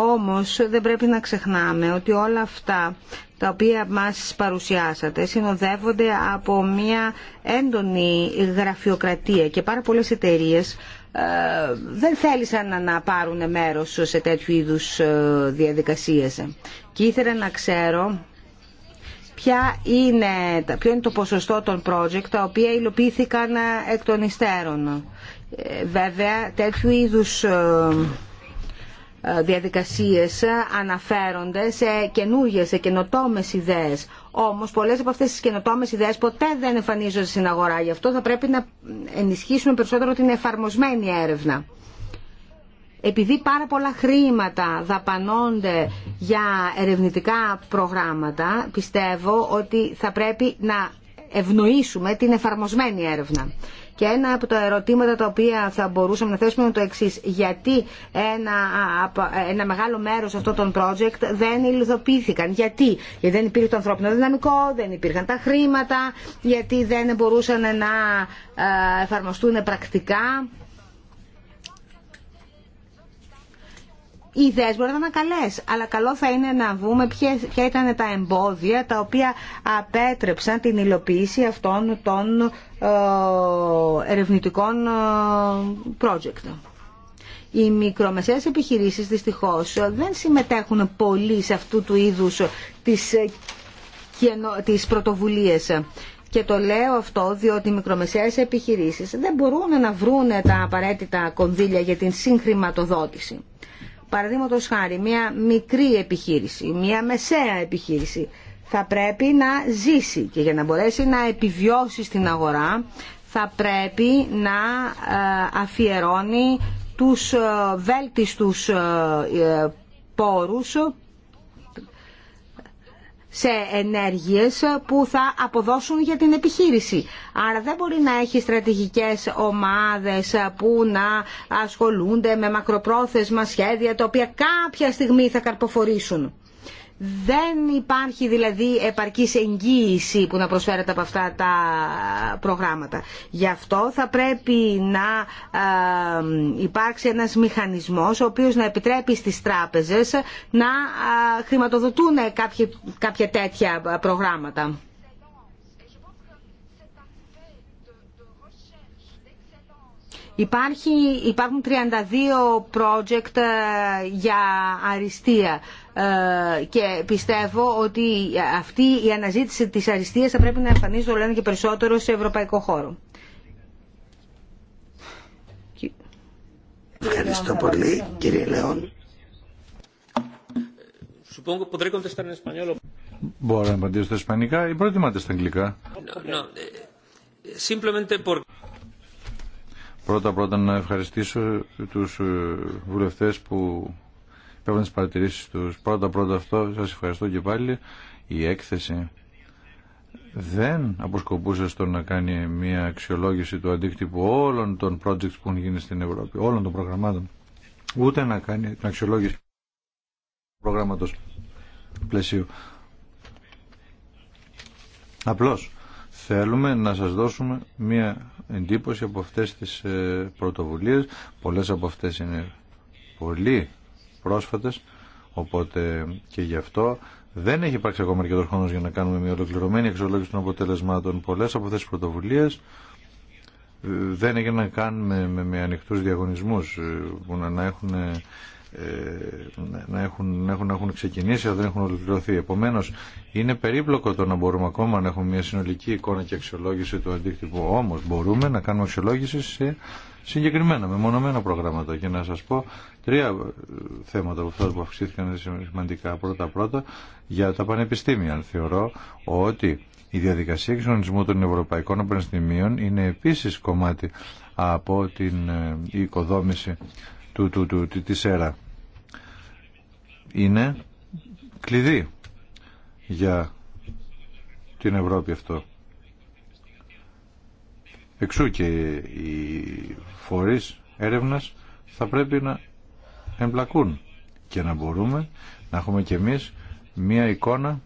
S2: Όμως δεν πρέπει να ξεχνάμε ότι όλα αυτά τα οποία μας παρουσιάσατε συνοδεύονται από μια έντονη γραφειοκρατία και πάρα πολλές εταιρείες ε, δεν θέλησαν να πάρουν μέρος σε τέτοιου είδους ε, διαδικασίες. Και ήθελα να ξέρω ποια είναι, ποιο είναι το ποσοστό των project τα οποία υλοποιήθηκαν ε, εκ των υστέρων. Βέβαια, τέτοιου είδους ε, διαδικασίες αναφέρονται σε καινούργιες, σε καινοτόμε ιδέες. Όμως πολλές από αυτές τις καινοτόμες ιδέες ποτέ δεν εμφανίζονται στην αγορά. Γι' αυτό θα πρέπει να ενισχύσουμε περισσότερο την εφαρμοσμένη έρευνα. Επειδή πάρα πολλά χρήματα δαπανώνται για ερευνητικά προγράμματα, πιστεύω ότι θα πρέπει να ευνοήσουμε την εφαρμοσμένη έρευνα. Και ένα από τα ερωτήματα τα οποία θα μπορούσαμε να θέσουμε είναι το εξή. Γιατί ένα, ένα μεγάλο μέρο αυτών των project δεν υλοποιήθηκαν. Γιατί, γιατί δεν υπήρχε το ανθρώπινο δυναμικό, δεν υπήρχαν τα χρήματα, γιατί δεν μπορούσαν να ε, εφαρμοστούν πρακτικά. οι ιδέες μπορεί να ήταν καλές, αλλά καλό θα είναι να δούμε ποια ήταν τα εμπόδια τα οποία απέτρεψαν την υλοποίηση αυτών των ε, ερευνητικών ε, project. Οι μικρομεσαίες επιχειρήσεις δυστυχώς δεν συμμετέχουν πολύ σε αυτού του είδους τις, ε, τις πρωτοβουλίες. Και το λέω αυτό διότι οι μικρομεσαίες επιχειρήσεις δεν μπορούν να βρουν τα απαραίτητα κονδύλια για την συγχρηματοδότηση. Παραδείγματο χάρη, μια μικρή επιχείρηση, μια μεσαία επιχείρηση, θα πρέπει να ζήσει και για να μπορέσει να επιβιώσει στην αγορά θα πρέπει να ε, αφιερώνει τους ε, βέλτιστους ε, πόρους σε ενέργειες που θα αποδώσουν για την επιχείρηση. Άρα δεν μπορεί να έχει στρατηγικές ομάδες που να ασχολούνται με μακροπρόθεσμα σχέδια τα οποία κάποια στιγμή θα καρποφορήσουν. Δεν υπάρχει δηλαδή επαρκής εγγύηση που να προσφέρεται από αυτά τα προγράμματα. Γι' αυτό θα πρέπει να υπάρξει ένας μηχανισμός ο οποίος να επιτρέπει στις τράπεζες να χρηματοδοτούν κάποια τέτοια προγράμματα. Υπάρχει, υπάρχουν 32 project ε, για αριστεία ε, και πιστεύω ότι αυτή η αναζήτηση της αριστείας θα πρέπει να εμφανίζεται όλο και περισσότερο σε ευρωπαϊκό χώρο. Ευχαριστώ πολύ
S1: κύριε Λεόν.
S3: Μπορώ να απαντήσω στα ισπανικά ή προτιμάτε στα αγγλικά.
S2: Eh,
S3: πρώτα πρώτα να ευχαριστήσω τους ε, βουλευτές που Πρέπει να τις παρατηρήσεις τους. Πρώτα πρώτα αυτό, σας ευχαριστώ και πάλι. Η έκθεση δεν αποσκοπούσε στο να κάνει μια αξιολόγηση του αντίκτυπου όλων των projects που έχουν γίνει στην Ευρώπη, όλων των προγραμμάτων. Ούτε να κάνει την αξιολόγηση του προγράμματος πλαισίου. Απλώς θέλουμε να σας δώσουμε μια εντύπωση από αυτές τις ε, πρωτοβουλίες. Πολλές από αυτές είναι πολύ πρόσφατες, οπότε και γι' αυτό δεν έχει υπάρξει ακόμα αρκετό χρόνο για να κάνουμε μια ολοκληρωμένη αξιολόγηση των αποτελεσμάτων. Πολλέ από αυτέ τι πρωτοβουλίε ε, δεν έγιναν καν με, με, ανοιχτού διαγωνισμού ε, που ε, να, να έχουν να έχουν, έχουν, έχουν ξεκινήσει αλλά δεν έχουν ολοκληρωθεί. Επομένω, είναι περίπλοκο το να μπορούμε ακόμα να έχουμε μια συνολική εικόνα και αξιολόγηση του αντίκτυπου. Όμω, μπορούμε να κάνουμε αξιολόγηση σε συγκεκριμένα, μεμονωμένα προγράμματα. Και να σα πω Τρία θέματα από αυτά που αυξηθηκαν είναι σημαντικά. Πρώτα-πρώτα για τα πανεπιστήμια. Θεωρώ ότι η διαδικασία εξονισμού των Ευρωπαϊκών Πανεπιστημίων είναι επίσης κομμάτι από την ε, οικοδόμηση του, του, του, της ΕΡΑ. Είναι κλειδί για την Ευρώπη αυτό. Εξού και οι φορείς έρευνας θα πρέπει να εμπλακούν και να μπορούμε να έχουμε κι εμείς μία εικόνα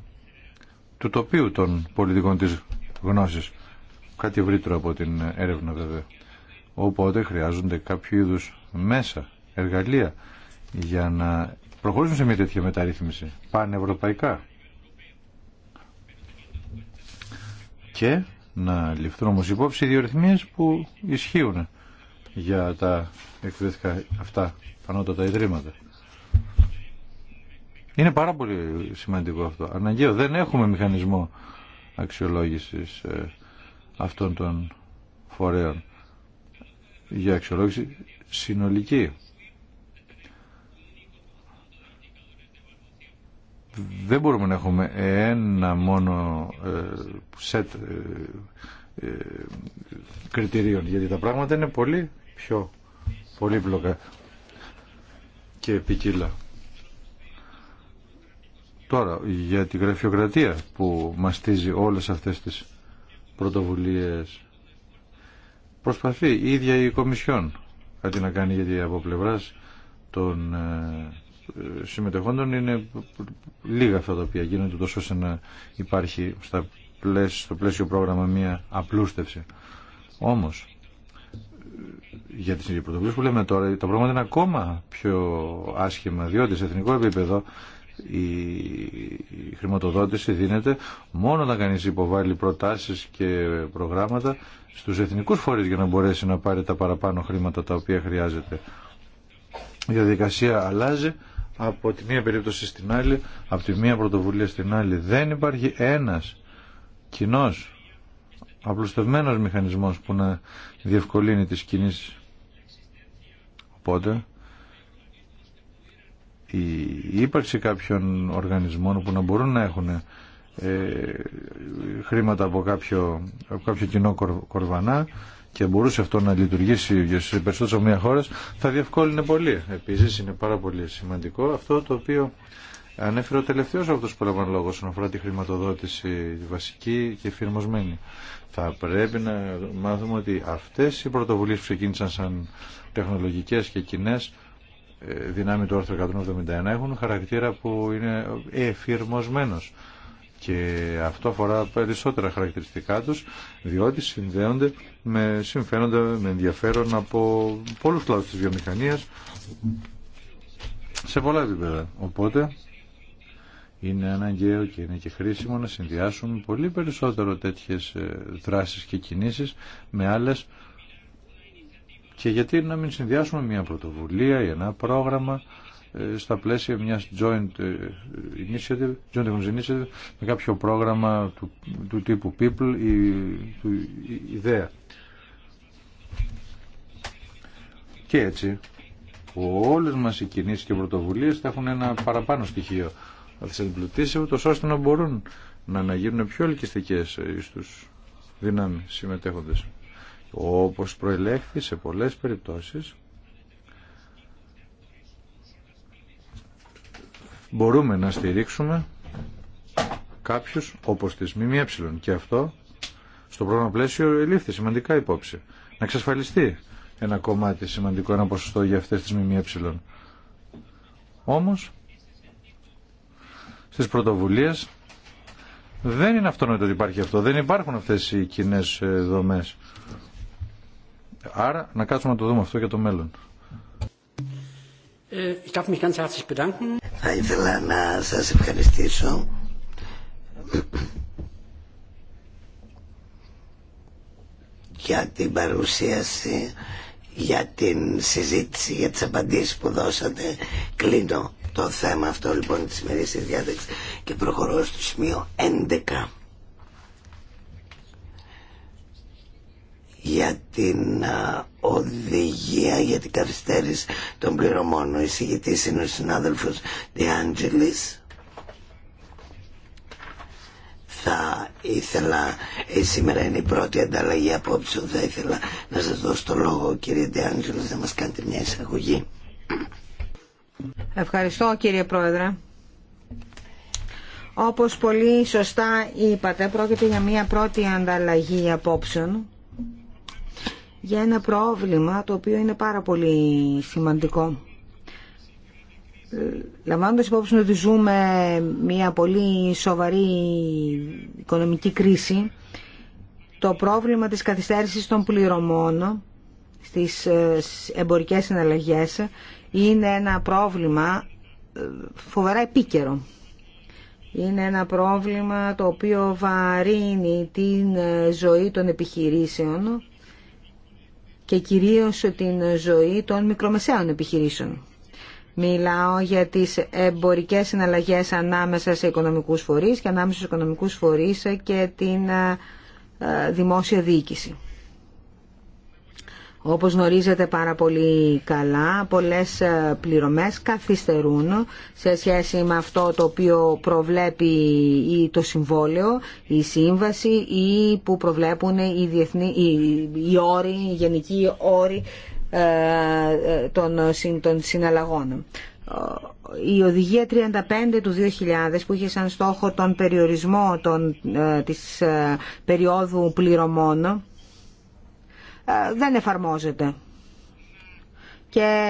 S3: του τοπίου των πολιτικών της γνώσης. Κάτι ευρύτερο από την έρευνα βέβαια. Οπότε χρειάζονται κάποιο είδου μέσα, εργαλεία για να προχωρήσουν σε μια τέτοια μεταρρύθμιση πανευρωπαϊκά. Και να ληφθούν όμως υπόψη οι που ισχύουν για τα εκπαιδευτικά αυτά ανώτατα ιδρύματα. Είναι πάρα πολύ σημαντικό αυτό. Αναγκαίο. Δεν έχουμε μηχανισμό αξιολόγησης ε, αυτών των φορέων για αξιολόγηση συνολική. Δεν μπορούμε να έχουμε ένα μόνο ε, σετ ε, κριτηρίων γιατί τα πράγματα είναι πολύ πιο πολύπλοκα και επικύλα. Τώρα, για τη γραφειοκρατία που μαστίζει όλες αυτές τις πρωτοβουλίες προσπαθεί η ίδια η Κομισιόν κάτι να κάνει γιατί από πλευρά των ε, συμμετεχόντων είναι λίγα αυτά τα οποία γίνονται τόσο ώστε να υπάρχει στα στο πλαίσιο πρόγραμμα μια απλούστευση. Όμως για τις πρωτοβουλίες που λέμε τώρα τα πράγματα είναι ακόμα πιο άσχημα διότι σε εθνικό επίπεδο η χρηματοδότηση δίνεται μόνο όταν κανείς υποβάλει προτάσεις και προγράμματα στους εθνικούς φορείς για να μπορέσει να πάρει τα παραπάνω χρήματα τα οποία χρειάζεται. Η διαδικασία αλλάζει από τη μία περίπτωση στην άλλη, από τη μία πρωτοβουλία στην άλλη. Δεν υπάρχει ένας κοινός απλουστευμένος μηχανισμός που να διευκολύνει τις κινήσεις Οπότε η ύπαρξη κάποιων οργανισμών που να μπορούν να έχουν ε, χρήματα από κάποιο, από κάποιο κοινό κορβανά και μπορούσε αυτό να λειτουργήσει σε περισσότερες από μια χώρα θα διευκόλυνε πολύ. Επίσης είναι πάρα πολύ σημαντικό αυτό το οποίο ανέφερε ο τελευταίος από τους πολλαπαν όσον αφορά τη χρηματοδότηση βασική και εφηρμοσμένη. Θα πρέπει να μάθουμε ότι αυτές οι πρωτοβουλίες που ξεκίνησαν σαν τεχνολογικές και κοινέ ε, δυνάμει του άρθρου 171 έχουν χαρακτήρα που είναι εφηρμοσμένος και αυτό αφορά περισσότερα χαρακτηριστικά τους διότι συνδέονται με, συμφέροντα με ενδιαφέρον από πολλούς κλάδους της βιομηχανίας σε πολλά επίπεδα. Οπότε είναι αναγκαίο και είναι και χρήσιμο να συνδυάσουμε πολύ περισσότερο τέτοιες ε, δράσεις και κινήσεις με άλλες και γιατί να μην συνδυάσουμε μια πρωτοβουλία ή ένα πρόγραμμα ε, στα πλαίσια μιας joint ε, initiative, joint initiative με κάποιο πρόγραμμα του, του τύπου people ή του ιδέα. Και έτσι όλες μας οι κινήσεις και πρωτοβουλίε πρωτοβουλίες θα έχουν ένα παραπάνω στοιχείο. Θα τις εμπλουτίσει ούτως ώστε να μπορούν να αναγίνουν πιο ελκυστικές στους δυνάμεις συμμετέχοντες. Όπως προελέχθη σε πολλές περιπτώσεις, μπορούμε να στηρίξουμε κάποιους όπως τις ΜΜΕ και αυτό στο πρόγραμμα πλαίσιο ελήφθη σημαντικά υπόψη. Να εξασφαλιστεί ένα κομμάτι σημαντικό, ένα ποσοστό για αυτές τις ΜΜΕ. Όμως, στις πρωτοβουλίες δεν είναι αυτονόητο ότι υπάρχει αυτό. Δεν υπάρχουν αυτές οι κοινέ ε, δομές. Άρα να κάτσουμε να το δούμε αυτό για το μέλλον.
S4: Ε,
S1: Θα ήθελα να σας ευχαριστήσω για την παρουσίαση, για την συζήτηση, για τις απαντήσεις που δώσατε. Κλείνω το θέμα αυτό λοιπόν της σημερινής διάταξης και προχωρώ στο σημείο 11. για την οδηγία για την καθυστέρηση των πληρωμών. Ο εισηγητή είναι ο συνάδελφο Διάντζελη. Θα ήθελα, ε, σήμερα είναι η πρώτη ανταλλαγή απόψε, θα ήθελα να σας δώσω το λόγο κύριε Διάντζελη, να μας κάνετε μια εισαγωγή.
S2: Ευχαριστώ κύριε Πρόεδρε. Όπως πολύ σωστά είπατε, πρόκειται για μια πρώτη ανταλλαγή απόψεων για ένα πρόβλημα το οποίο είναι πάρα πολύ σημαντικό. Λαμβάνοντας υπόψη ότι ζούμε μια πολύ σοβαρή οικονομική κρίση, το πρόβλημα της καθυστέρησης των πληρωμών στις ε, εμπορικές συναλλαγές είναι ένα πρόβλημα ε, φοβερά επίκαιρο. Είναι ένα πρόβλημα το οποίο βαρύνει την ε, ζωή των επιχειρήσεων και κυρίως την ζωή των μικρομεσαίων επιχειρήσεων. Μιλάω για τις εμπορικές συναλλαγές ανάμεσα σε οικονομικούς φορείς και ανάμεσα στους οικονομικούς φορείς και την ε, δημόσια διοίκηση. Όπως γνωρίζετε πάρα πολύ καλά, πολλές ε, πληρωμές καθυστερούν σε σχέση με αυτό το οποίο προβλέπει ή το συμβόλαιο, η σύμβαση ή που προβλέπουν οι, διεθνοί, οι, όροι, οι γενικοί όροι ε, ε, των συναλλαγών η συμβαση η που προβλεπουν οι ώρη οι οροι οι γενικοι οροι των συναλλαγων η οδηγια 35 του 2000 που είχε σαν στόχο τον περιορισμό των, της περίοδου πληρωμών ε, δεν εφαρμόζεται. Και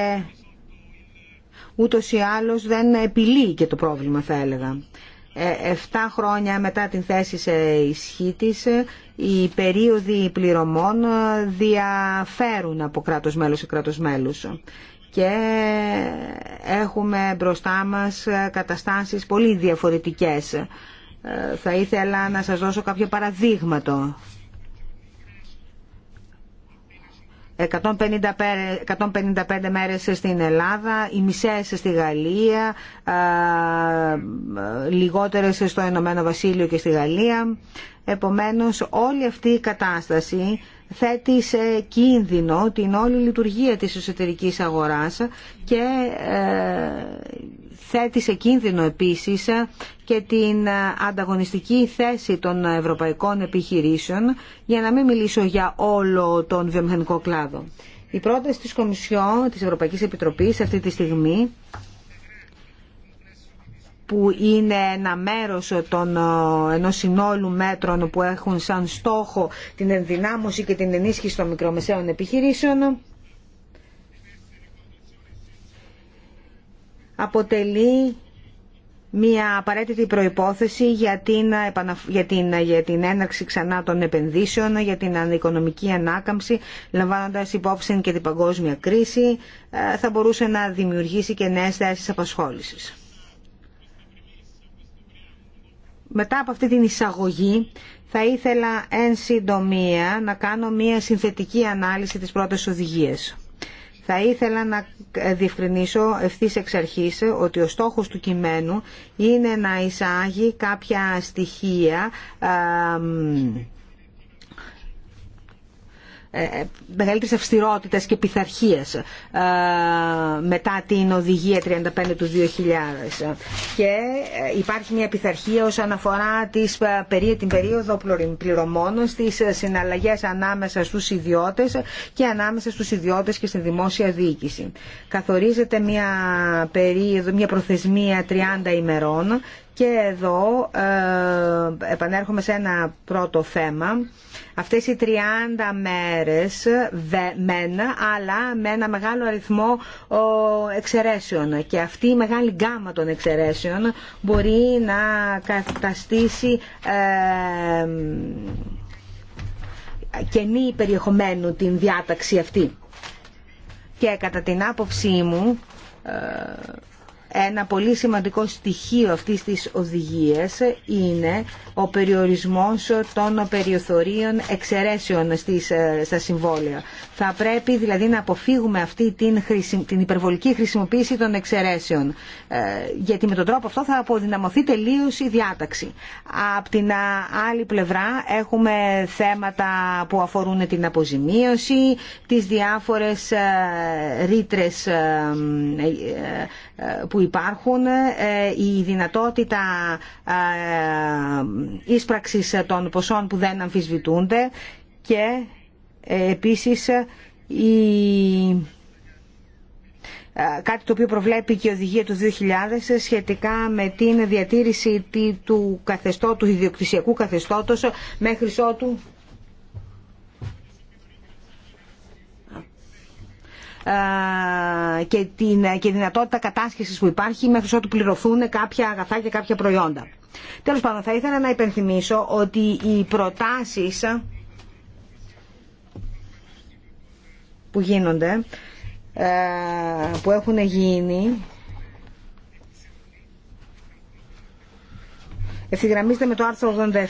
S2: ούτως ή άλλως δεν επιλύει και το πρόβλημα θα έλεγα. Ε, εφτά χρόνια μετά την θέση σε ισχύ της, οι περίοδοι πληρωμών διαφέρουν από κράτος μέλος σε κράτος μέλους. Και έχουμε μπροστά μας καταστάσεις πολύ διαφορετικές. Ε, θα ήθελα να σας δώσω κάποια παραδείγματο. 155, 155 μέρες στην Ελλάδα, οι μισές στη Γαλλία, λιγότερες στο Ενωμένο Βασίλειο και στη Γαλλία. Επομένως όλη αυτή η κατάσταση θέτει σε κίνδυνο την όλη λειτουργία της εσωτερικής αγοράς και ε, θέτει σε κίνδυνο επίσης και την ανταγωνιστική θέση των ευρωπαϊκών επιχειρήσεων για να μην μιλήσω για όλο τον βιομηχανικό κλάδο. Η πρόταση της Κομισιόν της Ευρωπαϊκής Επιτροπής αυτή τη στιγμή που είναι ένα μέρος των, ενός συνόλου μέτρων που έχουν σαν στόχο την ενδυνάμωση και την ενίσχυση των μικρομεσαίων επιχειρήσεων αποτελεί μια απαραίτητη προϋπόθεση για την, για, την, για την έναρξη ξανά των επενδύσεων, για την οικονομική ανάκαμψη, λαμβάνοντας υπόψη και την παγκόσμια κρίση, ε, θα μπορούσε να δημιουργήσει και νέες θέσεις απασχόλησης. Μετά από αυτή την εισαγωγή, θα ήθελα εν συντομία να κάνω μια συνθετική ανάλυση της πρώτης οδηγίας. Θα ήθελα να διευκρινίσω ευθύ εξ αρχή ότι ο στόχος του κειμένου είναι να εισάγει κάποια στοιχεία ε, ε, ε, Μεγαλύτερη αυστηρότητα και πειθαρχίας ε, μετά την οδηγία 35 του 2000. Και υπάρχει μια πειθαρχία όσον αφορά τις, την περίοδο πληρωμών στις συναλλαγές ανάμεσα στους ιδιώτες και ανάμεσα στους ιδιώτες και στη δημόσια διοίκηση. Καθορίζεται μια, περίοδο, μια προθεσμία 30 ημερών και εδώ επανέρχομαι σε ένα πρώτο θέμα αυτές οι 30 μέρες μένα, αλλά με ένα μεγάλο αριθμό εξαιρέσεων. Και αυτή η μεγάλη γκάμα των εξαιρέσεων μπορεί να καταστήσει ε, κενή περιεχομένου την διάταξη αυτή. Και κατά την άποψή μου ε, ένα πολύ σημαντικό στοιχείο αυτής της οδηγίας είναι ο περιορισμός των περιοθωρίων εξαιρέσεων στις, ε, στα συμβόλαια. Θα πρέπει δηλαδή να αποφύγουμε αυτή την, την υπερβολική χρησιμοποίηση των εξαιρέσεων, ε, γιατί με τον τρόπο αυτό θα αποδυναμωθεί τελείω η διάταξη. Απ' την άλλη πλευρά έχουμε θέματα που αφορούν την αποζημίωση, τις διάφορες ε, ρήτρες που υπάρχουν, ε, η δυνατότητα ε, ίσπραξης των ποσών που δεν αμφισβητούνται και ε, επίσης η... κάτι το οποίο προβλέπει και η οδηγία του 2000 σχετικά με την διατήρηση του, ιδιοκτησιακού καθεστώτος μέχρι ότου και την δυνατότητα κατάσχεσης που υπάρχει μέχρι ότου πληρωθούν κάποια αγαθά και κάποια προϊόντα. Τέλος πάντων, θα ήθελα να υπενθυμίσω ότι οι προτάσεις που γίνονται, που έχουν γίνει, ευθυγραμμίζεται με το άρθρο 87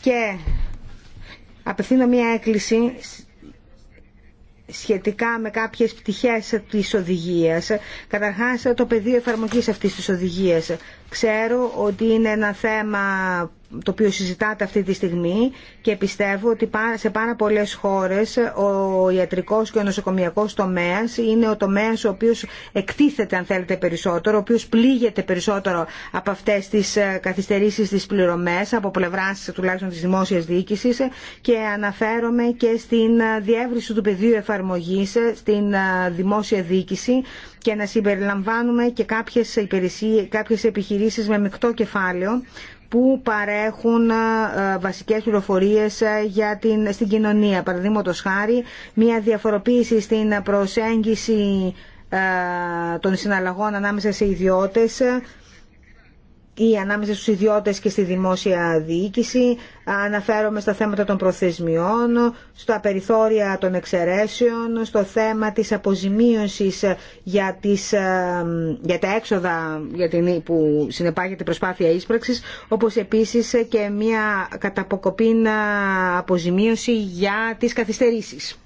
S2: και απευθύνω μια έκκληση σχετικά με κάποιες πτυχές της οδηγίας. Καταρχάς το πεδίο εφαρμογής αυτής της οδηγίας. Ξέρω ότι είναι ένα θέμα το οποίο συζητάτε αυτή τη στιγμή και πιστεύω ότι σε πάρα πολλές χώρες ο ιατρικός και ο νοσοκομιακός τομέας είναι ο τομέας ο οποίος εκτίθεται αν θέλετε περισσότερο, ο οποίος πλήγεται περισσότερο από αυτές τις ε, καθυστερήσεις της πληρωμές από πλευράς τουλάχιστον της δημόσιας διοίκησης και αναφέρομαι και στην ε, διεύρυνση του πεδίου εφαρμογής ε, στην δημόσια διοίκηση και να συμπεριλαμβάνουμε και κάποιες, υπηρεσίες, κάποιες επιχειρήσεις με μεικτό κεφάλαιο που παρέχουν ε, βασικές πληροφορίες ε, για την, στην κοινωνία. Παραδείγματο χάρη, μια διαφοροποίηση στην προσέγγιση ε, των συναλλαγών ανάμεσα σε ιδιώτες ή ανάμεσα στους ιδιώτες και στη δημόσια διοίκηση. Αναφέρομαι στα θέματα των προθεσμιών, στα περιθώρια των εξαιρέσεων, στο θέμα της αποζημίωσης για, τις, ε, για τα έξοδα για την, που συνεπάγεται προσπάθεια ίσπραξης, όπως επίσης και μια καταποκοπή αποζημίωση για τις καθυστερήσεις.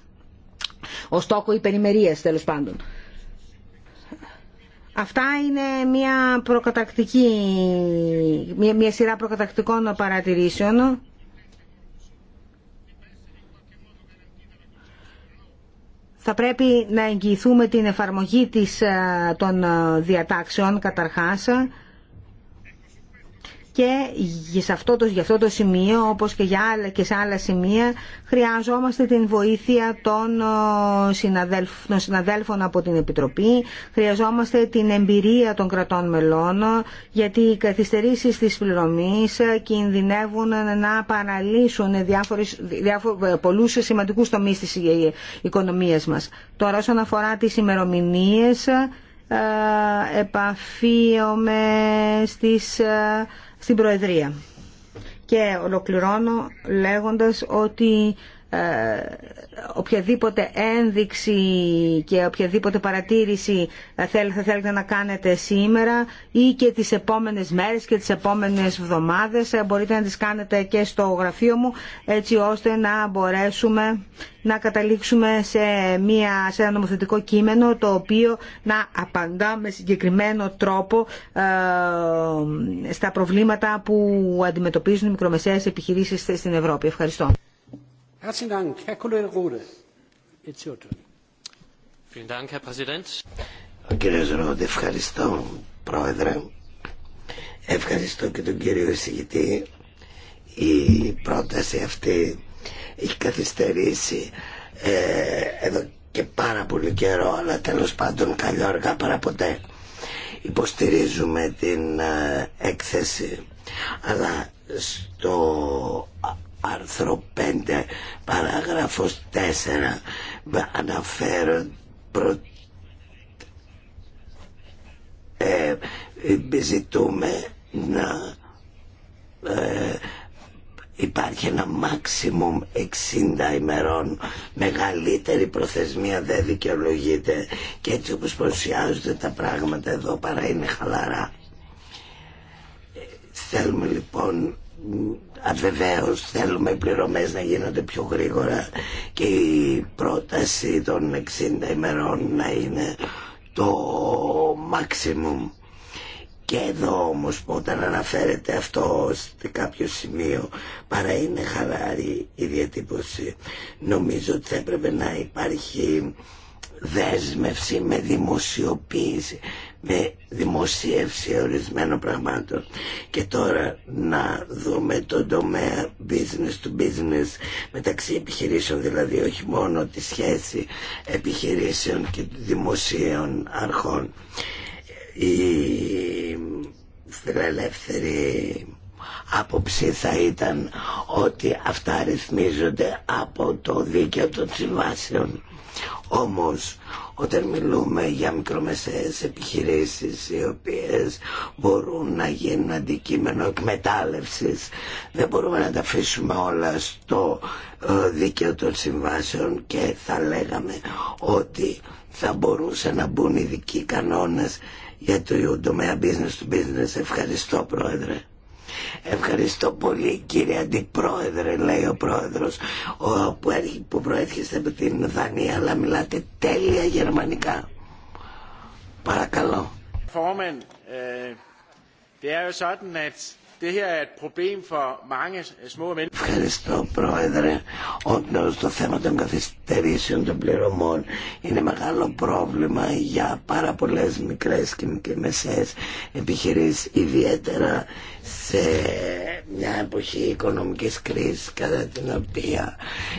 S2: Ο στόχο υπερημερίας τέλος πάντων. Αυτά είναι μια προκατακτική, μια, μια σειρά προκατακτικών παρατηρήσεων. Θα πρέπει να εγγυηθούμε την εφαρμογή της, ε, των ε, διατάξεων καταρχάς και αυτό το, για αυτό το σημείο όπως και, για και σε άλλα σημεία χρειαζόμαστε την βοήθεια των, συναδέλφων, από την Επιτροπή χρειαζόμαστε την εμπειρία των κρατών μελών γιατί οι καθυστερήσεις της πληρωμής ε, κινδυνεύουν να παραλύσουν διάφορες, διάφορες, πολλούς σημαντικούς τομείς της οικονομίας μας. Τώρα όσον αφορά τις ημερομηνίες ε, επαφίομαι στις ε, στην Προεδρία. Και ολοκληρώνω λέγοντας ότι ε, οποιαδήποτε ένδειξη και οποιαδήποτε παρατήρηση ε, θα θέλετε να κάνετε σήμερα ή και τις επόμενες μέρες και τις επόμενες εβδομάδες ε, μπορείτε να τις κάνετε και στο γραφείο μου έτσι ώστε να μπορέσουμε να καταλήξουμε σε, μια, σε ένα νομοθετικό κείμενο το οποίο να απαντά με συγκεκριμένο τρόπο στα προβλήματα που αντιμετωπίζουν οι μικρομεσαίες επιχειρήσεις στην Ευρώπη. Ευχαριστώ. Herzlichen Dank.
S1: Κύριε ευχαριστώ Πρόεδρε. Ευχαριστώ και τον κύριο εισηγητή. Η πρόταση αυτή έχει καθυστερήσει ε, εδώ και πάρα πολύ καιρό, αλλά τέλος πάντων καλλιόργα παραποτέ παρά ποτέ. Υποστηρίζουμε την ε, έκθεση, αλλά στο άρθρο 5 παράγραφος 4 αναφέρω προ... ε, ζητούμε να ε, υπάρχει ένα maximum 60 ημερών μεγαλύτερη προθεσμία δεν δικαιολογείται και έτσι όπως παρουσιάζονται τα πράγματα εδώ παρά είναι χαλαρά ε, θέλουμε λοιπόν Βεβαίω θέλουμε οι πληρωμές να γίνονται πιο γρήγορα και η πρόταση των 60 ημερών να είναι το maximum. Και εδώ όμω, όταν αναφέρεται αυτό σε κάποιο σημείο παρά είναι χαλάρη η διατύπωση νομίζω ότι θα έπρεπε να υπάρχει δέσμευση με δημοσιοποίηση με δημοσίευση ορισμένων πραγμάτων. Και τώρα να δούμε τον τομέα business to business μεταξύ επιχειρήσεων, δηλαδή όχι μόνο τη σχέση επιχειρήσεων και δημοσίων αρχών. Η φιλελεύθερη άποψη θα ήταν ότι αυτά ρυθμίζονται από το δίκαιο των συμβάσεων. Όμως όταν μιλούμε για μικρομεσαίες επιχειρήσεις οι οποίες μπορούν να γίνουν αντικείμενο εκμετάλλευσης δεν μπορούμε να τα αφήσουμε όλα στο ε, δίκαιο των συμβάσεων και θα λέγαμε ότι θα μπορούσε να μπουν ειδικοί κανόνες για το τομέα business to business. Ευχαριστώ Πρόεδρε. Ευχαριστώ πολύ κύριε Αντιπρόεδρε, λέει ο πρόεδρος, ο, που, που προέρχεστε από την Δανία, αλλά μιλάτε
S4: τέλεια γερμανικά.
S1: Παρακαλώ. Ευχαριστώ πρόεδρε. Όντω το θέμα των καθυστερήσεων των πληρωμών είναι μεγάλο πρόβλημα για πάρα πολλέ μικρέ και μεσαίε επιχειρήσει, ιδιαίτερα σε μια εποχή οικονομικής κρίσης κατά την οποία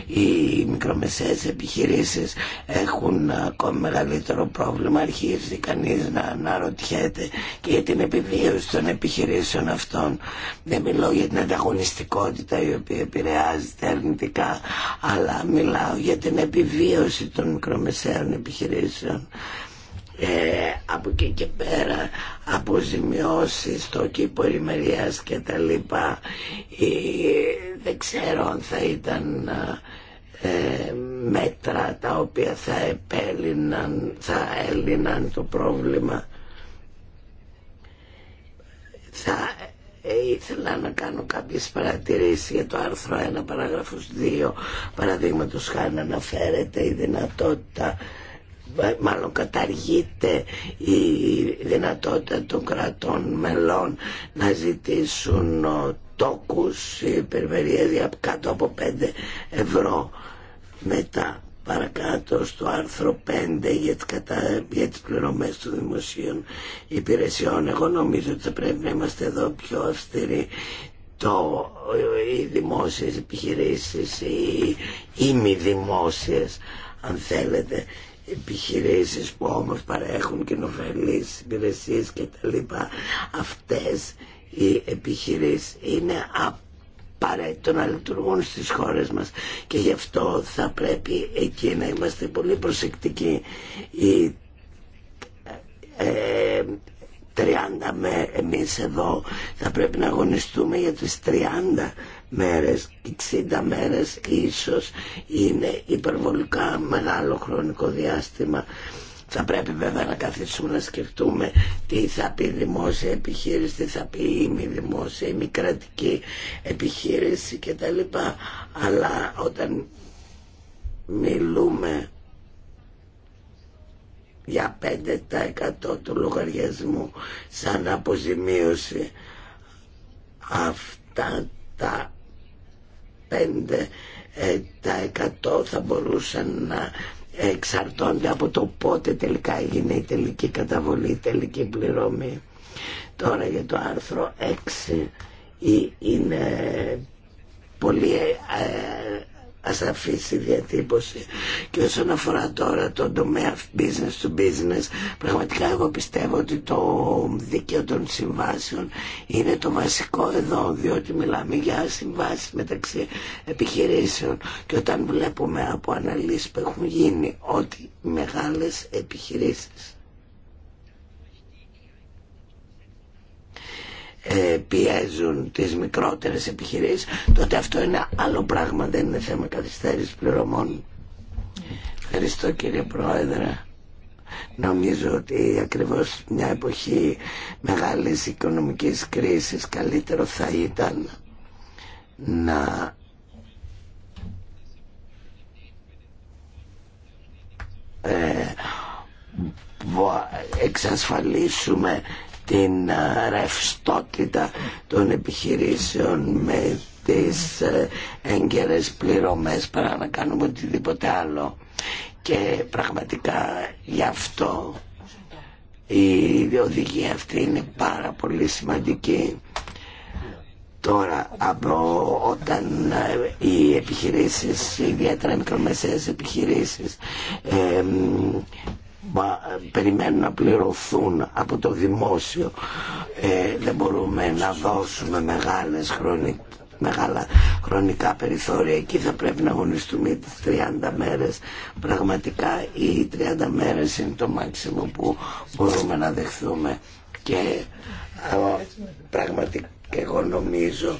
S1: οι μικρομεσαίες επιχειρήσεις έχουν ακόμη μεγαλύτερο πρόβλημα αρχίζει κανείς να αναρωτιέται και για την επιβίωση των επιχειρήσεων αυτών δεν μιλώ για την ανταγωνιστικότητα η οποία επηρεάζεται αρνητικά αλλά μιλάω για την επιβίωση των μικρομεσαίων επιχειρήσεων ε, από εκεί και πέρα αποζημιώσεις στο κήπο ημερίας και τα λοιπά ή, δεν ξέρω αν θα ήταν ε, μέτρα τα οποία θα επέλυναν θα έλυναν το πρόβλημα θα ε, ήθελα να κάνω κάποιες παρατηρήσεις για το άρθρο 1 παράγραφος 2 παραδείγματος χάρη αναφέρεται η δυνατότητα ε, μάλλον καταργείται η δυνατότητα των κρατών μελών να ζητήσουν ε, τόκους ή κάτω από 5 ευρώ μετά παρακάτω στο άρθρο 5 για τις, κατα... για τις πληρωμές των δημοσίων υπηρεσιών. Εγώ νομίζω ότι θα πρέπει να είμαστε εδώ πιο αυστηροί. Το, ε, οι δημόσιες επιχειρήσεις, οι, οι μη δημόσιες αν θέλετε επιχειρήσεις που όμως παρέχουν κοινοφελείς υπηρεσίε και τα λοιπά αυτές οι επιχειρήσεις είναι απαραίτητο να λειτουργούν στις χώρες μας και γι' αυτό θα πρέπει εκεί να είμαστε πολύ προσεκτικοί οι ε, ε, 30 με εμείς εδώ θα πρέπει να αγωνιστούμε για τις 30 μέρες, 60 μέρες ίσως είναι υπερβολικά μεγάλο χρονικό διάστημα. Θα πρέπει βέβαια να καθίσουμε να σκεφτούμε τι θα πει δημόσια επιχείρηση, τι θα πει η μη δημόσια, η μη κρατική επιχείρηση κτλ. Αλλά όταν μιλούμε για 5% του λογαριασμού σαν αποζημίωση αυτά τα 5% ε, θα μπορούσαν να εξαρτώνται από το πότε τελικά έγινε η τελική καταβολή, η τελική πληρωμή. Τώρα για το άρθρο 6 είναι πολύ ε, ασαφής η διατύπωση. Και όσον αφορά τώρα το τομέα business to business, πραγματικά εγώ πιστεύω ότι το δίκαιο των συμβάσεων είναι το βασικό εδώ, διότι μιλάμε για συμβάσεις μεταξύ επιχειρήσεων. Και όταν βλέπουμε από αναλύσεις που έχουν γίνει ότι μεγάλες επιχειρήσεις Ε, πιέζουν τις μικρότερες επιχειρήσεις τότε αυτό είναι άλλο πράγμα δεν είναι θέμα καθυστέρηση πληρωμών Ευχαριστώ κύριε Πρόεδρε Νομίζω ότι ακριβώς μια εποχή μεγάλης οικονομικής κρίσης καλύτερο θα ήταν να ε, εξασφαλίσουμε την ρευστότητα των επιχειρήσεων με τις ε, έγκαιρες πληρωμές παρά να κάνουμε οτιδήποτε άλλο και πραγματικά γι' αυτό η οδηγία αυτή είναι πάρα πολύ σημαντική τώρα από όταν ε, οι επιχειρήσεις, ιδιαίτερα οι μικρομεσαίες επιχειρήσεις ε, περιμένουν να πληρωθούν από το δημόσιο ε, δεν μπορούμε να δώσουμε μεγάλες μεγάλα χρονικά περιθώρια εκεί θα πρέπει να αγωνιστούμε τις 30 μέρες πραγματικά οι 30 μέρες είναι το μάξιμο που μπορούμε να δεχθούμε και ε, πραγματικά εγώ νομίζω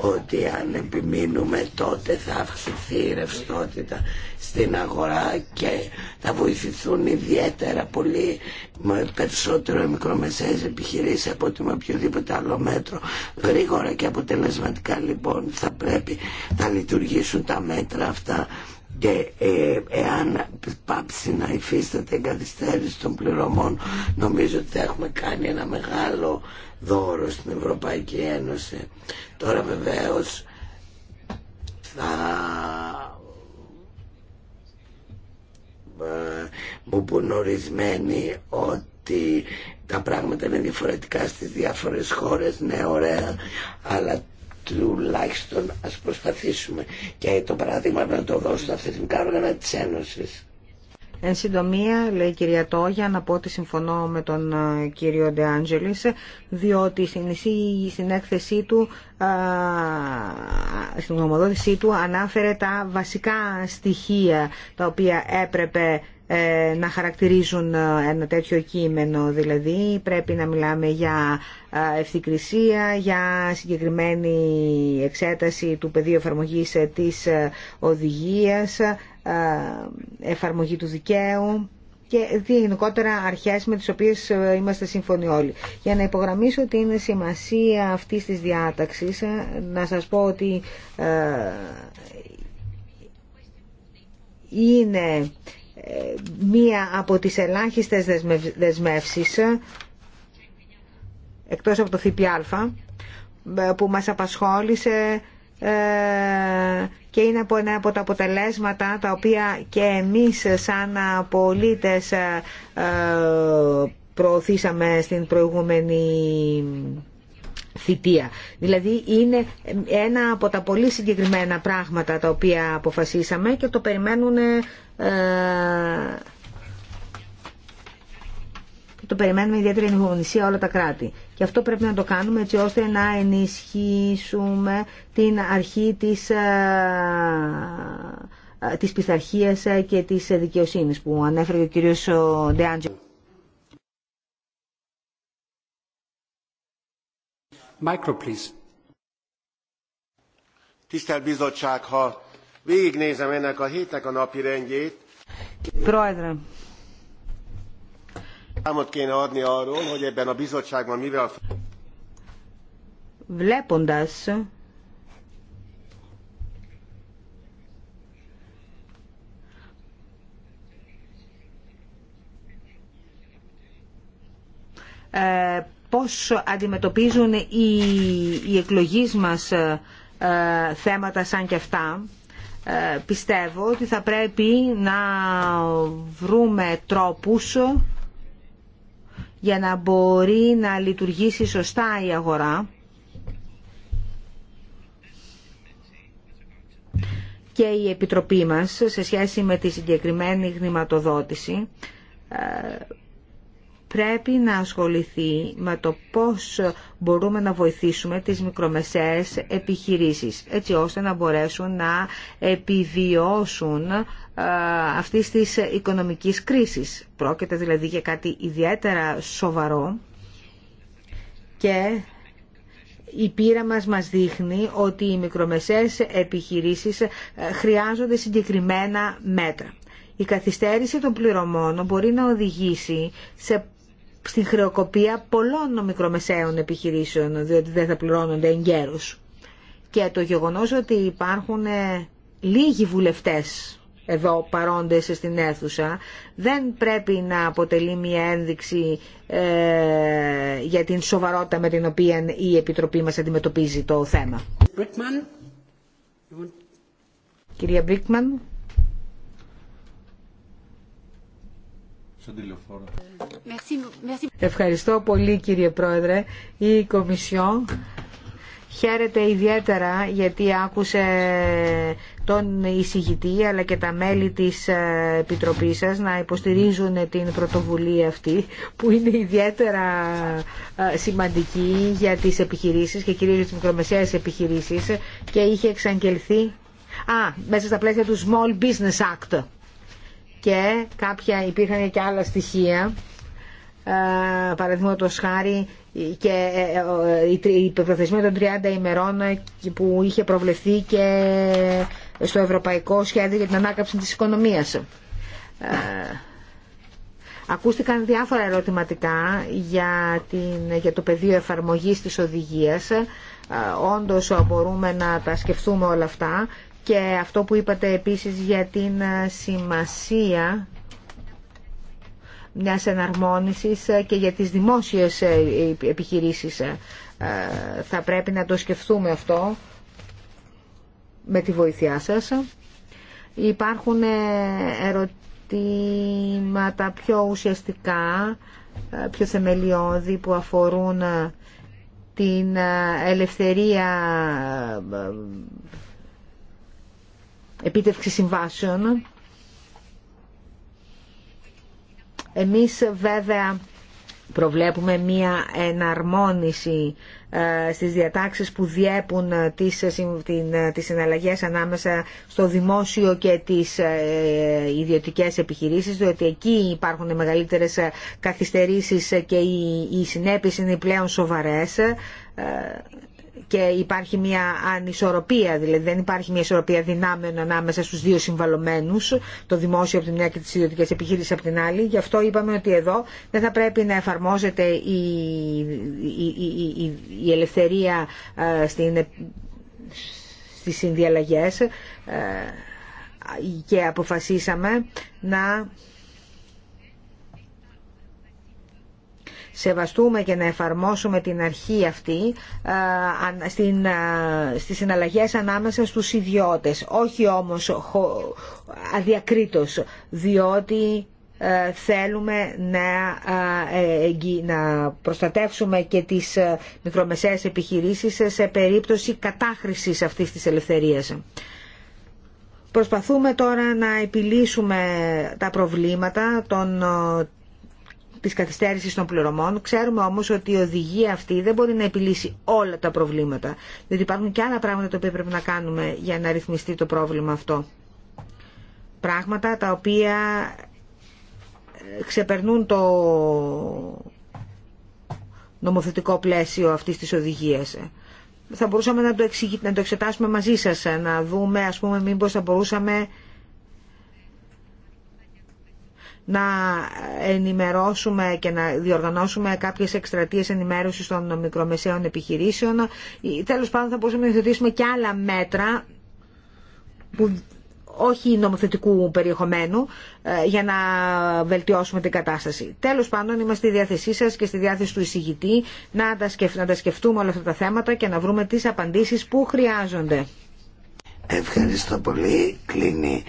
S1: ότι αν επιμείνουμε τότε θα αυξηθεί η ρευστότητα στην αγορά και θα βοηθηθούν ιδιαίτερα πολύ περισσότερο οι μικρομεσαίες επιχειρήσεις από ότι με οποιοδήποτε άλλο μέτρο γρήγορα και αποτελεσματικά λοιπόν θα πρέπει να λειτουργήσουν τα μέτρα αυτά και ε, εάν πάψει να υφίσταται εγκαθυστέρηση των πληρωμών νομίζω ότι θα έχουμε κάνει ένα μεγάλο δώρο στην Ευρωπαϊκή Ένωση. Τώρα βεβαίως θα ε, μου πουν ορισμένοι ότι τα πράγματα είναι διαφορετικά στις διάφορες χώρες, ναι ωραία, αλλά τουλάχιστον ας προσπαθήσουμε και το παράδειγμα να το δώσω στα θεσμικά όργανα της Ένωσης.
S2: Εν συντομία, λέει η κυρία Τόγια, να πω ότι συμφωνώ με τον ε, κύριο Ντεάντζελης, διότι στην, έκθεσή του, ε, στην ομοδότησή του ανάφερε τα βασικά στοιχεία τα οποία έπρεπε ε, να χαρακτηρίζουν ε, ένα τέτοιο κείμενο. Δηλαδή πρέπει να μιλάμε για ε, ευθυκρισία, για συγκεκριμένη εξέταση του πεδίου εφαρμογή της οδηγίας, εφαρμογή του δικαίου και γενικότερα αρχές με τις οποίες είμαστε σύμφωνοι όλοι. Για να υπογραμμίσω ότι είναι σημασία αυτή της διάταξης, να σας πω ότι είναι μία από τις ελάχιστες δεσμεύσεις εκτός από το ΦΠΑ που μας απασχόλησε ε, και είναι από τα αποτελέσματα τα οποία και εμείς σαν πολίτες ε, προωθήσαμε στην προηγούμενη θητεία. Δηλαδή είναι ένα από τα πολύ συγκεκριμένα πράγματα τα οποία αποφασίσαμε και το περιμένουν ε, το περιμένουμε ιδιαίτερη όλα τα κράτη. Και αυτό πρέπει να το κάνουμε έτσι ώστε να ενισχύσουμε την αρχή της, ε, ε, της πειθαρχίας και της δικαιοσύνης που ανέφερε ο κύριος Ντεάντζελ. Micro, please.
S4: Tisztelt Bizottság, ha végignézem ennek a hétnek a napi rendjét, Πρόεδρε. Számot kéne adni arról, hogy ebben a bizottságban mivel...
S2: Βλέποντας πώς αντιμετωπίζουν οι, οι εκλογείς μας ε, ε, θέματα σαν και αυτά. Ε, πιστεύω ότι θα πρέπει να βρούμε τρόπους για να μπορεί να λειτουργήσει σωστά η αγορά. και η Επιτροπή μας σε σχέση με τη συγκεκριμένη γνηματοδότηση πρέπει να ασχοληθεί με το πώς μπορούμε να βοηθήσουμε τις μικρομεσαίες επιχειρήσεις, έτσι ώστε να μπορέσουν να επιβιώσουν ε, αυτή της οικονομικής κρίσης. Πρόκειται δηλαδή για κάτι ιδιαίτερα σοβαρό και η πείρα μας μας δείχνει ότι οι μικρομεσαίες επιχειρήσεις ε, χρειάζονται συγκεκριμένα μέτρα. Η καθυστέρηση των πληρωμών μπορεί να οδηγήσει σε στην χρεοκοπία πολλών μικρομεσαίων επιχειρήσεων, διότι δεν θα πληρώνονται εγκαίρους. Και το γεγονός ότι υπάρχουν ε, λίγοι βουλευτές εδώ παρόντες στην αίθουσα δεν πρέπει να αποτελεί μια ένδειξη ε, για την σοβαρότητα με την οποία η Επιτροπή μας αντιμετωπίζει το θέμα. Κυρία Μπρίκμαν. Ευχαριστώ πολύ κύριε Πρόεδρε. Η Κομισιόν χαίρεται ιδιαίτερα γιατί άκουσε τον εισηγητή αλλά και τα μέλη της ε, Επιτροπής σας να υποστηρίζουν την πρωτοβουλία αυτή που είναι ιδιαίτερα ε, σημαντική για τις επιχειρήσεις και κυρίως τις μικρομεσαίες επιχειρήσεις και είχε εξαγγελθεί α, μέσα στα πλαίσια του Small Business Act και κάποια υπήρχαν και άλλα στοιχεία ε, παραδείγματο χάρη και ε, ε, η προθεσμία των 30 ημερών που είχε προβλεφθεί και στο Ευρωπαϊκό Σχέδιο για την Ανάκαμψη της Οικονομίας. Ακούστηκαν διάφορα ερωτηματικά για, την, για το πεδίο εφαρμογής της οδηγίας. Όντως μπορούμε να τα σκεφτούμε όλα αυτά και αυτό που είπατε επίσης για την ε, σημασία μια εναρμόνισης ε, και για τις δημόσιες ε, επιχειρήσεις. Θα πρέπει να το σκεφτούμε αυτό με τη βοήθειά σας. Υπάρχουν ερωτήματα πιο ουσιαστικά, πιο θεμελιώδη που αφορούν την ελευθερία επίτευξη συμβάσεων. Εμείς βέβαια προβλέπουμε μία εναρμόνιση ε, στις διατάξεις που διέπουν ε, τις, ε, τις συναλλαγές ανάμεσα στο δημόσιο και τις ιδιωτικές επιχειρήσεις, διότι εκεί υπάρχουν μεγαλύτερες καθυστερήσεις και οι συνέπειες είναι πλέον σοβαρές και υπάρχει μια ανισορροπία, δηλαδή δεν υπάρχει μια ισορροπία δυνάμεων ανάμεσα στους δύο συμβαλωμένους, το δημόσιο από τη μια και τις ιδιωτικές επιχείρησεις από την άλλη. Γι' αυτό είπαμε ότι εδώ δεν θα πρέπει να εφαρμόζεται η, η, η, η ελευθερία ε, στην, ε, στις συνδιαλλαγές ε, και αποφασίσαμε να σεβαστούμε και να εφαρμόσουμε την αρχή αυτή στην, στις συναλλαγές ανάμεσα στους ιδιώτες, όχι όμως αδιακρίτως, διότι ε, θέλουμε να, ε, να προστατεύσουμε και τις ε, μικρομεσαίες επιχειρήσεις σε περίπτωση κατάχρησης αυτής της ελευθερίας. Προσπαθούμε τώρα να επιλύσουμε τα προβλήματα των της καθυστέρησης των πληρωμών. Ξέρουμε όμως ότι η οδηγία αυτή δεν μπορεί να επιλύσει όλα τα προβλήματα, διότι υπάρχουν και άλλα πράγματα τα οποία πρέπει να κάνουμε για να ρυθμιστεί το πρόβλημα αυτό. Πράγματα τα οποία ε, ξεπερνούν το νομοθετικό πλαίσιο αυτής της οδηγίας. Θα μπορούσαμε να το, να το εξετάσουμε μαζί σας, να δούμε, ας πούμε, μήπως θα μπορούσαμε να ενημερώσουμε και να διοργανώσουμε κάποιες εκστρατείες ενημέρωσης των μικρομεσαίων επιχειρήσεων. Τέλος πάντων θα μπορούσαμε να υιοθετήσουμε και άλλα μέτρα όχι νομοθετικού περιεχομένου, ε, για να βελτιώσουμε την κατάσταση. Τέλος πάντων, είμαστε στη διάθεσή σας και στη διάθεση του εισηγητή να τα, να τα σκεφτούμε όλα αυτά τα θέματα και να βρούμε τις απαντήσεις που χρειάζονται.
S1: Ευχαριστώ πολύ. Κλείνει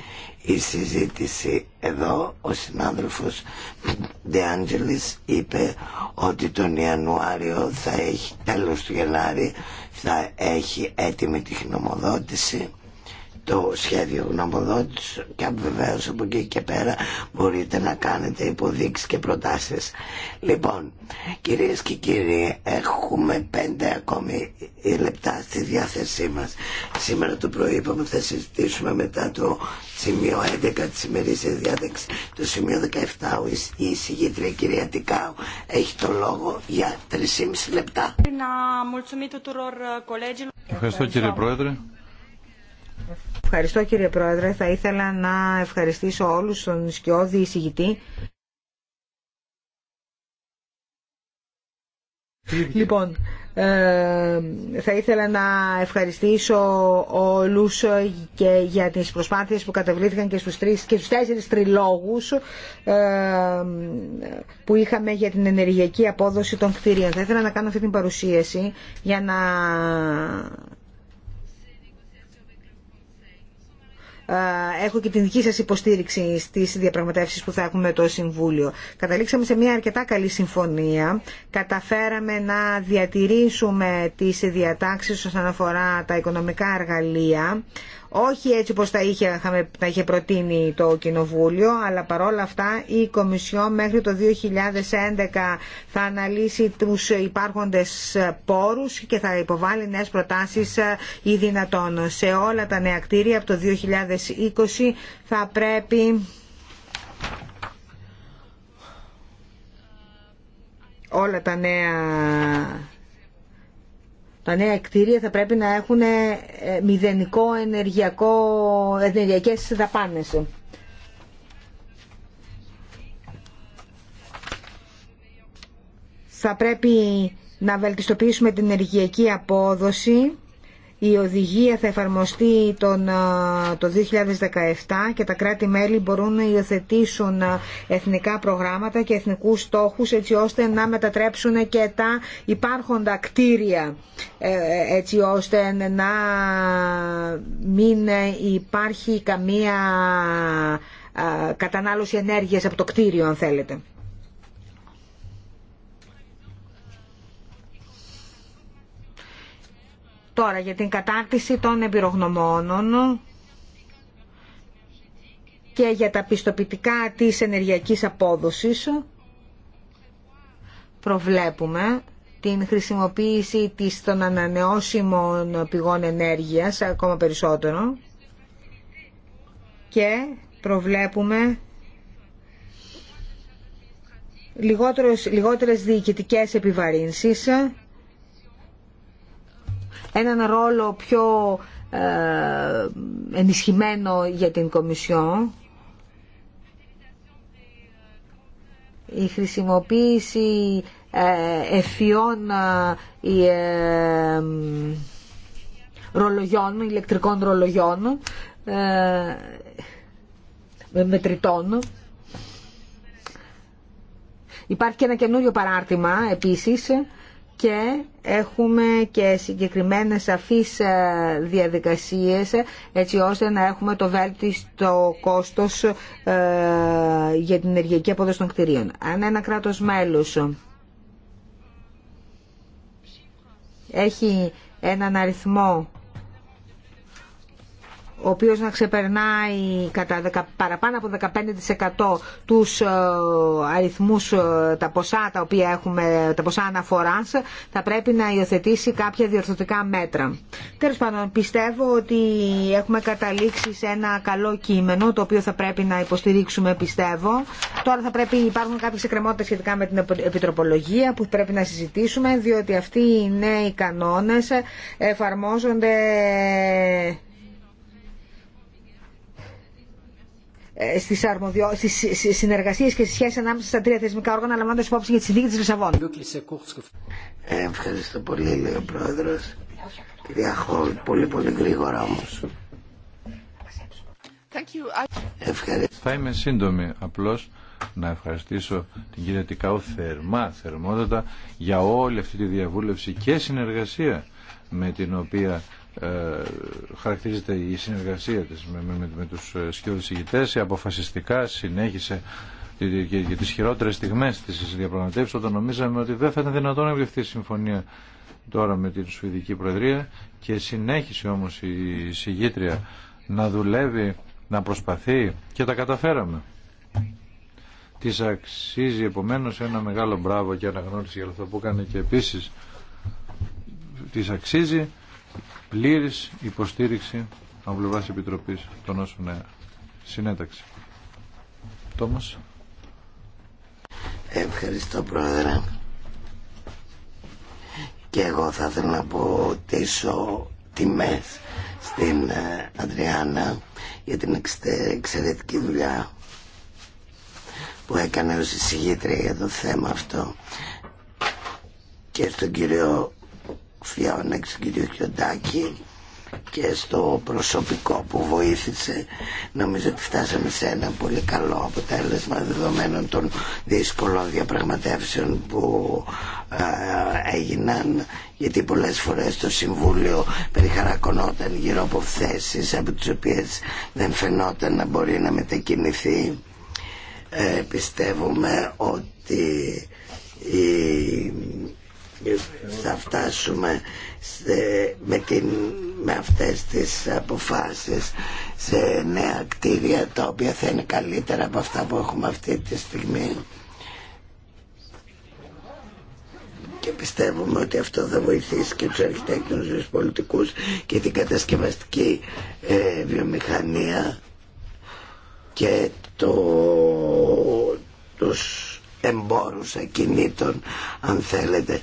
S1: η συζήτηση εδώ ο συνάδελφος Angelis είπε ότι τον Ιανουάριο θα έχει τέλος του Γενάρη θα έχει έτοιμη τη χνομοδότηση το σχέδιο γνωμοδότης και βεβαίω από εκεί και πέρα μπορείτε να κάνετε υποδείξεις και προτάσεις. Λοιπόν, κυρίες και κύριοι, έχουμε πέντε ακόμη λεπτά στη διάθεσή μας. Σήμερα το πρωί είπαμε θα συζητήσουμε μετά το σημείο 11 της ημερής διάταξης, το σημείο 17, η εισηγήτρια κυρία Τικάου έχει το λόγο για 3,5 λεπτά.
S3: Ευχαριστώ κύριε Πρόεδρε.
S2: Ευχαριστώ κύριε Πρόεδρε. Θα ήθελα να ευχαριστήσω όλους τον Σκιώδη εισηγητή. Λοιπόν, ε, θα ήθελα να ευχαριστήσω όλους και για τις προσπάθειες που καταβλήθηκαν και στους, τρεις, και στους τέσσερις τριλόγους ε, που είχαμε για την ενεργειακή απόδοση των κτηρίων. Θα ήθελα να κάνω αυτή την παρουσίαση για να Ε, έχω και την δική σας υποστήριξη στις διαπραγματεύσεις που θα έχουμε με το Συμβούλιο. Καταλήξαμε σε μια αρκετά καλή συμφωνία. Καταφέραμε να διατηρήσουμε τις διατάξεις όσον αφορά τα οικονομικά εργαλεία όχι έτσι όπως τα είχε, τα είχε προτείνει το Κοινοβούλιο, αλλά παρόλα αυτά η Κομισιό μέχρι το 2011 θα αναλύσει τους υπάρχοντες πόρους και θα υποβάλει νέες προτάσεις ε, ή δυνατόν. Σε όλα τα νέα κτίρια από το 2020 θα πρέπει... όλα τα νέα τα νέα κτίρια θα πρέπει να έχουν ε, μηδενικό ενεργειακό, ενεργειακές δαπάνες. Θα πρέπει να βελτιστοποιήσουμε την ενεργειακή απόδοση η οδηγία θα εφαρμοστεί τον, το 2017 και τα κράτη-μέλη μπορούν να υιοθετήσουν εθνικά προγράμματα και εθνικούς στόχους έτσι ώστε να μετατρέψουν και τα υπάρχοντα κτίρια ε, έτσι ώστε να μην υπάρχει καμία κατανάλωση ενέργειας από το κτίριο αν θέλετε. Τώρα για την κατάρτιση των εμπειρογνωμόνων και για τα πιστοποιητικά της ενεργειακής απόδοσης προβλέπουμε την χρησιμοποίηση της των ανανεώσιμων πηγών ενέργειας ακόμα περισσότερο και προβλέπουμε λιγότερες, λιγότερες διοικητικές επιβαρύνσεις έναν ρόλο πιο ε, ενισχυμένο για την Κομισιόν. Η χρησιμοποίηση ε, εφιών ε, ρολογιών, ηλεκτρικών ρολογιών, μετρητών. Υπάρχει και ένα καινούριο παράρτημα επίσης και έχουμε και συγκεκριμένες σαφείς ε, διαδικασίες έτσι ώστε να έχουμε το βέλτιστο κόστος ε, για την ενεργειακή απόδοση των κτηρίων. Αν ένα κράτος μέλος έχει έναν αριθμό ο οποίος να ξεπερνάει κατά παραπάνω από 15% τους ε, αριθμούς, ε, τα ποσά τα οποία έχουμε, τα ποσά αναφοράς, θα πρέπει να υιοθετήσει κάποια διορθωτικά μέτρα. Τέλος πάντων, πιστεύω ότι έχουμε καταλήξει σε ένα καλό κείμενο, το οποίο θα πρέπει να υποστηρίξουμε, πιστεύω. Τώρα θα πρέπει, υπάρχουν κάποιες εκκρεμότητες σχετικά με την επιτροπολογία που πρέπει να συζητήσουμε, διότι αυτοί οι νέοι κανόνες εφαρμόζονται Ε, στις, αρμοδιο... στις συνεργασίες και στις σχέσεις ανάμεσα στα τρία θεσμικά όργανα λαμβάνοντας υπόψη για τη συνθήκη της Λισαβόνα.
S1: Ε, ευχαριστώ πολύ, λέει ο Πρόεδρος. Κυρία Χόλ, πολύ πολύ γρήγορα όμως.
S3: Θα είμαι σύντομη απλώς να ευχαριστήσω την κυρία Τικάου θερμά, θερμότατα για όλη αυτή τη διαβούλευση και συνεργασία με την οποία ε, χαρακτηρίζεται η συνεργασία της με, με, με, τους ε, σχεδόν ε, αποφασιστικά συνέχισε για τις χειρότερες στιγμές της διαπραγματεύσης όταν νομίζαμε ότι δεν θα ήταν δυνατόν να βγει η συμφωνία τώρα με την Σουηδική Προεδρία και συνέχισε όμως η συγγήτρια να δουλεύει, να προσπαθεί και τα καταφέραμε. Τη αξίζει επομένως ένα μεγάλο μπράβο και αναγνώριση για αυτό που έκανε και επίσης τη αξίζει πλήρης υποστήριξη από πλευράς Επιτροπής των όσων ε, συνέταξε. Τόμος.
S1: Ευχαριστώ Πρόεδρε. Και εγώ θα ήθελα να πω τίσω τιμές στην ε, Αντριάννα για την εξαιρετική δουλειά που έκανε ως εισηγήτρια για το θέμα αυτό και στον κύριο Φιώνα στον κύριο Κιοντάκη και στο προσωπικό που βοήθησε νομίζω ότι φτάσαμε σε ένα πολύ καλό αποτέλεσμα δεδομένων των δύσκολων διαπραγματεύσεων που ε, έγιναν γιατί πολλές φορές το Συμβούλιο περιχαρακωνόταν γύρω από θέσεις από τις οποίες δεν φαινόταν να μπορεί να μετακινηθεί ε, πιστεύουμε ότι η θα φτάσουμε με, την, με αυτές τις αποφάσεις σε νέα κτίρια τα οποία θα είναι καλύτερα από αυτά που έχουμε αυτή τη στιγμή και πιστεύουμε ότι αυτό θα βοηθήσει και τους αρχιτέκτονες, τους πολιτικούς και την κατασκευαστική ε, βιομηχανία και το, τους εμπόρους ακινήτων αν θέλετε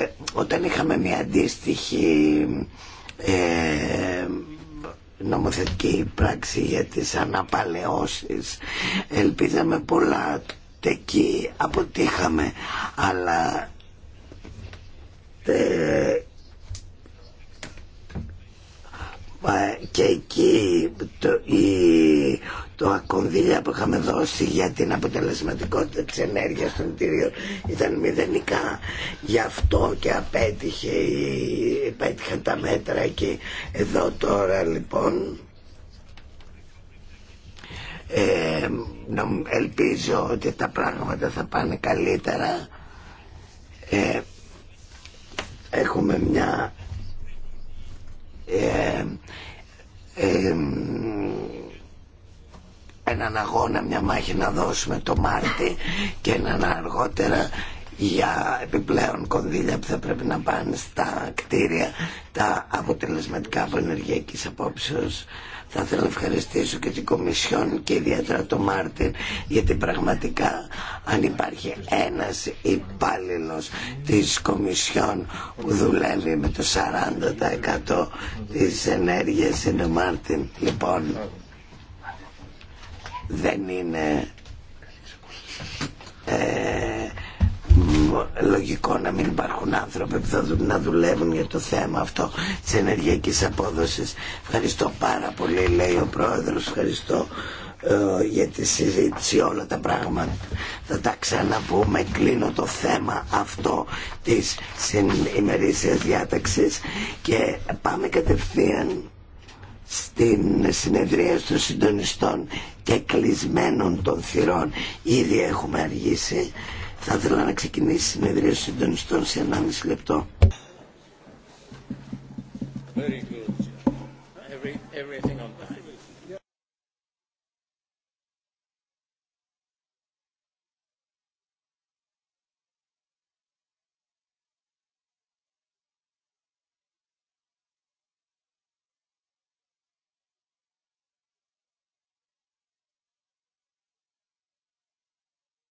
S1: ε, όταν είχαμε μια αντίστοιχη ε, νομοθετική πράξη για τις αναπαλαιώσεις ελπίζαμε πολλά εκεί αποτύχαμε αλλά ε, και εκεί το, η, το ακονδύλια που είχαμε δώσει για την αποτελεσματικότητα της ενέργειας των κτηρίων ήταν μηδενικά. Γι' αυτό και απέτυχε, πέτυχαν τα μέτρα εκεί. Εδώ τώρα λοιπόν ε, ελπίζω ότι τα πράγματα θα πάνε καλύτερα. Ε, έχουμε μια ε, ε, έναν αγώνα, μια μάχη να δώσουμε το Μάρτι και έναν αργότερα για επιπλέον κονδύλια που θα πρέπει να πάνε στα κτίρια τα αποτελεσματικά από ενεργειακής απόψεως θα ήθελα να ευχαριστήσω και την Κομισιόν και ιδιαίτερα τον Μάρτιν γιατί πραγματικά αν υπάρχει ένας υπάλληλο της Κομισιόν που δουλεύει με το 40% της ενέργειας είναι ο Μάρτιν. Λοιπόν, δεν είναι... Ε, λογικό να μην υπάρχουν άνθρωποι που θα να δουλεύουν για το θέμα αυτό της ενεργειακής απόδοσης. Ευχαριστώ πάρα πολύ, λέει ο πρόεδρος. Ευχαριστώ ε, για τη συζήτηση όλα τα πράγματα. Θα τα ξαναπούμε. Κλείνω το θέμα αυτό της ημερήσιας διάταξης και πάμε κατευθείαν στην συνεδρία των συντονιστών και κλεισμένων των θυρών. Ήδη έχουμε αργήσει. Θα ήθελα να ξεκινήσει η συνεδρία συντονιστών σε 1,5 λεπτό.
S4: Very good. Every, everything on